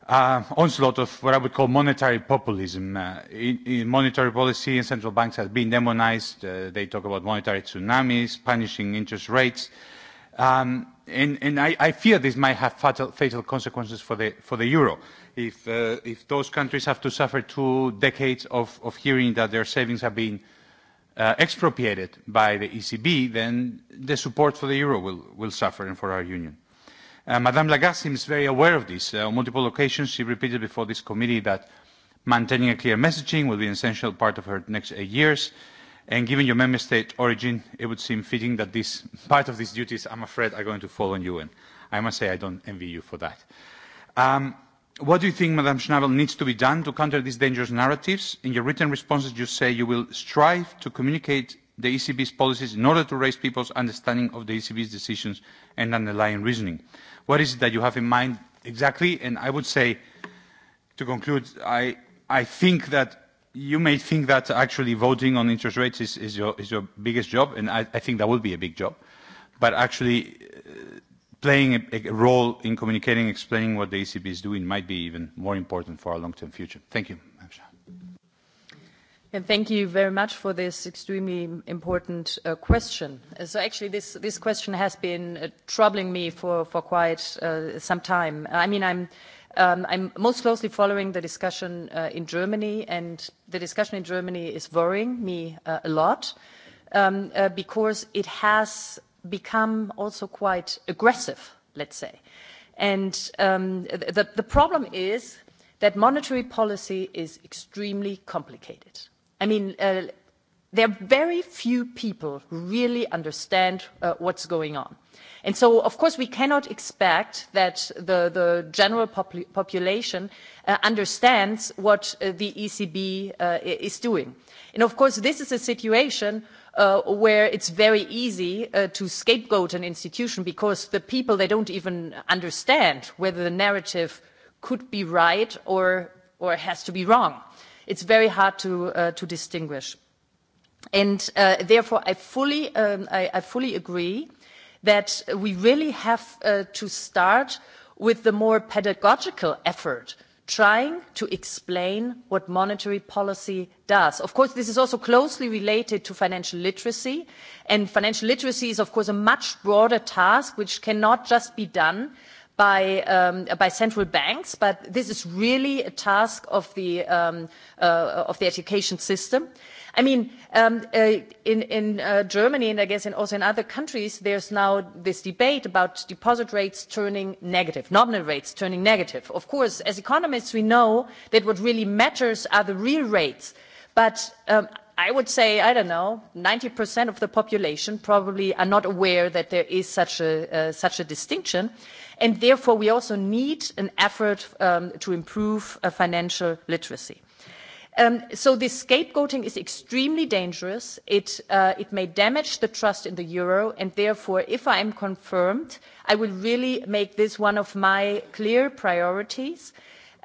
uh, onslaught of what I would call monetary populism. Uh, in, in monetary policy and central banks have been demonized. Uh, they talk about monetary tsunamis, punishing interest rates. Um, and and I, I fear this might have fatal, fatal consequences for the, for the euro. If, uh, if those countries have to suffer two decades of, of hearing that their savings have been uh, expropriated by the ECB, then the support for the euro will, will suffer and for our union. Uh, Madame Lagarde seems very aware of this. Uh, on multiple occasions, she repeated before this committee that maintaining a clear messaging will be an essential part of her next eight years. And given your member state origin, it would seem fitting that this part of these duties, I'm afraid, are going to fall on you. And I must say, I don't envy you for that. Um, what do you think, Madame Schnabel, needs to be done to counter these dangerous narratives? In your written responses, you say you will strive to communicate the ECB's policies in order to raise people's understanding of the ECB's decisions and underlying reasoning. What is it that you have in mind exactly? And I would say, to conclude, I, I think that you may think that actually voting on interest rates is, is, your, is your biggest job, and I, I think that will be a big job. But actually, uh, playing a, a role in communicating, explaining what the ECB is doing might be even more important for our long-term future. Thank you. And thank you very much for this extremely important uh, question. Uh, so actually this, this question has been uh, troubling me for, for quite uh, some time. I mean, I'm, um, I'm most closely following the discussion uh, in Germany, and the discussion in Germany is worrying me uh, a lot um, because it has become also quite aggressive, let's say. And um, the, the problem is that monetary policy is extremely complicated I mean, uh, there are very few people who really understand uh, what's going on. And so, of course, we cannot expect that the, the general popul population uh, understands what uh, the ECB uh, is doing. And of course, this is a situation uh, where it's very easy uh, to scapegoat an institution because the people, they don't even understand whether the narrative could be right or, or has to be wrong it's very hard to, uh, to distinguish. And uh, therefore, I fully, um, I, I fully agree that we really have uh, to start with the more pedagogical effort trying to explain what monetary policy does. Of course, this is also closely related to financial literacy. And financial literacy is, of course, a much broader task which cannot just be done by, um, by central banks, but this is really a task of the, um, uh, of the education system. I mean, um, uh, in, in uh, Germany and I guess in, also in other countries, there's now this debate about deposit rates turning negative, nominal rates turning negative. Of course, as economists, we know that what really matters are the real rates. But um, I would say, I don't know, 90% of the population probably are not aware that there is such a, uh, such a distinction and therefore we also need an effort um, to improve uh, financial literacy. Um, so this scapegoating is extremely dangerous. It, uh, it may damage the trust in the euro, and therefore, if I am confirmed, I will really make this one of my clear priorities.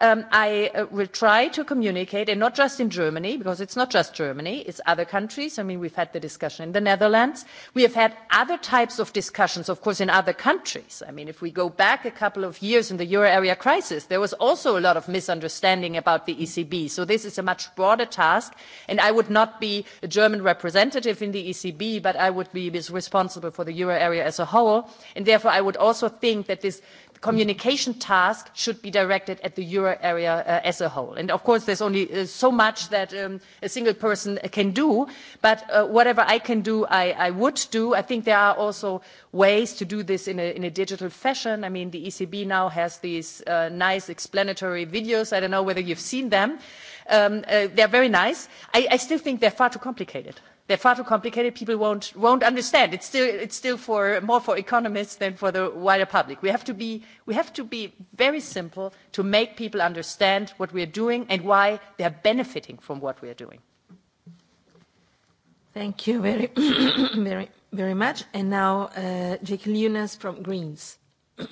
Um, i uh, will try to communicate and not just in germany because it's not just germany it's other countries i mean we've had the discussion in the netherlands we have had other types of discussions of course in other countries i mean if we go back a couple of years in the euro area crisis there was also a lot of misunderstanding about the ecb so this is a much broader task and i would not be a german representative in the ecb but i would be responsible for the euro area as a whole and therefore i would also think that this communication task should be directed at the euro area uh, as a whole. And of course, there's only uh, so much that um, a single person can do, but uh, whatever I can do, I, I, would do. I think there are also ways to do this in a, in a digital fashion. I mean, the ECB now has these uh, nice explanatory videos. I don't know whether you've seen them. Um, they're very nice. I, I still think they're far too complicated they're far too complicated people won't won't understand it's still it's still for more for economists than for the wider public we have to be we have to be very simple to make people understand what we are doing and why they are benefiting from what we are doing thank you very very very much and now uh, Jake Lunas from greens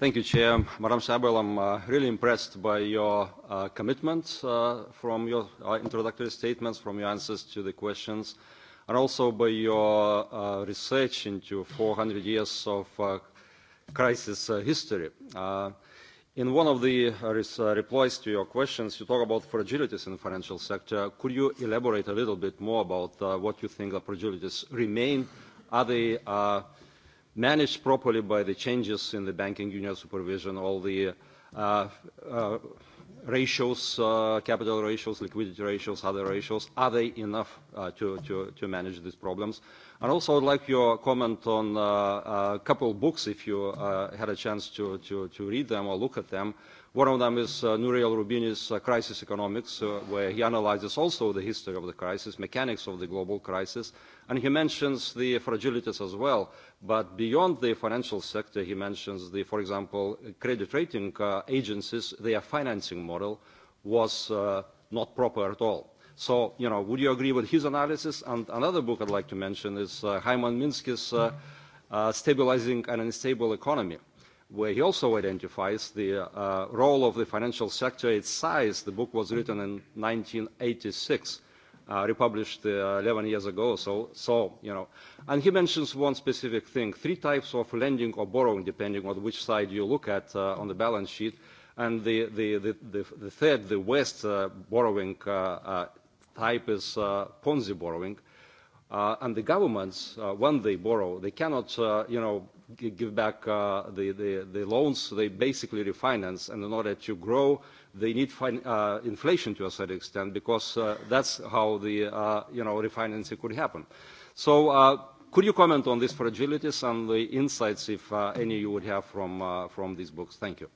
Thank you, Chair. Madam Sabel, I'm uh, really impressed by your uh, commitment uh, from your uh, introductory statements, from your answers to the questions, and also by your uh, research into 400 years of uh, crisis uh, history. Uh, in one of the uh, uh, replies to your questions, you talk about fragilities in the financial sector. Could you elaborate a little bit more about uh, what you think the fragilities remain? Are they uh, managed properly by the changes in the banking union supervision, all the uh, uh, ratios, uh, capital ratios, liquidity ratios, other ratios, are they enough uh, to, to, to manage these problems? And also I'd like your comment on uh, uh a couple of books, if you uh, had a chance to, to, to read them or look at them. One of them is uh, Nouriel al-Rubini's uh, Crisis Economics, uh, where he analyzes also the history of the crisis, mechanics of the global crisis, and he mentions the fragilities as well. But beyond the financial sector, he mentions the, for example, credit rating uh, agencies, their financing model was uh, not proper at all. So, you know, would you agree with his analysis? And another book I'd like to mention is uh, Hyman Minsky's uh, uh, Stabilizing an Unstable Economy where he also identifies the uh, role of the financial sector, its size. The book was written in 1986, uh, republished uh, 11 years ago. So, so, you know, and he mentions one specific thing: three types of lending or borrowing, depending on which side you look at uh, on the balance sheet. And the, the, the, the, the third, the West uh, borrowing uh, uh, type is uh, Ponzi borrowing. Uh, and the governments, uh, when they borrow, they cannot, uh, you know, give back uh, the, the, the loans, they basically refinance. And in order to grow, they need fin uh, inflation to a certain extent because uh, that's how the uh, you know, refinancing could happen. So uh, could you comment on these fragilities and the insights, if uh, any, you would have from, uh, from these books? Thank you.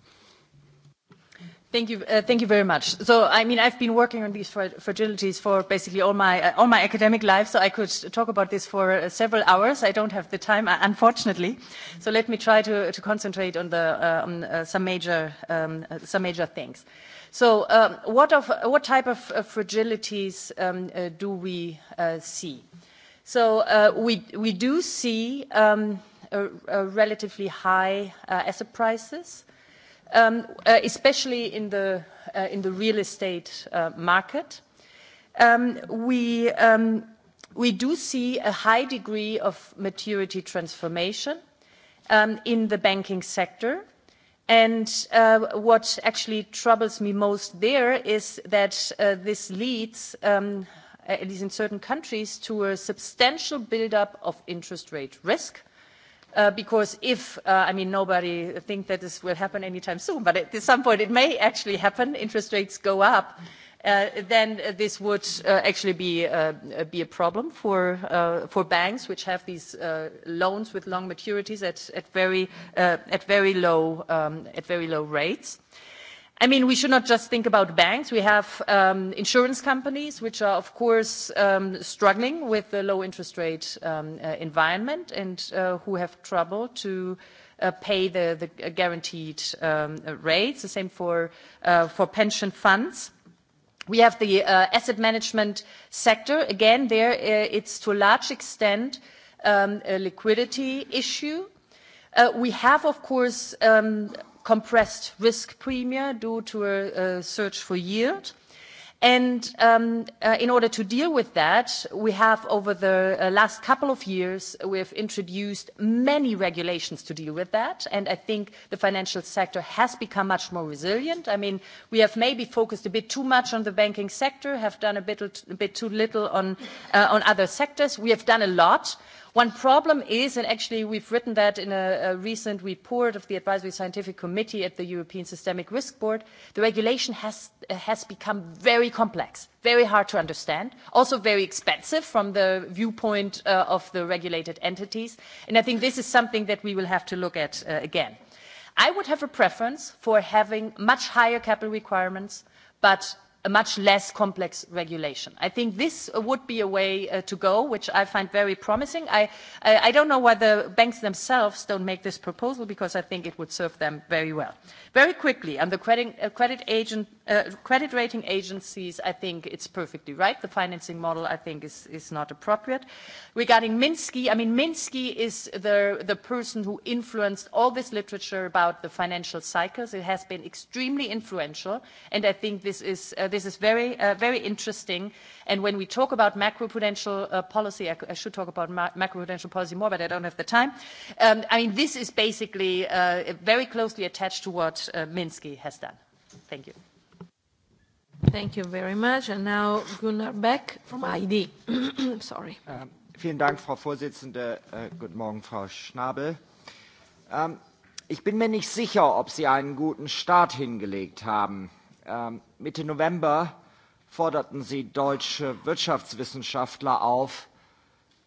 Thank you, uh, thank you very much. So, I mean, I've been working on these fragilities for basically all my uh, all my academic life. So I could talk about this for uh, several hours. I don't have the time, unfortunately. So let me try to, to concentrate on the uh, on uh, some major um, uh, some major things. So, um, what of what type of uh, fragilities um, uh, do we uh, see? So uh, we we do see um, a, a relatively high uh, asset prices. Um, uh, especially uh, in the, real estate uh, market. Um, um, we, do see a high degree of maturity transformation in the banking sector. what actually troubles me most there is that this leads, at least in certain countries, to a substantial buildup of interest rate risk, Uh, because if uh, i mean nobody thinks that this will happen anytime soon but at some point it may actually happen interest rates go up uh, then this would uh, actually be, uh, be a problem for, for banks which have these loans with long maturities at, at, very, at, very, low, um, at very low rates. I mean, we should not just think about banks. We have um, insurance companies, which are, of course, um, struggling with the low interest rate um, uh, environment and uh, who have trouble to uh, pay the, the guaranteed rates. The same for, for pension funds. We have the asset management sector. Again, there it's to a large extent a liquidity issue. We have, of course, compressed risk premia due to a, search for yield. And um, uh, in order to deal with that, we have over the uh, last couple of years, we have introduced many regulations to deal with that. And I think the financial sector has become much more resilient. I mean, we have maybe focused a bit too much on the banking sector, have done a bit, too little uh, on other sectors. We have done a lot One problem is, and actually we've written that in a, recent report of the Advisory Scientific Committee at the European Systemic Risk Board, the regulation has, has become very complex, very hard to understand, also very expensive from the viewpoint uh, of the regulated entities. And I think this is something that we will have to look at uh, again. I would have a preference for having much higher capital requirements, but a much less complex regulation. I think this would be a way uh, to go, which I find very promising. I, I, don't know whether banks themselves don't make this proposal because I think it would serve them very well. Very quickly, on the credit, uh, credit agent Uh, credit rating agencies, I think it's perfectly right. The financing model, I think, is, is not appropriate. Regarding Minsky, I mean, Minsky is the, the person who influenced all this literature about the financial cycles. It has been extremely influential, and I think this is, uh, this is very, uh, very interesting. And when we talk about macroprudential uh, policy, I, I should talk about ma macroprudential policy more, but I don't have the time. Um, I mean, this is basically uh, very closely attached to what uh, Minsky has done. Thank you. Thank you very much. And now Gunnar Beck from ID. Sorry. Uh, vielen Dank, Frau Vorsitzende. Uh, guten Morgen, Frau Schnabel. Uh, ich bin mir nicht sicher, ob Sie einen guten Start hingelegt haben. Ähm, Mitte November forderten Sie deutsche Wirtschaftswissenschaftler auf,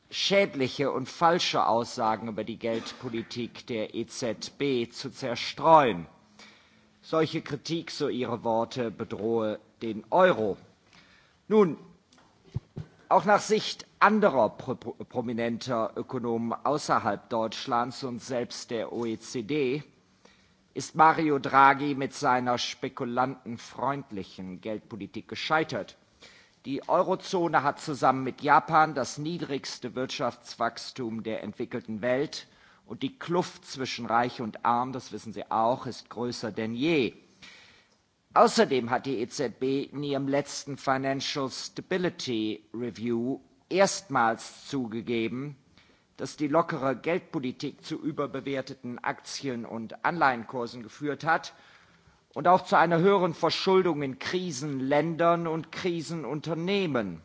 schädliche und falsche Aussagen über die Geldpolitik der EZB zu zerstreuen. Solche Kritik, so Ihre Worte, bedrohe den Euro. Nun, auch nach Sicht anderer prominenter Ökonomen außerhalb Deutschlands und selbst der OECD ist Mario Draghi mit seiner spekulantenfreundlichen Geldpolitik gescheitert. Die Eurozone hat zusammen mit Japan das niedrigste Wirtschaftswachstum der entwickelten Welt und die Kluft zwischen Reich und Arm, das wissen Sie auch, ist größer denn je. Außerdem hat die EZB in ihrem letzten Financial Stability Review erstmals zugegeben, dass die lockere Geldpolitik zu überbewerteten Aktien- und Anleihenkursen geführt hat und auch zu einer höheren Verschuldung in Krisenländern und Krisenunternehmen.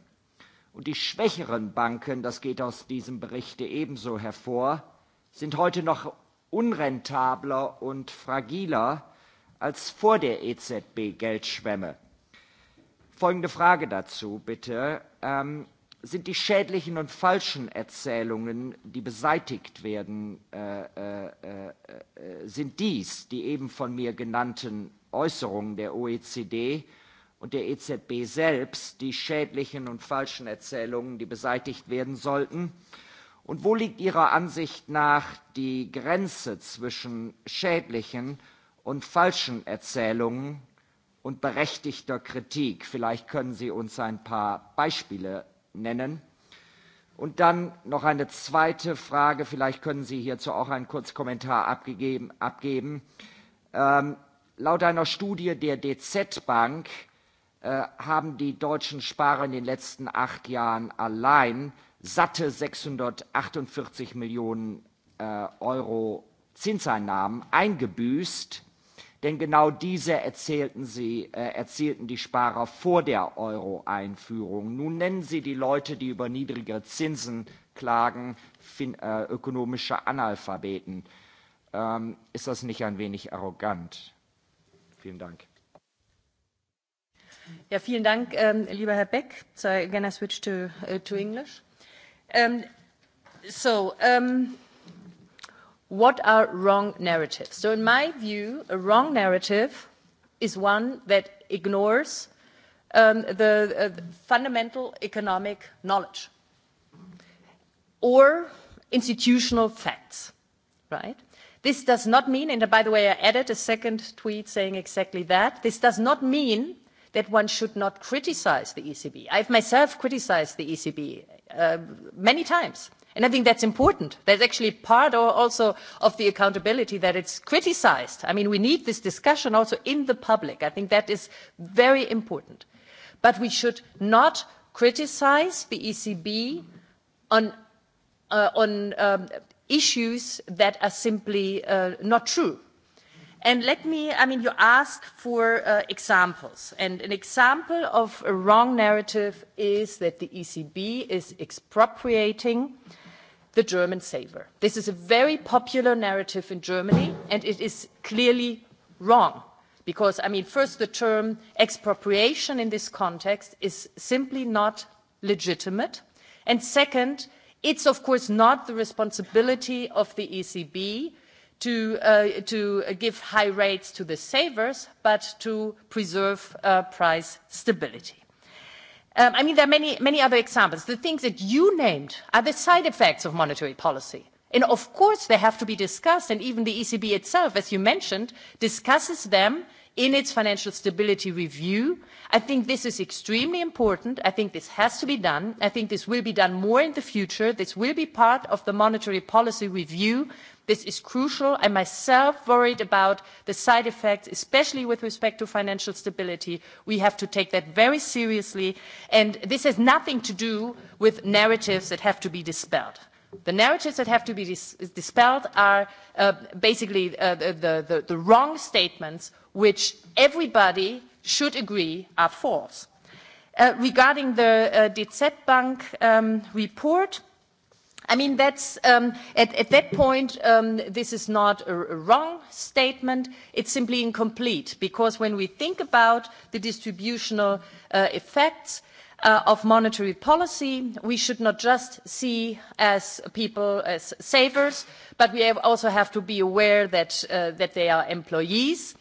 Und die schwächeren Banken, das geht aus diesem Berichte ebenso hervor, sind heute noch unrentabler und fragiler als vor der EZB Geldschwemme. Folgende Frage dazu bitte. Ähm, sind die schädlichen und falschen Erzählungen, die beseitigt werden, äh, äh, äh, äh sind dies die eben von mir genannten Äußerungen der OECD und der EZB selbst die schädlichen und falschen Erzählungen, die beseitigt werden sollten? Und wo liegt Ihrer Ansicht nach die Grenze zwischen schädlichen und falschen Erzählungen und berechtigter Kritik. Vielleicht können Sie uns ein paar Beispiele nennen. Und dann noch eine zweite Frage. Vielleicht können Sie hierzu auch einen Kurzkommentar abgegeben, abgeben. Ähm, laut einer Studie der DZ Bank äh, haben die deutschen Sparer in den letzten acht Jahren allein satte 648 Millionen äh, Euro Zinseinnahmen eingebüßt. Denn genau diese erzählten sie, äh, erzielten die Sparer vor der Euro-Einführung. Nun nennen Sie die Leute, die über niedrige Zinsen klagen, fin äh, ökonomische Analphabeten. Ähm, ist das nicht ein wenig arrogant? Vielen Dank. Ja, vielen Dank, ähm, lieber Herr Beck. So I'm going switch to, uh, to English. Um, so, um, what are wrong narratives? So in my view, a wrong narrative is one that ignores um, the, uh, the fundamental economic knowledge or institutional facts, right? This does not mean, and by the way, I added a second tweet saying exactly that. This does not mean that one should not criticize the ECB. I've myself criticized the ECB uh, many times and i think that's important that's actually part or also of the accountability that it's criticised i mean we need this discussion also in the public i think that is very important but we should not criticise the ecb on uh, on um, issues that are simply uh, not true And let me, I mean, you ask for uh, examples. And an example of a wrong narrative is that the ECB is expropriating the German saver. This is a very popular narrative in Germany, and it is clearly wrong. Because, I mean, first, the term expropriation in this context is simply not legitimate. And second, it's, of course, not the responsibility of the ECB Uh, to, give high rates to the savers, but to preserve uh, price stability. Um, I mean, there are many, many other examples. The things that you named are the side effects of monetary policy. And of course, they have to be discussed, and even the ECB itself, as you mentioned, discusses them in its financial stability review. I think this is extremely important. I think this has to be done. I think this will be done more in the future. This will be part of the monetary policy review. This is crucial. I myself am worried about the side effects, especially with respect to financial stability. We have to take that very seriously. And this has nothing to do with narratives that have to be dispelled. The narratives that have to be dis dispelled are uh, basically uh, the, the, the wrong statements which everybody should agree are false. Uh, regarding the uh, DZ Bank um, report, I mean, that's, um, at, at that point, um, this is not a, a wrong statement. It's simply incomplete because when we think about the distributional uh, effects, Uh, of monetary policy we should not just see as people as savers but we also have to be aware that, uh, that they are employees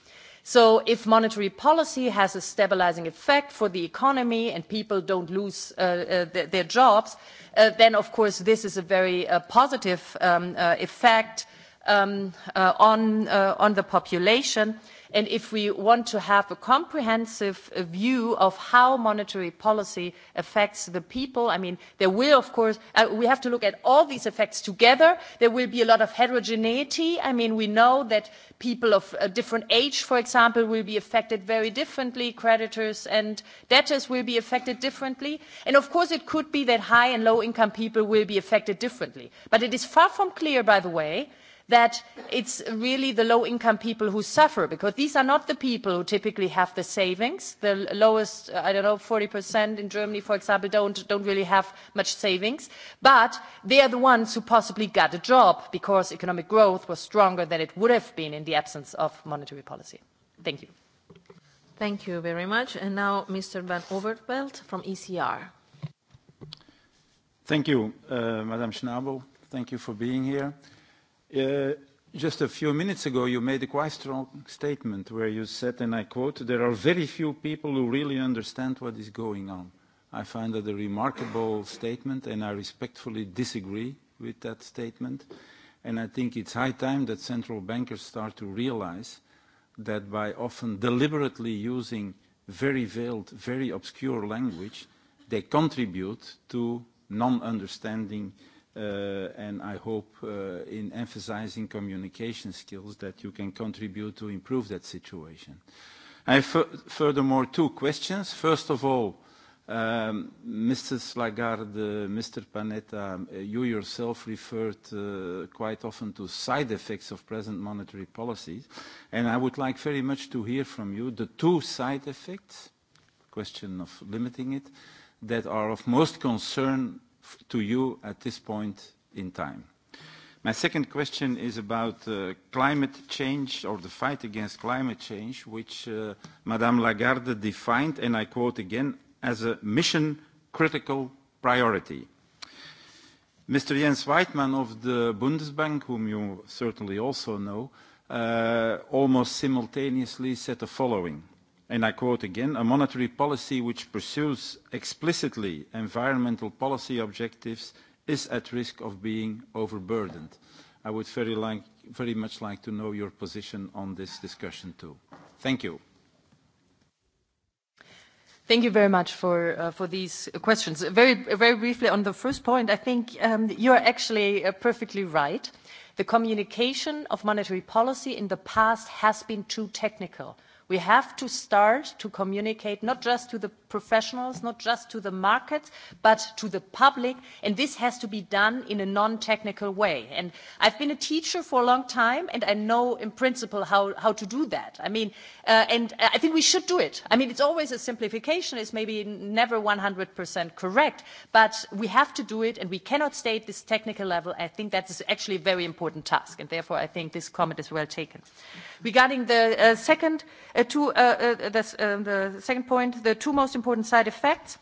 so if monetary policy has a stabilising effect for the economy and people don't lose uh, their jobs then of course this is a very positive um, effect um, on, on the population and and if we want to have a comprehensive uh, view of how monetary policy affects the people i mean there will of course uh, we have to look at all these effects together there will be a lot of heterogeneity i mean we know that people of a different age for example will be affected very differently creditors and debtors will be affected differently and of course it could be that high and low income people will be affected differently but it is far from clear by the way that it's really the low income people who suffer because these are not the people who typically have the savings the lowest uh, i don't know 40% in germany for example don't don't really have much savings but they are the ones who possibly got a job because economic growth was stronger than it would have been in the absence of monetary policy thank you Thank you very much. And now Mr. Van Overveld from ECR. Thank you, uh, Madam Schnabel. Thank you for being here. Uh, just a few minutes ago, you made a quite strong statement where you said, and I quote, there are very few people who really understand what is going on. I find that a remarkable statement, and I respectfully disagree with that statement. And I think it's high time that central bankers start to realize that by often deliberately using very veiled, very obscure language, they contribute to non-understanding uh, Uh, and I hope uh, in emphasizing communication skills that you can contribute to improve that situation. I have furthermore two questions. First of all, um, Mrs. Lagarde, uh, Mr. Panetta, um, uh, you yourself referred uh, quite often to side effects of present monetary policies, and I would like very much to hear from you the two side effects, question of limiting it, that are of most concern to you at this point in time? My second question is about uh, climate change or the fight against climate change, which uh, Madame Lagarde defined, and I quote again, as a mission-critical priority. Mr. Jens Weidmann of the Bundesbank, whom you certainly also know, uh, almost simultaneously said the following: and I quote again, a monetary policy which pursues explicitly environmental policy objectives is at risk of being overburdened. I would very, like, very much like to know your position on this discussion too. Thank you. Thank you very much for, uh, for these questions. Very, very briefly on the first point, I think um, you are actually uh, perfectly right. The communication of monetary policy in the past has been too technical we have to start to communicate not just to the professionals not just to the markets but to the public and this has to be done in a non technical way and i've been a teacher for a long time and i know in principle how, how to do that i mean uh, and i think we should do it i mean it's always a simplification it's maybe never 100% correct but we have to do it and we cannot stay at this technical level i think that is actually a very important task and therefore i think this comment is well taken regarding the uh, second uh, Uh, uh, uh, the second point, the two most important side effects.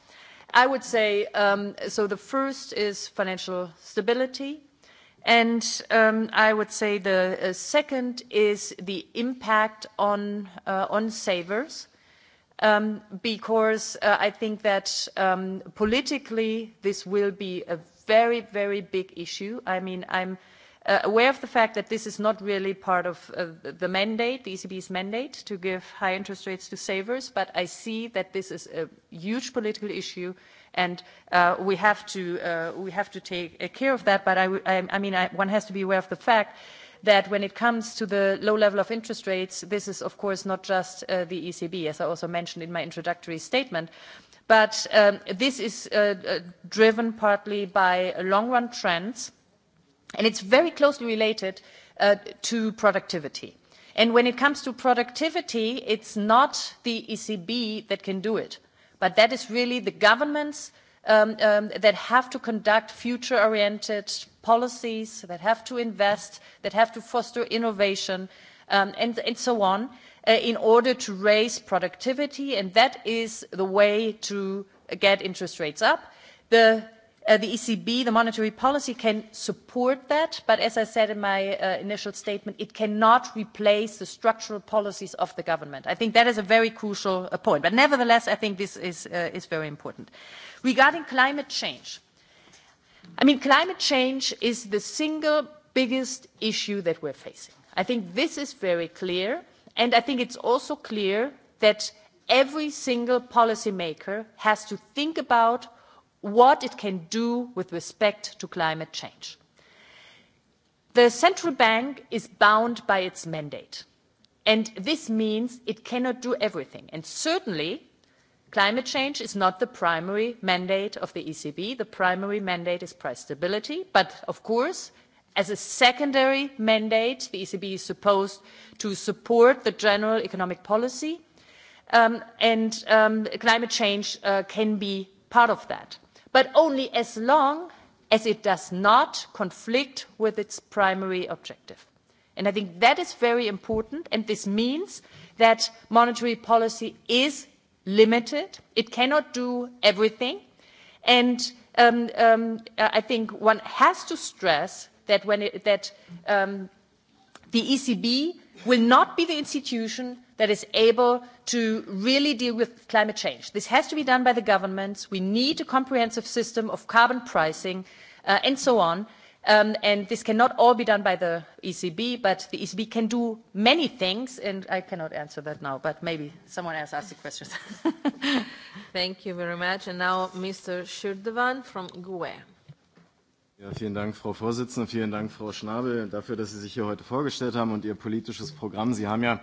I would say, um, so the first is financial stability. And um, I would say the second is the impact on, savers. Um, because I think that politically this will be a very, very big issue. I mean, I'm Uh, aware of the fact that this is not really part of uh, the mandate, the ECB's mandate, to give high interest rates to savers, but I see that this is a huge political issue, and uh, we have to uh, we have to take uh, care of that. But I, I, I mean, I, one has to be aware of the fact that when it comes to the low level of interest rates, this is of course not just uh, the ECB, as I also mentioned in my introductory statement. But um, this is driven partly by long-run trends, and it's very closely related uh, to productivity. And when it comes to productivity, it's not the ECB that can do it, but that is really the governments um, um, that have to conduct future-oriented policies, that have to invest, that have to foster innovation, um, and, and so on, uh, in order to raise productivity, and that is the way to get interest rates up. The Uh, the ECB, the monetary policy, can support that, but as I said in my uh, initial statement, it cannot replace the structural policies of the government. I think that is a very crucial uh, point. But nevertheless, I think this is, is very important. Regarding climate change, I mean, climate change is the single biggest issue that we're facing. I think this is very clear, and I think it's also clear that every single policymaker has to think about what it can do with respect to climate change. The central bank is bound by its mandate, and this means it cannot do everything. And certainly, climate change is not the primary mandate of the ECB. The primary mandate is price stability, but of course, as a secondary mandate, the ECB is supposed to support the general economic policy, um, and um, climate change uh, can be part of that but only as long as it does not conflict with its primary objective. And I think that is very important, and this means that monetary policy is limited. It cannot do everything. And um, um, I think one has to stress that, when it, that um, the ECB will not be the institution that is able to really deal with climate change. This has to be done by the governments. We need a comprehensive system of carbon pricing uh, and so on. Um, and this cannot all be done by the ECB, but the ECB can do many things, and I cannot answer that now, but maybe someone else asks the questions. Thank you very much. And now Mr. Shurdevan from GUE. Ja, vielen Dank, Frau Vorsitzende. Vielen Dank, Frau Schnabel, dafür, dass Sie sich hier heute vorgestellt haben und Ihr politisches Programm. Sie haben ja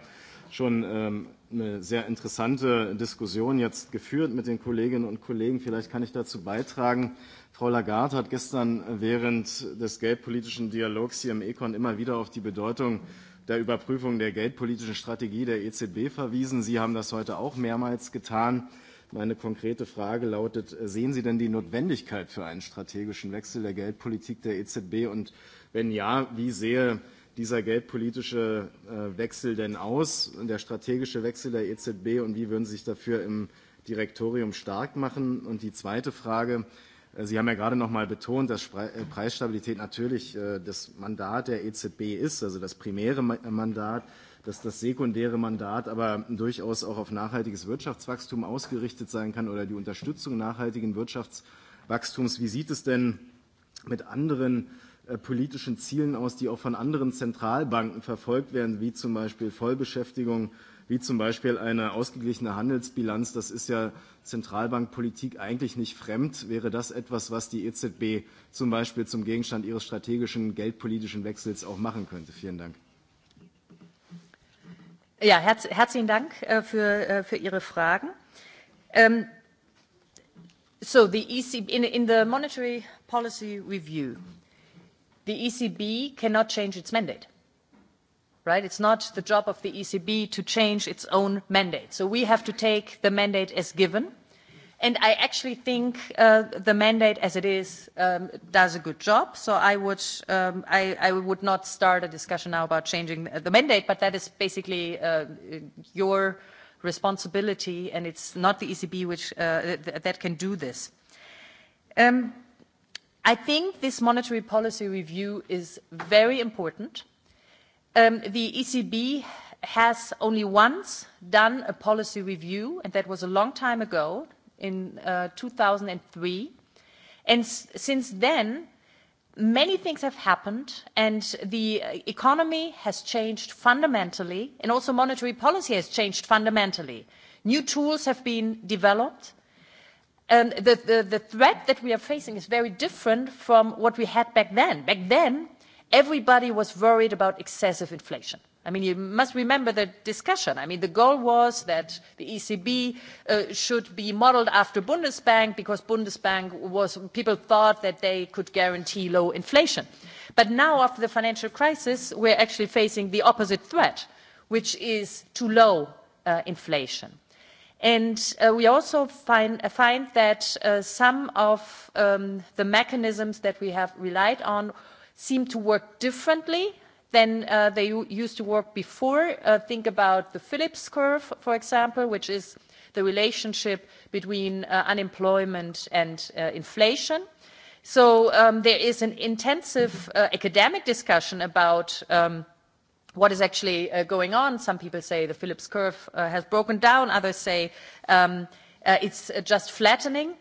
schon ähm, eine sehr interessante Diskussion jetzt geführt mit den Kolleginnen und Kollegen. Vielleicht kann ich dazu beitragen. Frau Lagarde hat gestern während des geldpolitischen Dialogs hier im Econ immer wieder auf die Bedeutung der Überprüfung der geldpolitischen Strategie der EZB verwiesen. Sie haben das heute auch mehrmals getan. Meine konkrete Frage lautet, äh, sehen Sie denn die Notwendigkeit für einen strategischen Wechsel der Geldpolitik der EZB? Und wenn ja, wie sehe dieser geldpolitische äh, Wechsel denn aus, der strategische Wechsel der EZB und wie würden Sie sich dafür im Direktorium stark machen? Und die zweite Frage, äh, Sie haben ja gerade noch mal betont, dass Preisstabilität natürlich das Mandat der EZB ist, also das primäre Mandat dass das sekundäre Mandat aber durchaus auch auf nachhaltiges Wirtschaftswachstum ausgerichtet sein kann oder die Unterstützung nachhaltigen Wirtschaftswachstums. Wie sieht es denn mit anderen äh, politischen Zielen aus, die auch von anderen Zentralbanken verfolgt werden, wie zum Beispiel Vollbeschäftigung, wie zum Beispiel eine ausgeglichene Handelsbilanz. Das ist ja Zentralbankpolitik eigentlich nicht fremd. Wäre das etwas, was die EZB zum Beispiel zum Gegenstand ihres strategischen geldpolitischen Wechsels auch machen könnte? Vielen Dank. Ja, herz, herzlichen Dank äh, für, äh, für Ihre Fragen. Um, so the ECB, in, in the monetary policy review, the ECB cannot change its mandate. Right? It's not the job of the ECB to change its own mandate. So we have to take the mandate as given and I actually think uh, the mandate as it is um, does a good job. So I would, um, I, I, would not start a discussion now about changing the mandate, but that is basically uh, your responsibility, and it's not the ECB which uh, th that can do this. Um, I think this monetary policy review is very important. Um, the ECB has only once done a policy review, and that was a long time ago in uh, 2003. And s since then, many things have happened and the uh, economy has changed fundamentally and also monetary policy has changed fundamentally. New tools have been developed. and the, the, the threat that we are facing is very different from what we had back then. Back then, everybody was worried about excessive inflation I mean, you must remember the discussion. I mean, the goal was that the ECB uh, should be modelled after Bundesbank because Bundesbank was people thought that they could guarantee low inflation. But now, after the financial crisis, we're actually facing the opposite threat, which is too low uh, inflation. And uh, we also find, uh, find that uh, some of um, the mechanisms that we have relied on seem to work differently than uh, they used to work before. Uh, think about the Phillips curve, for example, which is the relationship between uh, unemployment and inflation. So um, there is an intensive academic discussion about um, what is actually going on. Some people say the Phillips curve has broken down. Others say um, it's just flattening.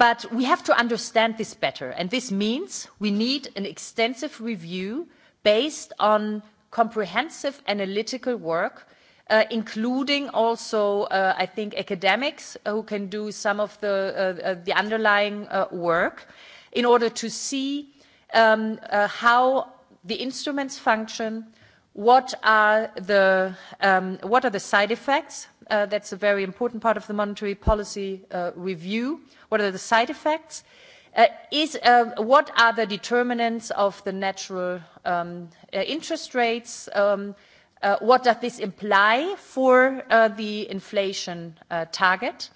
but we have to understand this better. And this means we need an extensive review based on comprehensive analytical work uh, including also, uh, I think, academics who can do some of the, uh, uh the underlying uh, work in order to see um, uh, how the instruments function, what are the, um, what are the side effects, that's a very important part of the monetary policy review, what are the side effects, uh, Uh, is, uh, what are the determinants of the natural um, uh, interest rates? Um, uh, what does this imply for the inflation target?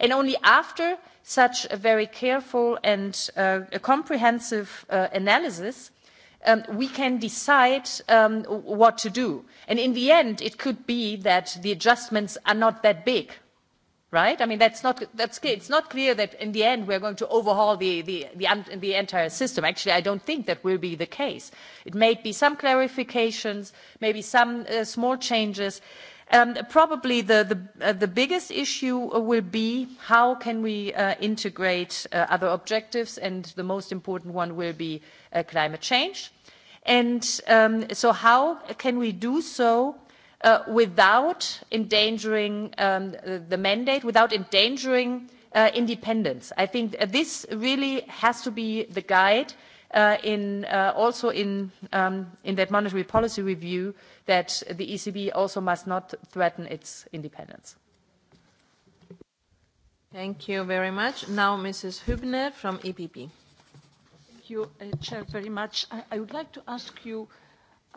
And only after such a very careful and comprehensive analysis um, we can decide um, what to do. And in the end, it could be that the adjustments are not that big right? I mean, that's not, that's, it's not clear that in the end we're going to overhaul the, the, the, the entire system. Actually, I don't think that will be the case. It may be some clarifications, maybe some uh, small changes. Um, probably the, the, uh, the biggest issue will be how can we uh, integrate uh, other objectives, and the most important one will be uh, climate change. And um, so how can we do so Uh, without endangering um, the mandate, without endangering uh, independence. I think this really has to be the guide uh, also um, in, that monetary policy review that the ECB also must not threaten its independence. Thank you very much. Now Mrs. Hübner from EPP. Thank you, Chair, very much. I, would like to ask you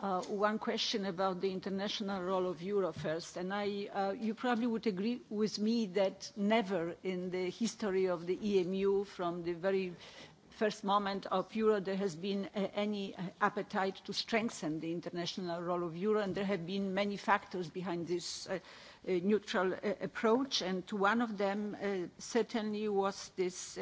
Uh, one question about the international role of Eurofirst, and I, uh, you probably would agree with me that never in the history of the EMU, from the very first moment of Euro, there has been any appetite to strengthen the international role of Euro, and there have been many factors behind this uh, neutral approach, and one of them certainly was this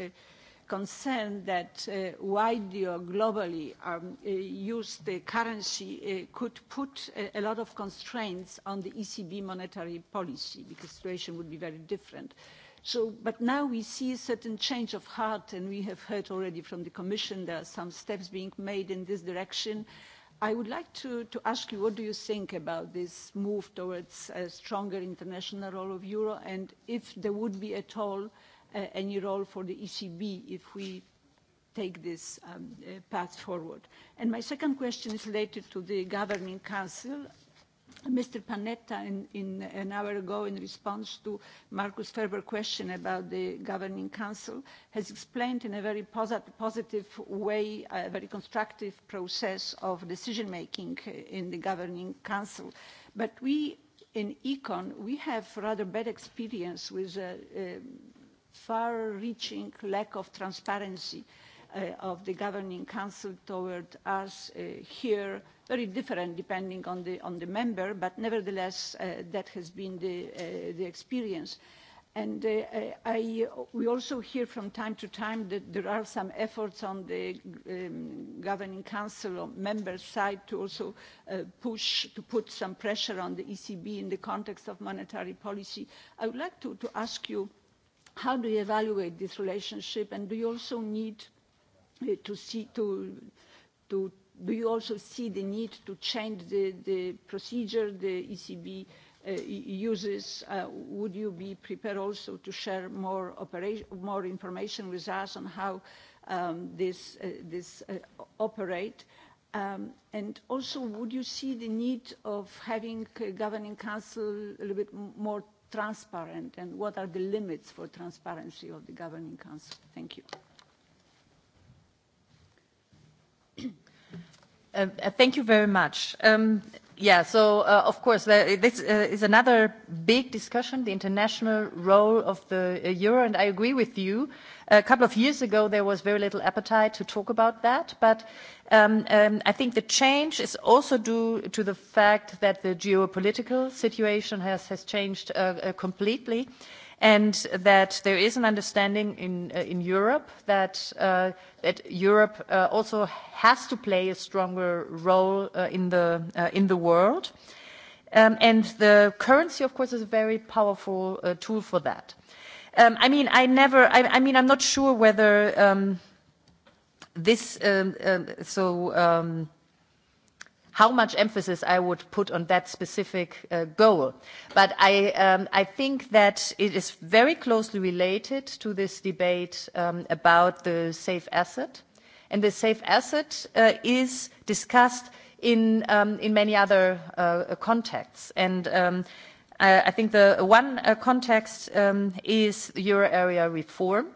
concern that uh, widely globally um, uh, used currency uh, could put a, a, lot of constraints on the ECB monetary policy because the situation would be very different. So, but now we see a certain change of heart and we have heard already from the Commission there are some steps being made in this direction. I would like to, to ask you, what do you think about this move towards a stronger international role of euro and if there would be at all uh, any role for the ECB if we take this um, uh, path forward. And my second question is related to the Governing Council. Mr. Panetta, in, in an hour ago, in response to Markus Ferber's question about the Governing Council, has explained in a very posit positive way a very constructive process of decision-making uh, in the Governing Council. But we in Econ, we have rather bad experience with uh, uh, far-reaching lack of transparency uh, of the governing council toward us uh, here, very different depending on the, on the member, but nevertheless uh, that has been the, uh, the experience. And uh, uh, I, we also hear from time to time that there are some efforts on the um, governing council or member side to also push, to put some pressure on the ECB in the context of monetary policy. I would like to, to ask you how do you evaluate this relationship and do you also need uh, to see to to do you also see the need to change the, the procedure the ECB uh, uses? Uh, would you be prepared also to share more, more information with us on how um, this, uh, this uh, operate? Um, and also, would you see the need of having a governing council a little bit more transparent and what are the limits for transparency of the governing council? Thank you. Uh, uh thank you very much. Um, Yeah, so uh, of course, there, this uh, is another big discussion, the international role of the uh, euro, and I agree with you. A couple of years ago, there was very little appetite to talk about that, but um, um, I think the change is also due to the fact that the geopolitical situation has, has changed uh, uh, completely. Uh, and that there is an understanding in, uh, in Europe that, uh, that Europe uh, also has to play a stronger role uh, in, the, uh, in the world. Um, and the currency, of course, is a very powerful uh, tool for that. Um, I mean, I never, I, I mean, I'm not sure whether um, this, um, um so um, how much emphasis I would put on that specific uh, goal. But I, um, I think that it is very closely related to this debate um, about the safe asset. And the safe asset uh, is discussed in, um, in many other uh, contexts. And um, I, I think the one uh, context um, is euro area reform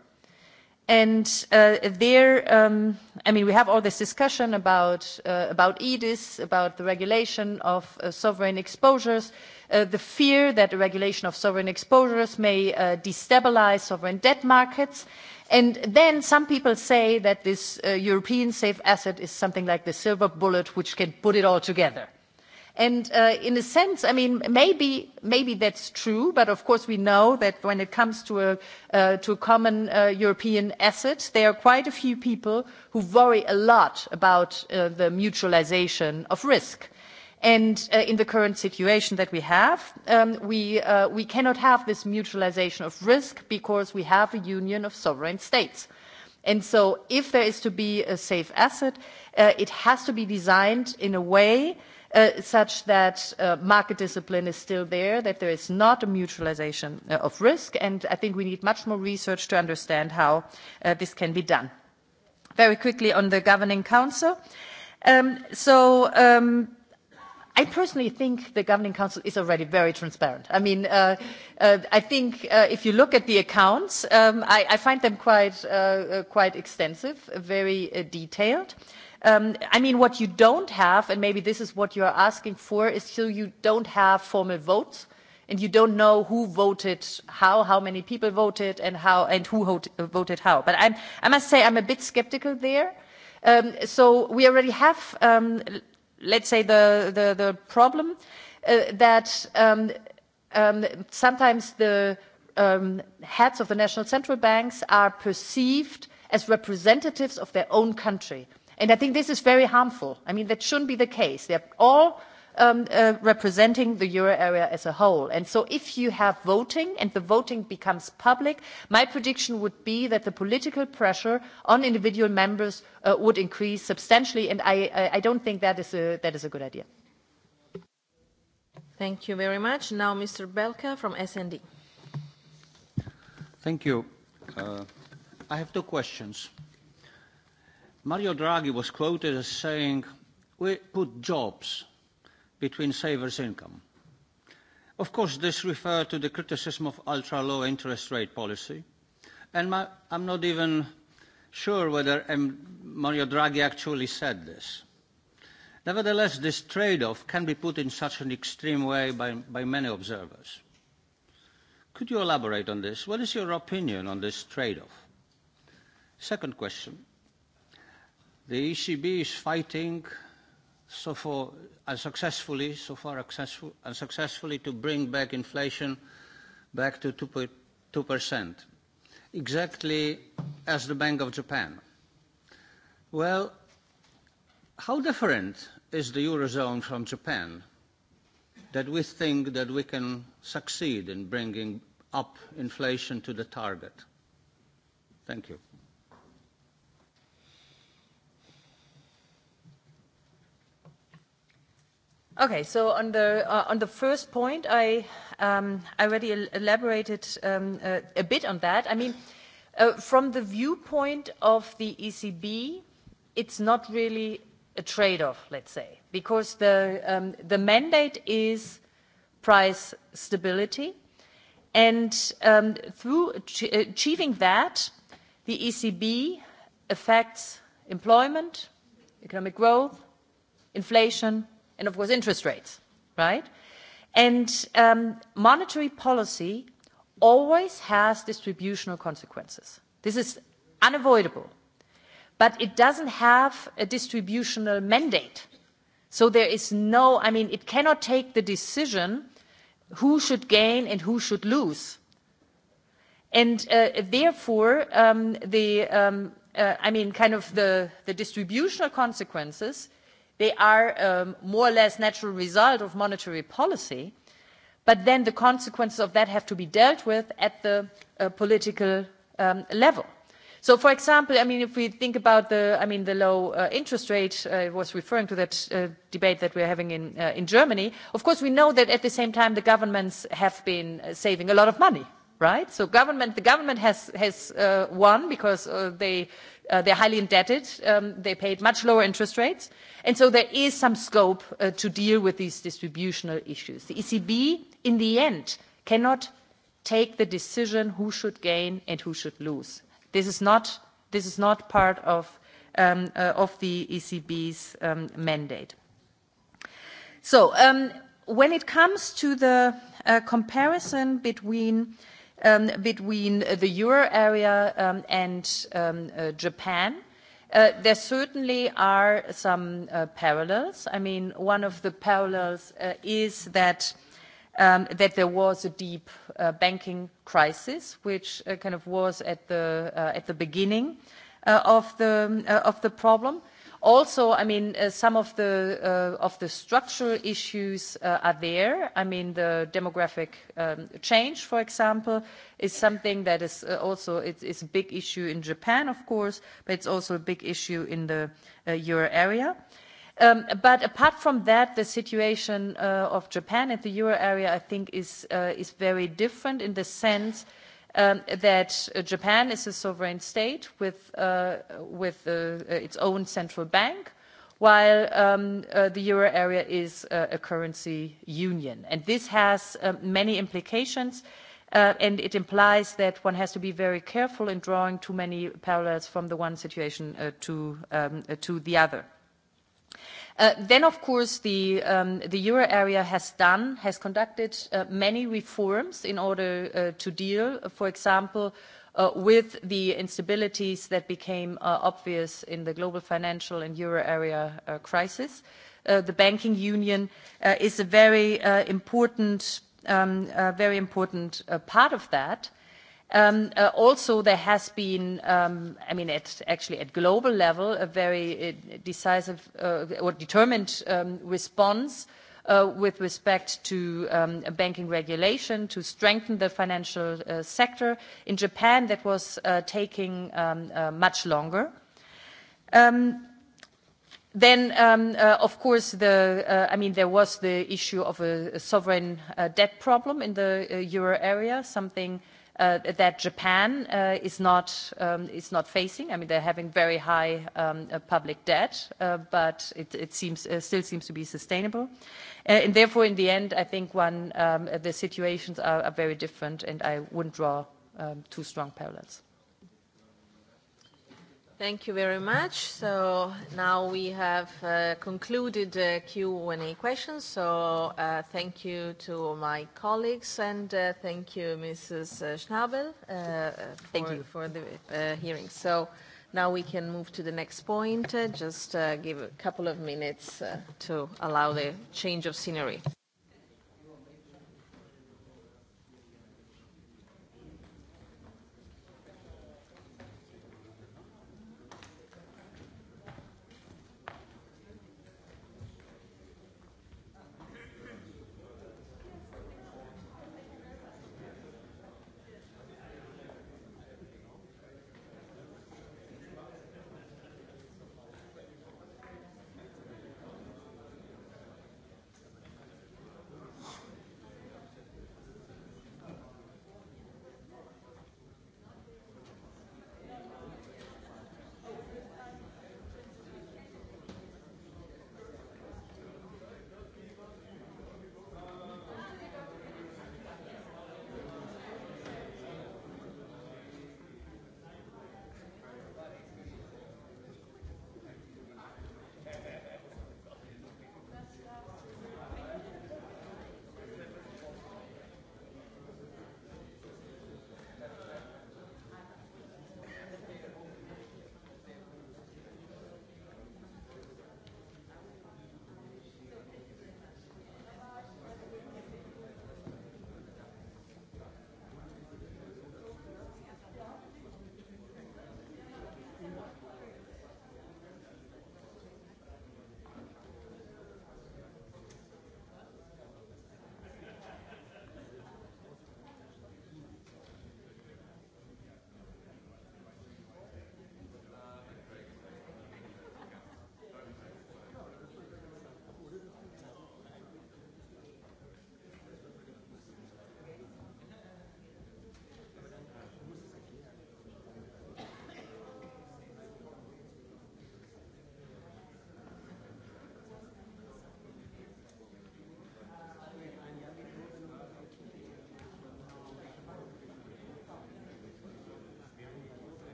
and uh, there um, i mean we have all this discussion about uh, about edis about the regulation of uh, sovereign exposures uh, the fear that the regulation of sovereign exposures may uh, destabilise sovereign debt markets and then some people say that this uh, european safe asset is something like the silver bullet which can put it all together and uh, in a sense i mean maybe maybe that's true but of course we know that when it comes to a uh, to a common uh, european asset there are quite a few people who worry a lot about uh, the mutualisation of risk and uh, in the current situation that we have um, we uh, we cannot have this mutualisation of risk because we have a union of sovereign states and so if there is to be a safe asset it has to be designed in a way uh, Uh, such that uh, market discipline is still there, that there is not a mutualization uh, of risk. And I think we need much more research to understand how this can be done. Very quickly on the Governing Council. Um, so um, I personally think the Governing Council is already very transparent. I mean, I think if you look at the accounts, um, I, find them quite, quite extensive, very detailed. Um, I mean, what you don't have, and maybe this is what you're asking for, is so you don't have formal votes and you don't know who voted how, how many people voted, and how and who voted how. But I'm, I must say I'm a bit skeptical there. Um, so we already have, um, let's say, the the, the problem uh, that um, um, sometimes the um, heads of the national central banks are perceived as representatives of their own country And I think this is very harmful. I mean, that shouldn't be the case. They're all um, uh, representing the euro area as a whole. And so if you have voting and the voting becomes public, my prediction would be that the political pressure on individual members uh, would increase substantially. And I, I don't think that is a, that is a good idea. Thank you very much. Now, Mr. Belka from SND. Thank you. Uh, I have two questions. Mario Draghi was quoted as saying, we put jobs between savers' income. Of course, this referred to the criticism of ultra-low interest rate policy. And my, I'm not even sure whether M Mario Draghi actually said this. Nevertheless, this trade-off can be put in such an extreme way by, by many observers. Could you elaborate on this? What is your opinion on this trade-off? Second question. The ECB is fighting so far unsuccessfully, so far unsuccessfully to bring back inflation back to 2%, exactly as the Bank of Japan. Well, how different is the Eurozone from Japan that we think that we can succeed in bringing up inflation to the target? Thank you. Okay, so on the uh, on the first point, I um, I already elaborated um, uh, a bit on that. I mean, uh, from the viewpoint of the ECB, it's not really a trade-off, let's say, because the um, the mandate is price stability, and um, through ach achieving that, the ECB affects employment, economic growth, inflation and of course interest rates, right? And um, monetary policy always has distributional consequences. This is unavoidable. But it doesn't have a distributional mandate. So there is no, I mean, it cannot take the decision who should gain and who should lose. And uh, therefore, um, the, um, uh, I mean, kind of the, the distributional consequences they are um, more or less natural result of monetary policy, but then the consequences of that have to be dealt with at the uh, political um, level. So, for example, I mean, if we think about the, I mean, the low uh, interest rate, uh, I was referring to that uh, debate that we're having in, uh, in Germany. Of course, we know that at the same time the governments have been uh, saving a lot of money, right? So government, the government has, has uh, won because uh, they Uh, they're highly indebted. Um, they paid much lower interest rates. And so there is some scope uh, to deal with these distributional issues. The ECB, in the end, cannot take the decision who should gain and who should lose. This is not, this is not part of, um, uh, of the ECB's um, mandate. So um, when it comes to the uh, comparison between Um, between the euro area um, and um, uh, Japan. Uh, there certainly are some uh, parallels. I mean, one of the parallels is that, that there was a deep banking crisis, which kind of was at the, at the beginning of the, of the problem also i mean uh, some of the uh, of the structural issues uh, are there i mean the demographic um, change for example is something that is uh, also a big issue in japan of course but it's also a big issue in the uh, euro area um, but apart from that, the situation of Japan and the euro area, I think, is is very different in the sense um, that uh, Japan is a sovereign state with, uh, with uh, uh its own central bank, while um, uh, the euro area is uh, a currency union. And this has many implications, and it implies that one has to be very careful in drawing too many parallels from the one situation to, um, to the other. Uh, then, of course, the, um, the euro area has done, has conducted uh, many reforms in order uh, to deal, for example, uh, with the instabilities that became uh, obvious in the global financial and euro area uh, crisis. Uh, the banking union uh, is a very uh, important, um, uh, very important uh, part of that. Um, uh, also, there has been, um, I mean, at, actually at global level, a very uh, decisive uh, or determined um, response uh, with respect to um, banking regulation to strengthen the financial uh, sector. In Japan, that was taking um, much longer. Then, um, uh, of course, the, uh, I mean, there was the issue of a, a sovereign uh, debt problem in the euro area, something Uh, that Japan uh, is, not, um, is not facing. I mean, they're having very high um, uh, public debt, but it, seems, still seems to be sustainable. And therefore, in the end, I think one, um, the situations are very different, and I wouldn't draw too strong parallels. Thank you very much. So now we have uh, concluded the Q&A questions. So uh, thank you to my colleagues and uh, thank you, Mrs. Schnabel, for, thank you. for the hearing. So now we can move to the next point. just give a couple of minutes to allow the change of scenery.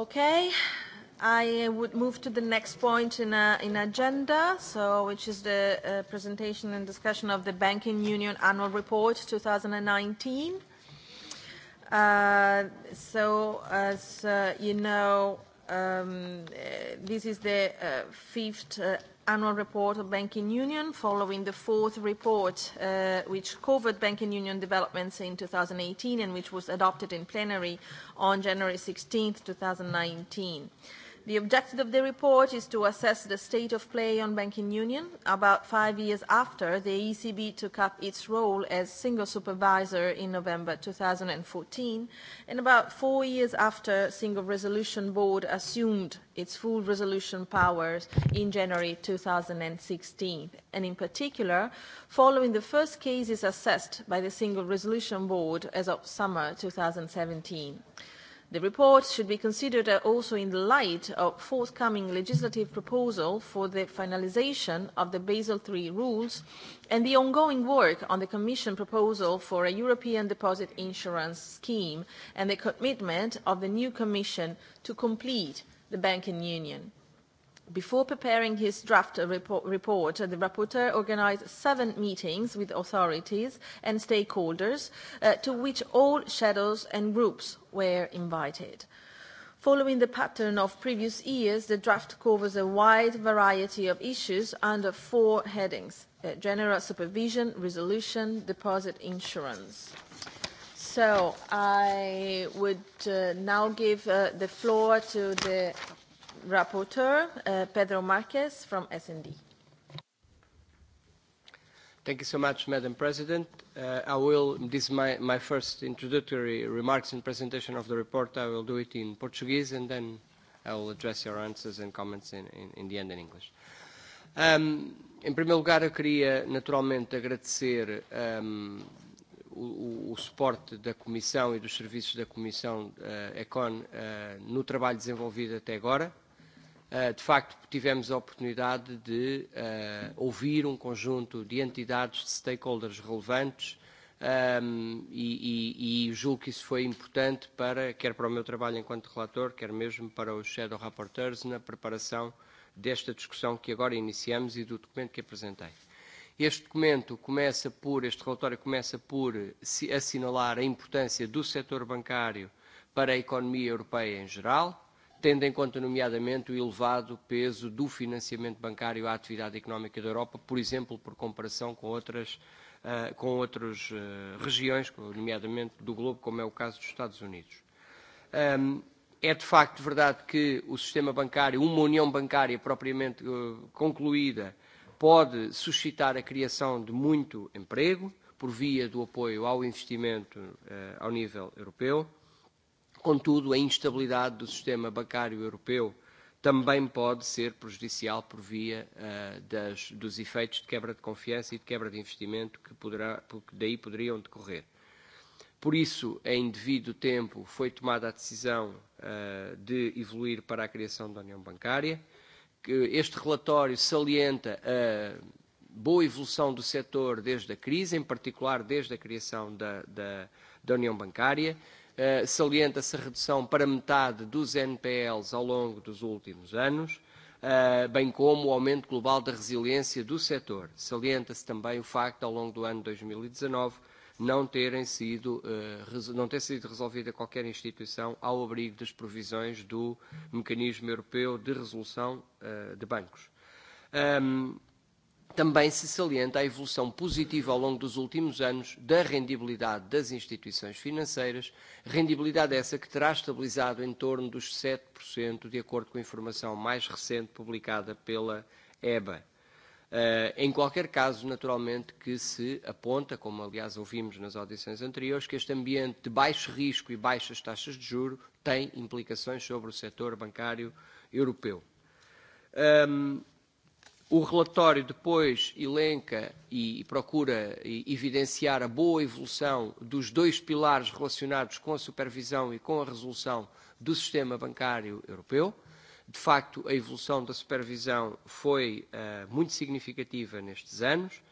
Okay, I would move to the next point in, uh, in agenda, so which is the uh, presentation and discussion of the Banking Union Annual Report 2019. Uh, so, as uh, you know, um, uh, this is the uh, fifth uh, annual report of Banking Union following the fourth report uh, which covered Banking Union developments in 2018 and which was adopted in plenary on January 16, 2019. The objective of the report is to assess the state of play on banking union about five years after the ECB took up its role as single supervisor in November 2014 and about four years after Single Resolution Board assumed its full resolution powers in January 2016. And in particular, following the first cases assessed by the Single Resolution Board as of summer 2017. The report should be considered uh, also in the light of forthcoming legislative proposal for the finalisation of the Basel III rules and the ongoing work on the Commission proposal for a European Deposit Insurance Scheme and the commitment of the new Commission to complete the banking union. Before preparing his draft report, report, the rapporteur organised seven meetings with authorities and stakeholders, uh, to which all shadows and groups were invited. Following the pattern of previous years, the draft covers a wide variety of issues under four headings, uh, general supervision, resolution, deposit insurance. So I would uh, now give uh, the floor to the rapporteur, uh, Pedro Marques from S&D. Thank you so much, Madam President. Uh, I will, this is my, my first introductory remarks and presentation of the report. I will do it in Portuguese and then I will address your answers and comments in, in, in the end in English. Um, em primeiro lugar, eu queria naturalmente agradecer um, o, o suporte da Comissão e dos serviços da Comissão uh, ECON uh, no trabalho desenvolvido até agora. Eh, de facto, tivemos a oportunidade de eh, ouvir um conjunto de entidades, de stakeholders relevantes, um, e, e, e julgo que isso foi importante para, quer para o meu trabalho enquanto relator, quer mesmo para os shadow rapporteurs na preparação desta discussão que agora iniciamos e do documento que apresentei. Este documento começa por, este relatório começa por assinalar a importância do setor bancário para a economia europeia em geral, tendo em conta, nomeadamente, o elevado peso do financiamento bancário à atividade económica da Europa, por exemplo, por comparação com outras, uh, com outras uh, regiões, nomeadamente do globo, como é o caso dos Estados Unidos. Um, é de facto verdade que o sistema bancário, uma união bancária propriamente uh, concluída, pode suscitar a criação de muito emprego por via do apoio ao investimento uh, ao nível europeu Contudo, a instabilidade do sistema bancário europeu também pode ser prejudicial por via uh, das, dos efeitos de quebra de confiança e de quebra de investimento que poderá, porque daí poderiam decorrer. Por isso, em devido tempo, foi tomada a decisão uh, de evoluir para a criação da União Bancária. Que este relatório salienta a boa evolução do setor desde a crise, em particular desde a criação da, da, da União Bancária. Eh, Salienta-se a redução para metade dos NPLs ao longo dos últimos anos, eh, bem como o aumento global da resiliência do setor. Salienta-se também o facto, ao longo do ano 2019, não, terem sido, eh, não ter sido resolvida qualquer instituição ao abrigo das provisões do Mecanismo Europeu de Resolução de Bancos. Ehm, Também se salienta a evolução positiva ao longo dos últimos anos da rendibilidade das instituições financeiras, rendibilidade essa que terá estabilizado em torno dos 7%, de acordo com a informação mais recente publicada pela EBA. Uh, eh, em qualquer caso, naturalmente, que se aponta, como aliás ouvimos nas audições anteriores, que este ambiente de baixo risco e baixas taxas de juro tem implicações sobre o setor bancário europeu. Um, o relatório depois elenca e procura evidenciar a boa evolução dos dois pilares relacionados com a supervisão e com a resolução do sistema bancário europeu. De facto, a evolução da supervisão foi uh, muito significativa nestes anos,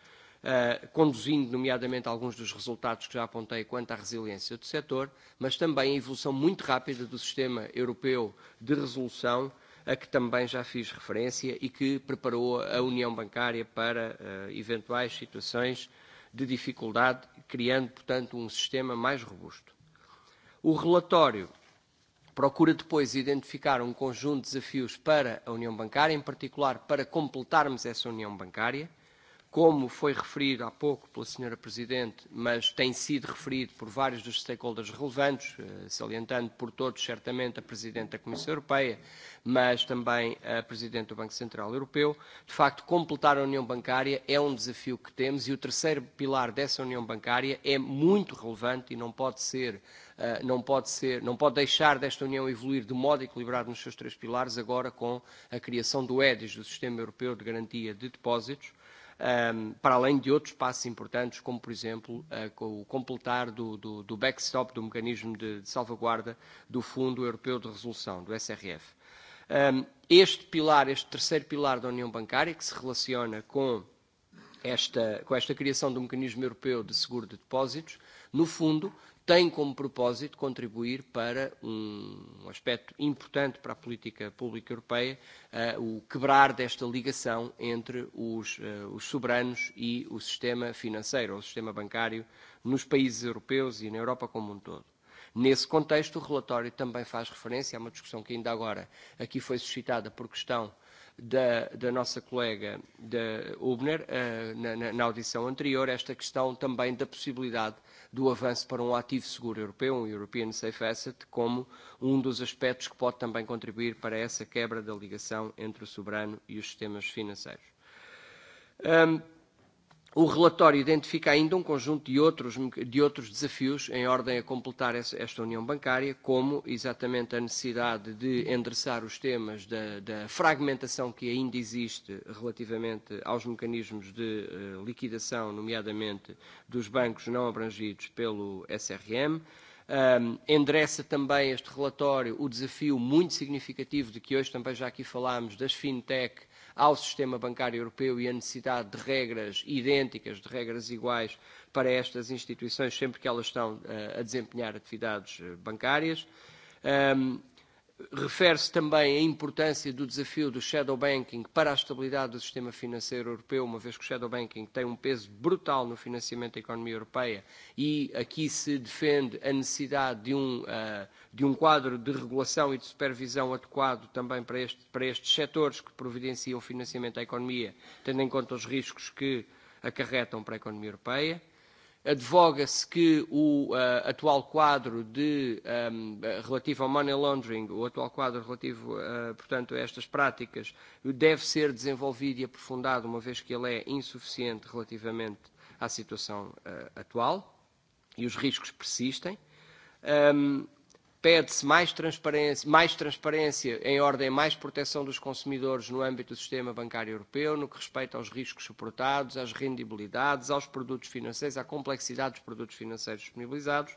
uh, conduzindo, nomeadamente, alguns dos resultados que já apontei quanto à resiliência do setor, mas também a evolução muito rápida do sistema europeu de resolução, uh, a que também já fiz referência e que preparou a União Bancária para uh, eventuais situações de dificuldade, criando, portanto, um sistema mais robusto. O relatório procura depois identificar um conjunto de desafios para a União Bancária, em particular para completarmos essa União Bancária, como foi referido há pouco pela Sra. Presidente, mas tem sido referido por vários dos stakeholders relevantes, eh, salientando por todos, certamente, a Presidente da Comissão Europeia, mas também a Presidente do Banco Central Europeu, de facto, completar a União Bancária é um desafio que temos e o terceiro pilar dessa União Bancária é muito relevante e não pode ser Uh, não pode ser, não pode deixar desta União evoluir de modo equilibrado nos seus três pilares, agora com a criação do EDIS, do Sistema Europeu de Garantia de Depósitos, um, para além de outros passos importantes, como, por exemplo, uh, com o completar do, do, do backstop do mecanismo de, de salvaguarda do Fundo Europeu de Resolução, do SRF. Um, este pilar, este terceiro pilar da União Bancária, que se relaciona com esta, com esta criação do mecanismo europeu de seguro de depósitos, no fundo, tem como propósito contribuir para um aspecto importante para a política pública europeia, eh, o quebrar desta ligação entre os, eh, os soberanos e o sistema financeiro, o sistema bancário, nos países europeus e na Europa como um todo. Nesse contexto, o relatório também faz referência a uma discussão que ainda agora aqui foi suscitada por questão uh, da, da nossa colega da Ubner uh, na, na, na audição anterior, esta questão também da possibilidade do avanço para um ativo seguro europeu, um European Safe Asset, como um dos aspectos que pode também contribuir para essa quebra da ligação entre o soberano e os sistemas financeiros. Um, o relatório identifica ainda um conjunto de outros, de outros desafios em ordem a completar esta União Bancária, como exatamente a necessidade de endereçar os temas da, da fragmentação que ainda existe relativamente aos mecanismos de uh, liquidação, nomeadamente dos bancos não abrangidos pelo SRM. Um, endereça também este relatório o desafio muito significativo de que hoje também já aqui falámos das fintech ao sistema bancário europeu e a necessidade de regras idênticas, de regras iguais para estas instituições sempre que elas estão eh, a desempenhar atividades eh, bancárias. Refere-se também à importância do desafio do shadow banking para a estabilidade do sistema financeiro europeu, uma vez que o shadow banking tem um peso brutal no financiamento da economia europeia e aqui se defende a necessidade de um, uh, de um quadro de regulação e de supervisão adequado também para, este, para estes setores que providenciam financiamento à economia, tendo em conta os riscos que acarretam para a economia europeia. Uh, advoga-se que o uh, atual quadro de, um, relativo ao money laundering, o atual quadro relativo, uh, portanto, a estas práticas, deve ser desenvolvido e aprofundado, uma vez que ele é insuficiente relativamente à situação uh, atual e os riscos persistem. Um, pede-se mais transparência, mais transparência em ordem mais proteção dos consumidores no âmbito do sistema bancário europeu, no que respeita aos riscos suportados, às rendibilidades, aos produtos financeiros, à complexidade dos produtos financeiros disponibilizados.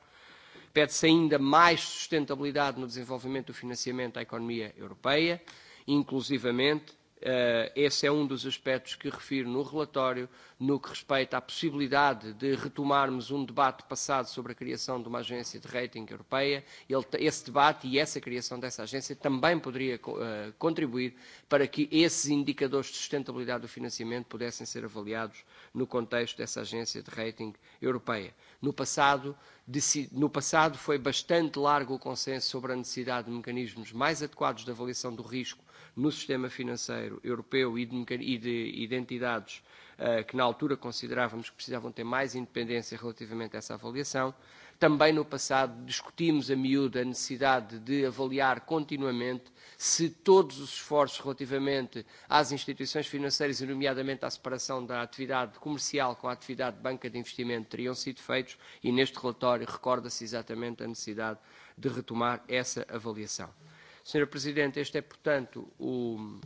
Pede-se ainda mais sustentabilidade no desenvolvimento do financiamento à economia europeia, inclusivamente Uh, esse é um dos aspectos que refiro no relatório, no que respeita à possibilidade de retomarmos um debate passado sobre a criação de uma agência de rating europeia. Ele, esse debate e essa criação dessa agência também poderia uh, contribuir para que esses indicadores de sustentabilidade do financiamento pudessem ser avaliados no contexto dessa agência de rating europeia. No passado, deci, no passado foi bastante largo o consenso sobre a necessidade de mecanismos mais adequados de avaliação do risco no sistema financeiro europeu e de e de identidades uh, que na altura considerávamos que precisavam ter mais independência relativamente a essa avaliação. Também no passado discutimos a miúdo a necessidade de avaliar continuamente se todos os esforços relativamente às instituições financeiras, e nomeadamente à separação da atividade comercial com a atividade de banca de investimento, teriam sido feitos, e neste relatório recorda-se exatamente a necessidade de retomar essa avaliação. Senhor Presidente, este é, portanto, o,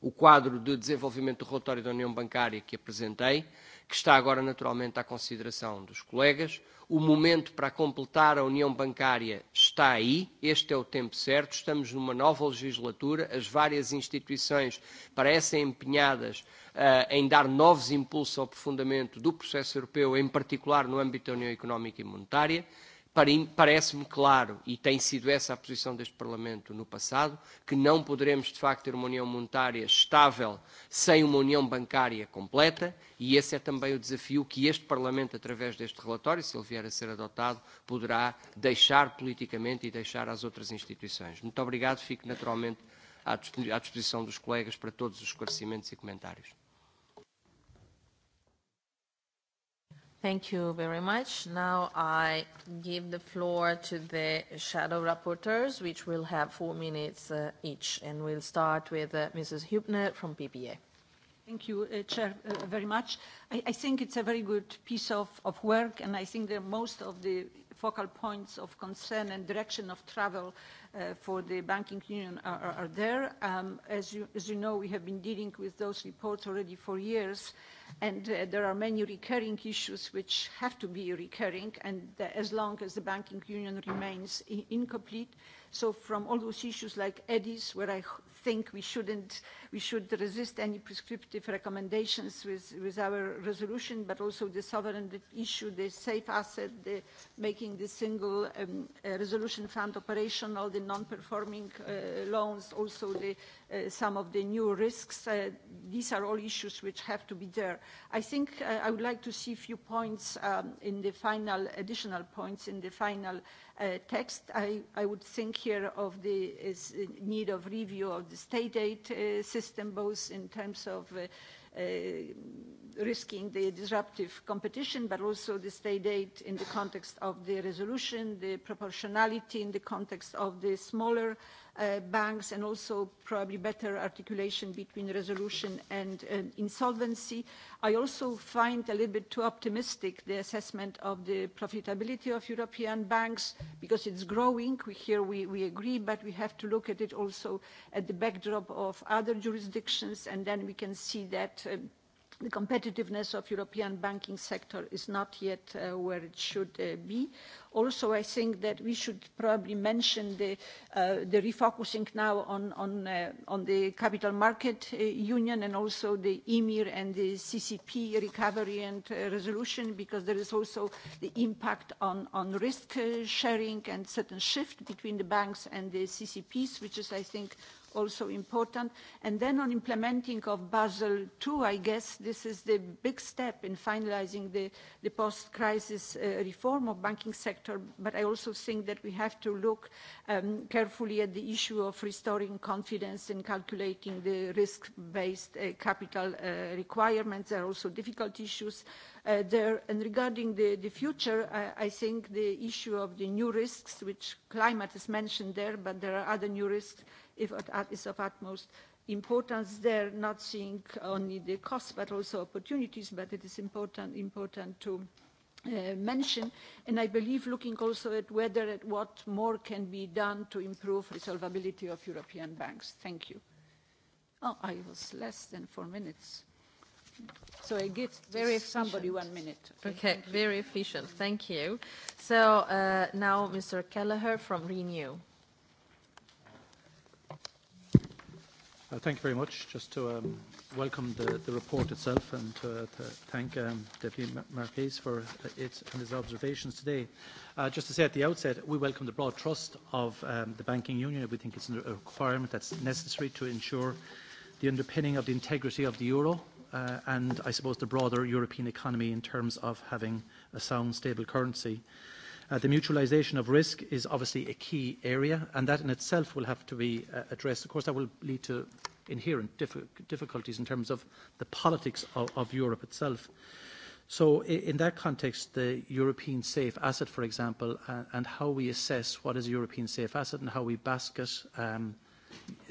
o quadro de desenvolvimento do relatório da União Bancária que apresentei, que está agora naturalmente à consideração dos colegas. O momento para completar a União Bancária está aí, este é o tempo certo, estamos numa nova legislatura, as várias instituições parecem empenhadas uh, em dar novos impulsos ao aprofundamento do processo europeu, em particular no âmbito da União Económica e Monetária. Parece-me claro, e tem sido essa a posição deste Parlamento no passado, que não poderemos de facto ter uma união monetária estável sem uma união bancária completa, e esse é também o desafio que este Parlamento, através deste relatório, se ele vier a ser adotado, poderá deixar politicamente e deixar às outras instituições. Muito obrigado, fico naturalmente à disposição dos colegas para todos os esclarecimentos e comentários. Thank you very much. Now I give the floor to the shadow rapporteurs, which will have four minutes uh, each, and we'll start with uh, Mrs. Hübner from PPA. Thank you, uh, Chair, uh, very much. I, I think it's a very good piece of, of work, and I think that most of the focal points of concern and direction of travel uh, for the banking union are, are, are there. Um, as, you, as you know, we have been dealing with those reports already for years, and uh, there are many recurring issues which have to be recurring, and the, as long as the banking union remains incomplete. So from all those issues like EDIS, where I think we shouldn't we should resist any prescriptive recommendations with, with our resolution but also the sovereign issue the safe asset the making the single um, uh, resolution fund operational the non-performing uh, loans also the Uh, some of the new risks. Uh, these are all issues which have to be there. I think uh, I would like to see a few points um, in the final, additional points in the final Uh, text. I, I, would think here of the is, need of review of the state aid uh, system, both in terms of uh, Uh, risking the disruptive competition but also the state aid in the context of the resolution the proportionality in the context of the smaller uh, banks and also probably better articulation between resolution and um, insolvency. i also find a little bit too optimistic the assessment of the profitability of european banks because it's growing we, here we, we agree but we have to look at it also at the backdrop of other jurisdictions and then we can see that Uh, the competitiveness of European banking sector is not yet uh, where it should uh, be. Also, I think that we should probably mention the, uh, the refocusing now on, on, uh, on, the capital market uh, union and also the EMIR and the CCP recovery and resolution because there is also the impact on, on risk sharing and certain shift between the banks and the CCPs, which is, I think, also important. And then on implementing of Basel II, I guess this is the big step in finalizing the, the post-crisis uh, reform of banking sector. But I also think that we have to look um, carefully at the issue of restoring confidence in calculating the risk-based uh, capital uh, requirements. There are also difficult issues uh, there. And regarding the, the future, uh, I think the issue of the new risks, which climate is mentioned there, but there are other new risks if at, is of utmost importance there, not seeing only the costs but also opportunities, but it is important, important to Uh, mention and i believe looking also at whether and what more can be done to improve the solvability of european banks. thank you. oh i was less than four minutes so i give very somebody one minute. okay, okay very efficient thank you. so uh, now mr kelleher from renew. Uh, thank you very much. Just to um, welcome the, the report itself and to, uh, to thank um, Deputy Marquez for uh, it and his observations today. Uh, just to say at the outset, we welcome the broad trust of um, the banking union. We think it's a requirement that's necessary to ensure the underpinning of the integrity of the euro uh, and I suppose the broader European economy in terms of having a sound, stable currency. Uh, Uh, the mutualisation of risk is obviously a key area, and that in itself will have to be uh, addressed. Of course, that will lead to inherent diff difficulties in terms of the politics of, of Europe itself. So in that context, the European safe asset, for example, uh, and how we assess what is a European safe asset and how we basket um,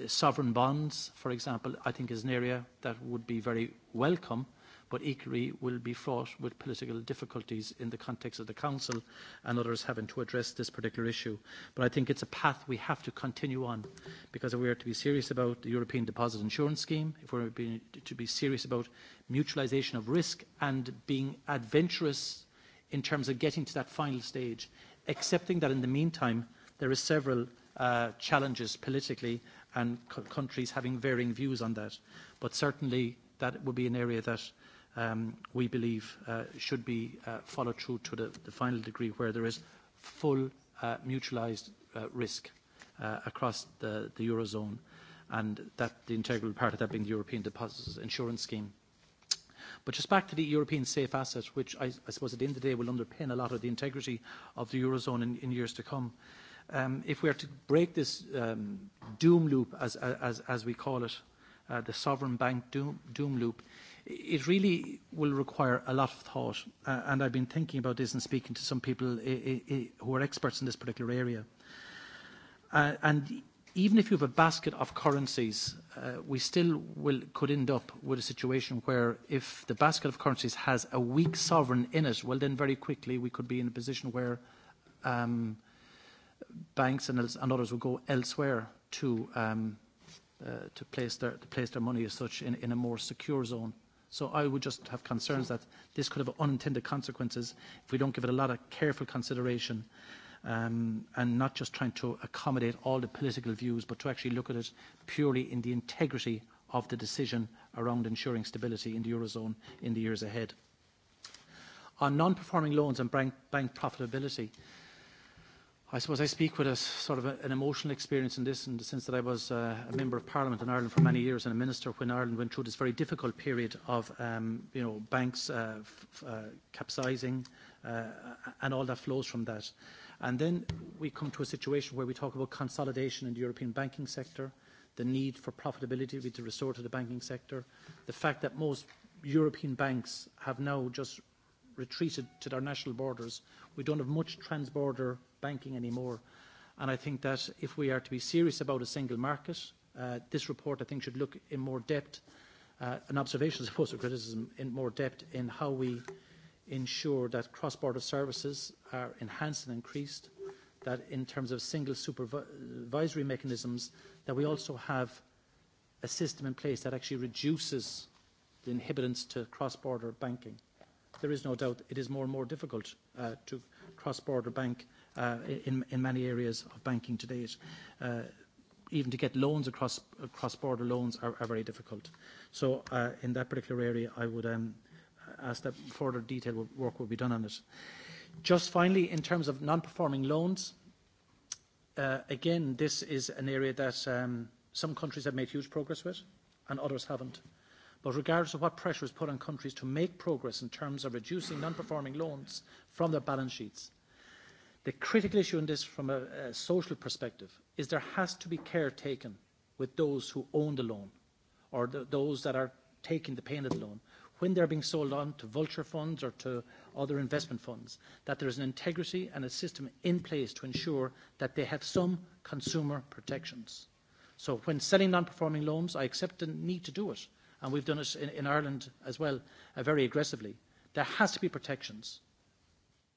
sovereign bonds, for example, I think is an area that would be very welcome but equally will be fraught with political difficulties in the context of the Council and others having to address this particular issue. But I think it's a path we have to continue on because if we are to be serious about the European Deposit Insurance Scheme, if we are to be serious about mutualisation of risk and being adventurous in terms of getting to that final stage, accepting that in the meantime there are several uh, challenges politically and co countries having varying views on that. But certainly that would be an area that uh, um, we believe uh, should be uh, followed through to the, the final degree where there is full uh, mutualised uh, risk uh, across the, the Eurozone and that the integral part of that being the European Deposits Insurance Scheme. But just back to the European Safe assets, which I, I suppose at the end of the day will underpin a lot of the integrity of the Eurozone in, in years to come. Um, if we are to break this um, doom loop, as, as, as we call it, uh, the sovereign bank doom, doom loop, it really will require a lot of thought. Uh, and I've been thinking about this and speaking to some people who are experts in this particular area. Uh, and even if you have a basket of currencies, uh, we still will, could end up with a situation where if the basket of currencies has a weak sovereign in it, well, then very quickly we could be in a position where um, banks and, others will go elsewhere um, to, place their, money as such in a more secure zone. So I would just have concerns that this could have unintended consequences if we don't give it a lot of careful consideration um, and not just trying to accommodate all the political views, but to actually look at it purely in the integrity of the decision around ensuring stability in the Eurozone in the years ahead. On non-performing loans and bank, bank profitability, uh, I suppose I speak with a sort of a, an emotional experience in this in the sense that I was uh, a member of parliament in Ireland for many years and a minister when Ireland went through this very difficult period of um, you know banks uh, uh, capsizing uh, and all that flows from that. And then we come to a situation where we talk about consolidation in the European banking sector, the need for profitability to restore to the banking sector, the fact that most European banks have now just retreated to their national borders. We don't have much transborder banking anymore. And I think that if we are to be serious about a single market, uh, this report, I think, should look in more depth, uh, an observation as opposed to criticism, in more depth in how we ensure that cross-border services are enhanced and increased, that in terms of single supervisory mechanisms, that we also have a system in place that actually reduces the inhibitants to cross-border banking there is no doubt it is more and more difficult uh, to cross-border bank uh, in, in many areas of banking to date. Uh, even to get loans across cross-border loans are, are very difficult. So uh, in that particular area, I would um, ask that further detailed work will be done on it. Just finally, in terms of non-performing loans, uh, again, this is an area that um, some countries have made huge progress with and others haven't. Uh, But regardless of what pressure is put on countries to make progress in terms of reducing non-performing loans from their balance sheets, the critical issue in this from a, a social perspective is there has to be care taken with those who own the loan or the, those that are taking the pain of the loan when they're being sold on to vulture funds or to other investment funds, that there is an integrity and a system in place to ensure that they have some consumer protections. So when selling non-performing loans, I accept the need to do it and we've done it in, in Ireland as well uh, very aggressively. There has to be protections.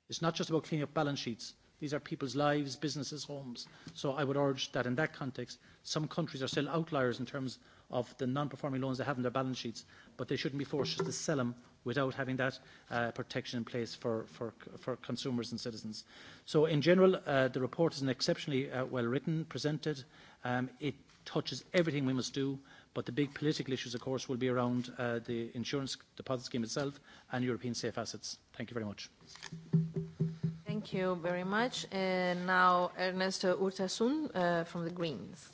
It's not just about cleaning up balance sheets. These are people's lives, businesses, homes. So I would urge that in that context, some countries are still outliers in terms of the non-performing loans they have in their balance sheets, but they shouldn't be forced to sell them without having that uh, protection in place for, for, for consumers and citizens. So in general, uh, the report is an exceptionally uh, well written, presented. Um, it touches everything we must do. But the big political issues, of course, will be around uh, the insurance deposit scheme itself and European safe assets. Thank you very much. Thank you very much. And now Ernesto Urtasun uh, from the Greens.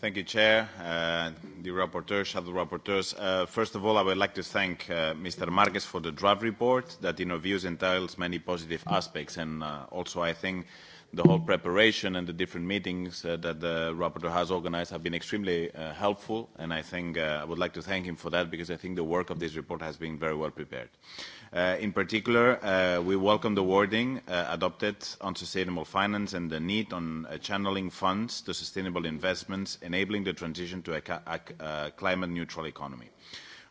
Thank you, Chair, uh, the rapporteurs, shadow rapporteurs. Uh, first of all, I would like to thank uh, Mr. Marquez for the draft report that, in our views, entails many positive aspects. And uh, also, I think the whole preparation and the different meetings uh, that the rapporteur has organized have been extremely uh, helpful, and I think uh, I would like to thank him for that because I think the work of this report has been very well prepared. Uh, in particular, uh, we welcome the wording uh, adopted on sustainable finance and the need on uh, channeling funds to sustainable investments, enabling the transition to a, a, a climate-neutral economy.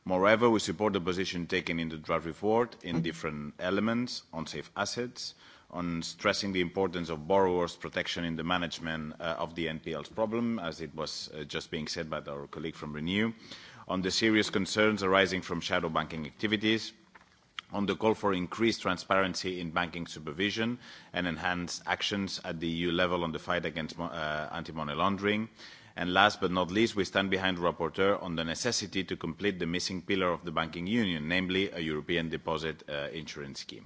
Moreover, we support the position taken in the draft report in different elements on safe assets, uh, on stressing the importance of borrowers' protection in the management uh, of the NPLs problem, as it was uh, just being said by our colleague from Renew, on the serious concerns arising from shadow banking activities, on the call for increased transparency in banking supervision and enhanced actions at the EU level on the fight against uh, anti-money laundering, And last but not least, we stand behind the rapporteur on the necessity to complete the missing pillar of the banking union, namely a European deposit uh, insurance scheme.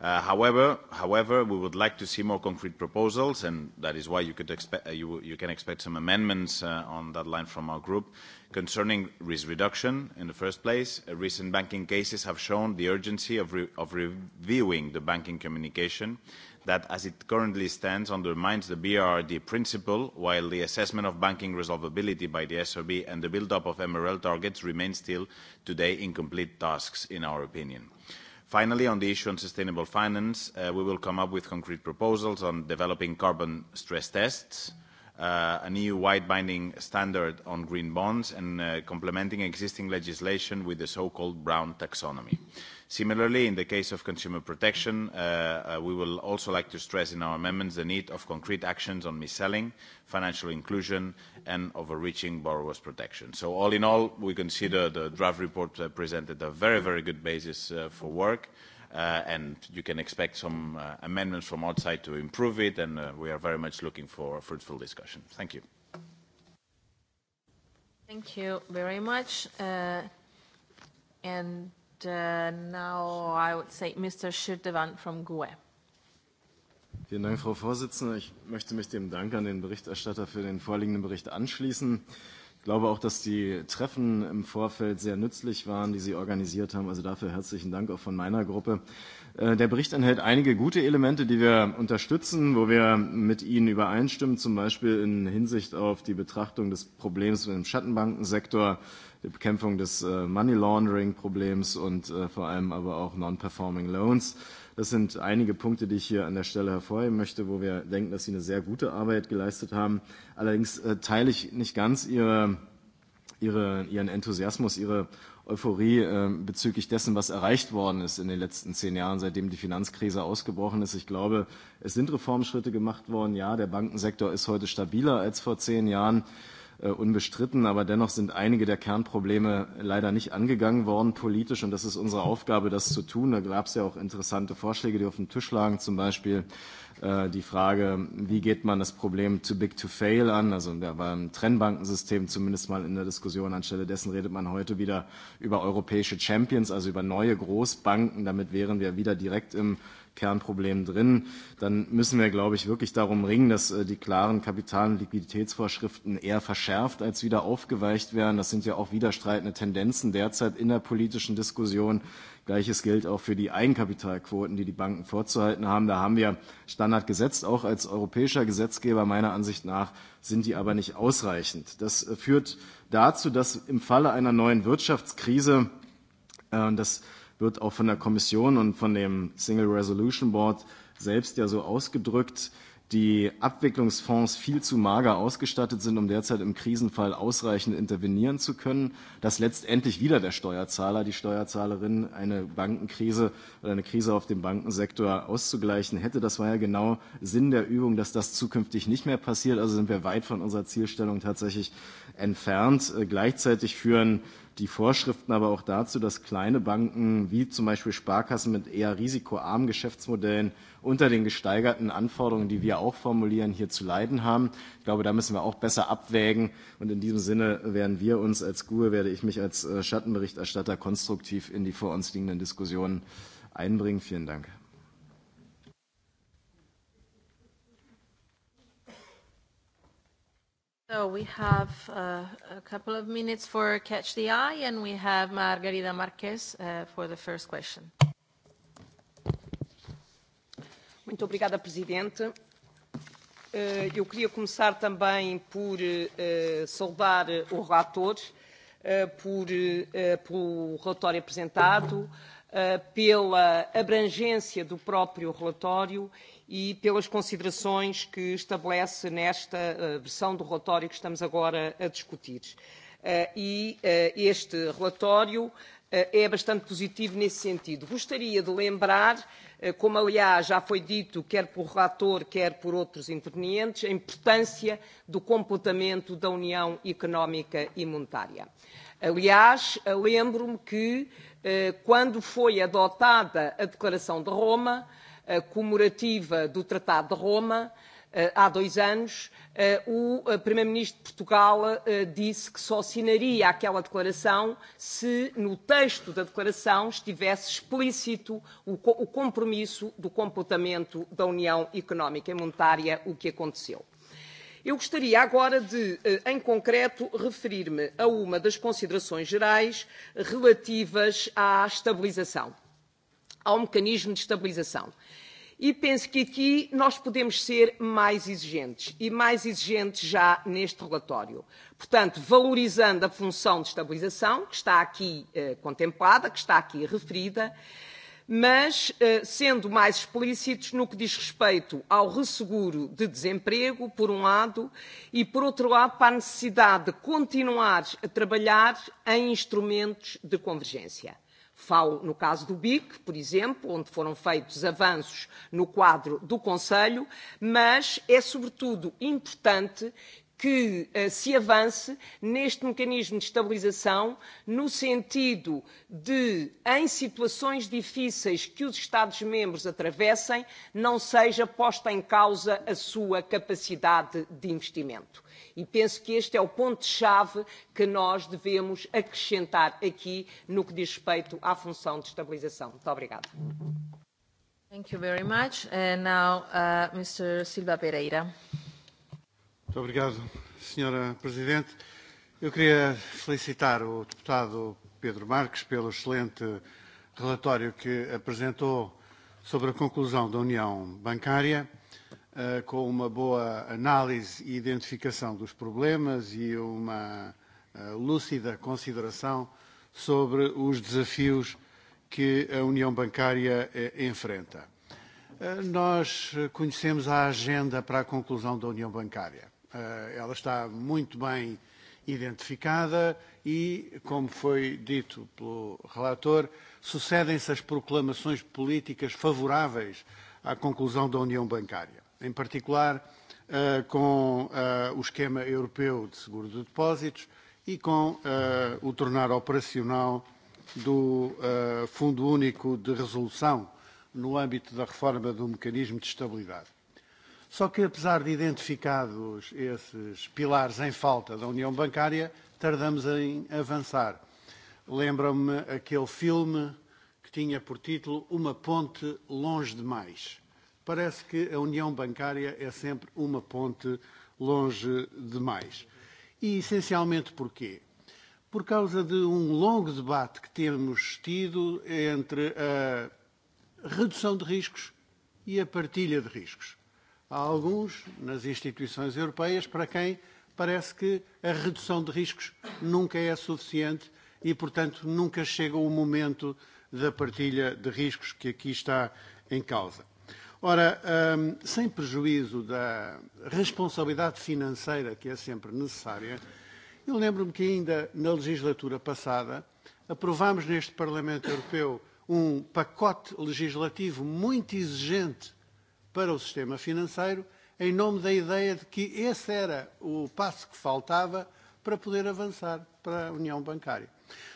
Uh, however, however, we would like to see more concrete proposals, and that is why you, could expect, uh, you, you can expect some amendments uh, on that line from our group concerning risk reduction in the first place. Uh, recent banking cases have shown the urgency of, re of reviewing the banking communication that, as it currently stands, undermines the BRRD principle, while the assessment of banking resolvability by the SRB and the build-up of MREL targets remain still today incomplete tasks, in our opinion. Finally, on the issue on sustainable finance, uh, we will come up with concrete proposals on developing carbon stress tests uh, an EU-wide binding standard on green bonds and uh, complementing existing legislation with the so-called brown taxonomy. Similarly, in the case of consumer protection, uh, uh, we will also like to stress in our amendments the need of concrete actions on mis-selling, financial inclusion, and overreaching borrowers' protection. So all in all, we consider the draft report uh, presented a very, very good basis uh, for work. Uh, and you can expect some uh, amendments from outside to improve it, and uh, we are very much looking for a fruitful discussion. Thank you. Thank you very much. Uh, and uh, now I would say Mr. Schüttewan from GUE. Vielen Dank, Frau Vorsitzende. Ich möchte mich dem Dank an den Berichterstatter für den vorliegenden Bericht anschließen glaube auch, dass die Treffen im Vorfeld sehr nützlich waren, die Sie organisiert haben. Also dafür herzlichen Dank auch von meiner Gruppe. Äh, der Bericht enthält einige gute Elemente, die wir unterstützen, wo wir mit Ihnen übereinstimmen, zum Beispiel in Hinsicht auf die Betrachtung des Problems im Schattenbankensektor, die Bekämpfung des äh, Money Laundering Problems und äh, vor allem aber auch Non-Performing Loans. Das sind einige Punkte, die ich hier an der Stelle hervorheben möchte, wo wir denken, dass Sie eine sehr gute Arbeit geleistet haben. Allerdings äh, teile ich nicht ganz Ihre, Ihre, Ihren Enthusiasmus, Ihre Euphorie äh, bezüglich dessen, was erreicht worden ist in den letzten zehn Jahren, seitdem die Finanzkrise ausgebrochen ist. Ich glaube, es sind Reformschritte gemacht worden. Ja, der Bankensektor ist heute stabiler als vor zehn Jahren. Äh, Äh, unbestritten. Aber dennoch sind einige der Kernprobleme leider nicht angegangen worden politisch. Und das ist unsere Aufgabe, das zu tun. Da gab es ja auch interessante Vorschläge, die auf dem Tisch lagen. Zum Beispiel äh, die Frage, wie geht man das Problem too big to fail an? Also da war ein Trennbankensystem zumindest mal in der Diskussion. Anstelle dessen redet man heute wieder über europäische Champions, also über neue Großbanken. Damit wären wir wieder direkt im Kernproblem drin, dann müssen wir, glaube ich, wirklich darum ringen, dass äh, die klaren Kapital- und Liquiditätsvorschriften eher verschärft als wieder aufgeweicht werden. Das sind ja auch widerstreitende Tendenzen derzeit in der politischen Diskussion. Gleiches gilt auch für die Eigenkapitalquoten, die die Banken vorzuhalten haben. Da haben wir Standard gesetzt, auch als europäischer Gesetzgeber. Meiner Ansicht nach sind die aber nicht ausreichend. Das äh, führt dazu, dass im Falle einer neuen Wirtschaftskrise, äh, das wird auch von der Kommission und von dem Single Resolution Board selbst ja so ausgedrückt, die Abwicklungsfonds viel zu mager ausgestattet sind, um derzeit im Krisenfall ausreichend intervenieren zu können, dass letztendlich wieder der Steuerzahler, die Steuerzahlerin eine Bankenkrise oder eine Krise auf dem Bankensektor auszugleichen hätte. Das war ja genau Sinn der Übung, dass das zukünftig nicht mehr passiert. Also sind wir weit von unserer Zielstellung tatsächlich entfernt. Äh, gleichzeitig führen die Vorschriften aber auch dazu, dass kleine Banken wie zum Beispiel Sparkassen mit eher risikoarmen Geschäftsmodellen unter den gesteigerten Anforderungen, die wir auch formulieren, hier zu leiden haben. Ich glaube, da müssen wir auch besser abwägen. Und in diesem Sinne werden wir uns als GUE, werde ich mich als äh, Schattenberichterstatter konstruktiv in die vor uns liegenden Diskussionen einbringen. Vielen Dank. we have uh, a couple of minutes for Catch the Eye, and we have Margarida Marquez uh, for the first question. Muito obrigada, Presidente. Uh, eu queria começar também por saudar o relator pelo relatório apresentado, uh, pela abrangência do próprio relatório e pelas considerações que estabelece nesta eh, versão do relatório que estamos agora a discutir. Eh, e eh, este relatório é bastante positivo nesse sentido. Gostaria de lembrar, como aliás já foi dito, quer por relator, quer por outros intervenientes, a importância do comportamento da União Económica e Monetária. Aliás, lembro-me que, quando foi adotada a Declaração de Roma, Eh, comemorativa do Tratado de Roma, eh, há dois anos, eh, o Primeiro-Ministro de Portugal disse que só assinaria aquela declaração se no texto da declaração estivesse explícito o compromisso do comportamento da União Económica e Monetária, o que aconteceu. Eu gostaria agora de, em concreto, referir-me a uma das considerações gerais relativas à estabilização ao mecanismo de estabilização. E penso que aqui nós podemos ser mais exigentes, e mais exigentes já neste relatório. Portanto, valorizando a função de estabilização, que está aqui eh, contemplada, que está aqui referida, mas eh, sendo mais explícitos no que diz respeito ao resseguro de desemprego, por um lado, e por outro lado, para a necessidade de continuar a trabalhar em instrumentos de convergência. Falo no caso do BIC, por exemplo, onde foram feitos avanços no quadro do Conselho, mas é sobretudo importante que uh, se avance neste mecanismo de estabilização no sentido de, em situações difíceis que os Estados-membros atravessem, não seja posta em causa a sua capacidade de investimento. E penso que este é o ponto-chave que nós devemos acrescentar aqui no que diz respeito à função de estabilização. Muito obrigada. Thank you very much. And now, uh, Mr. Silva Pereira. Muito obrigado, Senhora Presidente. Eu queria felicitar o deputado Pedro Marques pelo excelente relatório que apresentou sobre a conclusão da União Bancária Eh, com uma boa análise e identificação dos problemas e uma eh, lúcida consideração sobre os desafios que a União Bancária eh, enfrenta. nós conhecemos a agenda para a conclusão da União Bancária. ela está muito bem identificada e, como foi dito pelo relator, sucedem-se as proclamações políticas favoráveis à conclusão da União Bancária em particular uh, com uh, o esquema europeu de seguro de depósitos e com uh, o tornar operacional do uh, Fundo Único de Resolução no âmbito da reforma do mecanismo de estabilidade. Só que, apesar de identificados esses pilares em falta da União Bancária, tardamos em avançar. lembra me aquele filme que tinha por título Uma Ponte Longe Demais parece que a união bancária é sempre uma ponte longe demais. E essencialmente porquê? Por causa de um longo debate que temos tido entre a redução de riscos e a partilha de riscos. Há alguns nas instituições europeias para quem parece que a redução de riscos nunca é suficiente e, portanto, nunca chega o momento da partilha de riscos que aqui está em causa. Ora, um, sem prejuízo da responsabilidade financeira que é sempre necessária, eu lembro-me que ainda na legislatura passada aprovámos neste Parlamento Europeu um pacote legislativo muito exigente para o sistema financeiro, em nome da ideia de que esse era o passo que faltava para poder avançar para a União Bancária.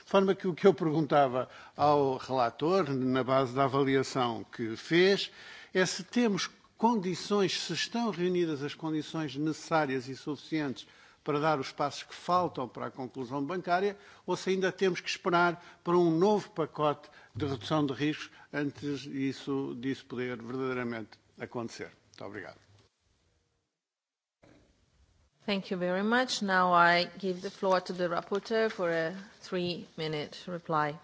De forma que o que eu perguntava ao relator, na base da avaliação que fez, é se temos condições, se estão reunidas as condições necessárias e suficientes para dar os passos que faltam para a conclusão bancária, ou se ainda temos que esperar para um novo pacote de redução de riscos antes disso, disso poder verdadeiramente acontecer. Muito obrigado. Thank you very much. Now I give the floor to the rapporteur for a three-minute reply.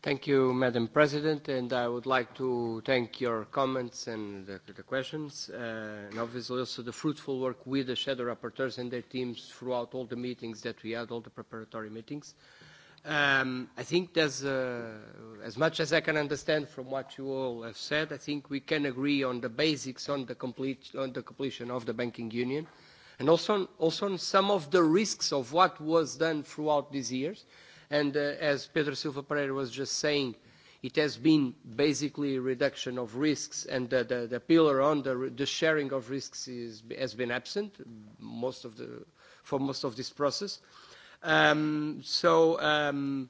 Thank you, Madam President, and I would like to thank your comments and the, the questions, uh, and obviously also the fruitful work with the shadow rapporteurs and their teams throughout all the meetings that we had, all the preparatory meetings. Um, I think there's, uh, as much as I can understand from what you all have said, I think we can agree on the basics on the, complete, on the completion of the banking union, and also on, also on some of the risks of what was done throughout these years And uh, as Pedro Silva Pereira was just saying, it has been basically reduction of risks and the, the, the pillar on the, the sharing of risks is, has been absent most of the, for most of this process. Um, so um,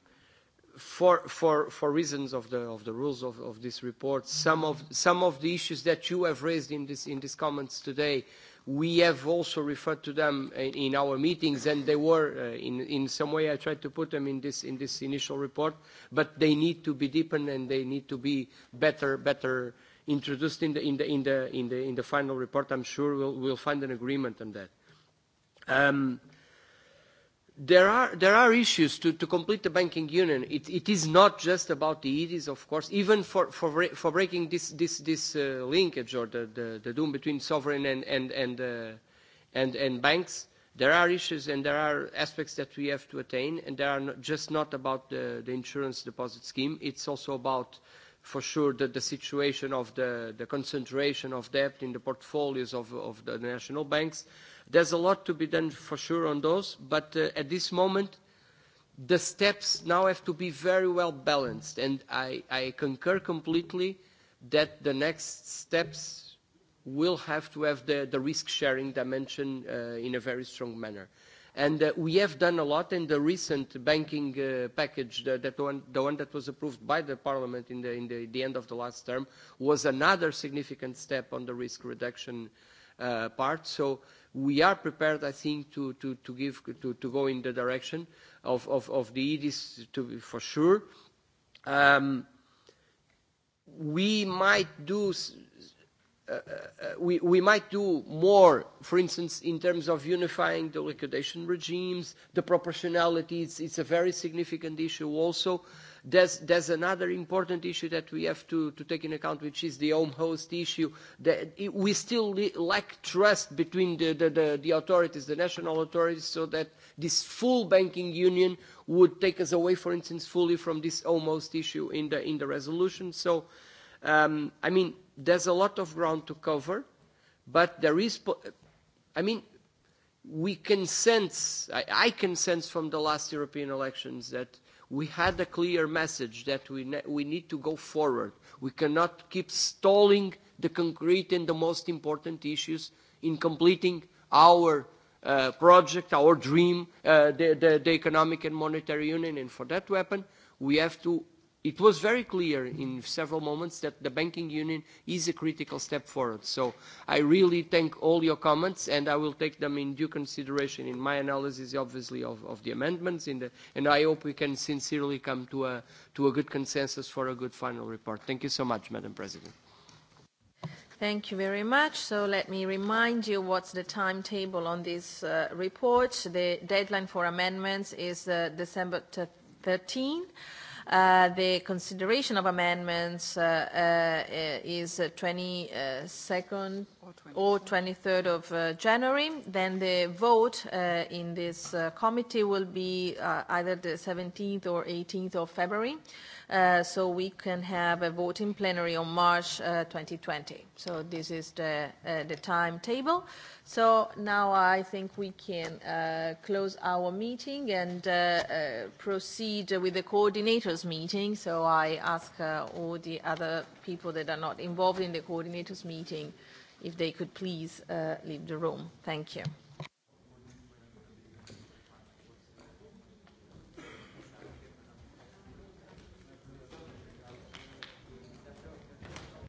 for, for, for reasons of the, of the rules of, of this report, some of, some of the issues that you have raised in, this, in these comments today We have also referred to them in, in our meetings, and they were, uh, in, in some way, I tried to put them in this, in this initial report, but they need to be deepened and they need to be better, better introduced in the, in the, in the, in the, in the final report. I'm sure we'll, we'll find an agreement on that. Um, there are there are issues to, to complete the banking union. It, it is not just about the EDIs, of course. Even for for, for breaking this this this uh, linkage or the, the the doom between sovereign and and and, uh, and and banks, there are issues and there are aspects that we have to attain. And they are not, just not about the the insurance deposit scheme. It's also about for sure the the situation of the, the concentration of debt in the portfolios of, of the national banks, There's a lot to be done for sure on those, but uh, at this moment, the steps now have to be very well balanced, and I, I concur completely that the next steps will have to have the, the risk-sharing dimension uh, in a very strong manner. And uh, we have done a lot in the recent banking uh, package, the, that one, the one that was approved by the Parliament in, the, in the, the end of the last term, was another significant step on the risk reduction uh, Uh, part. So we are prepared, I think, to, to, to, give, to, to go in the direction of, of, of the EDIS to, for sure. Um, we might do uh, uh, we, we might do more, for instance, in terms of unifying the liquidation regimes, the proportionality. It's, it's a very significant issue also. There's, there's another important issue that we have to, to take into account, which is the home host issue. it, we still lack trust between the, the, the, the authorities, the national authorities, so that this full banking union would take us away, for instance, fully from this home host issue in the, in the resolution. So, um, I mean, there's a lot of ground to cover, but there is, I mean, we can sense, I, I can sense from the last European elections that we had a clear message that we, ne we need to go forward. We cannot keep stalling the concrete and the most important issues in completing our uh, project, our dream, uh, the, the, the economic and monetary union. And for that weapon, we have to it was very clear in several moments that the banking union is a critical step forward. So I really thank all your comments, and I will take them in due consideration in my analysis, obviously, of, of the amendments. In the, and I hope we can sincerely come to a, to a good consensus for a good final report. Thank you so much, Madam President. Thank you very much. So let me remind you what's the timetable on this uh, report. The deadline for amendments is uh, December 13. Uh, the consideration of amendments uh, uh, is 22nd or 23rd of uh, January. Then the vote uh, in this uh, committee will be uh, either the 17th or 18th of February. Uh, so we can have a vote in plenary on March uh, 2020. So this is the, uh, the timetable. So now I think we can uh, close our meeting and uh, uh, proceed with the coordinators meeting. So I ask uh, all the other people that are not involved in the coordinators meeting if they could please uh, leave the room. Thank you.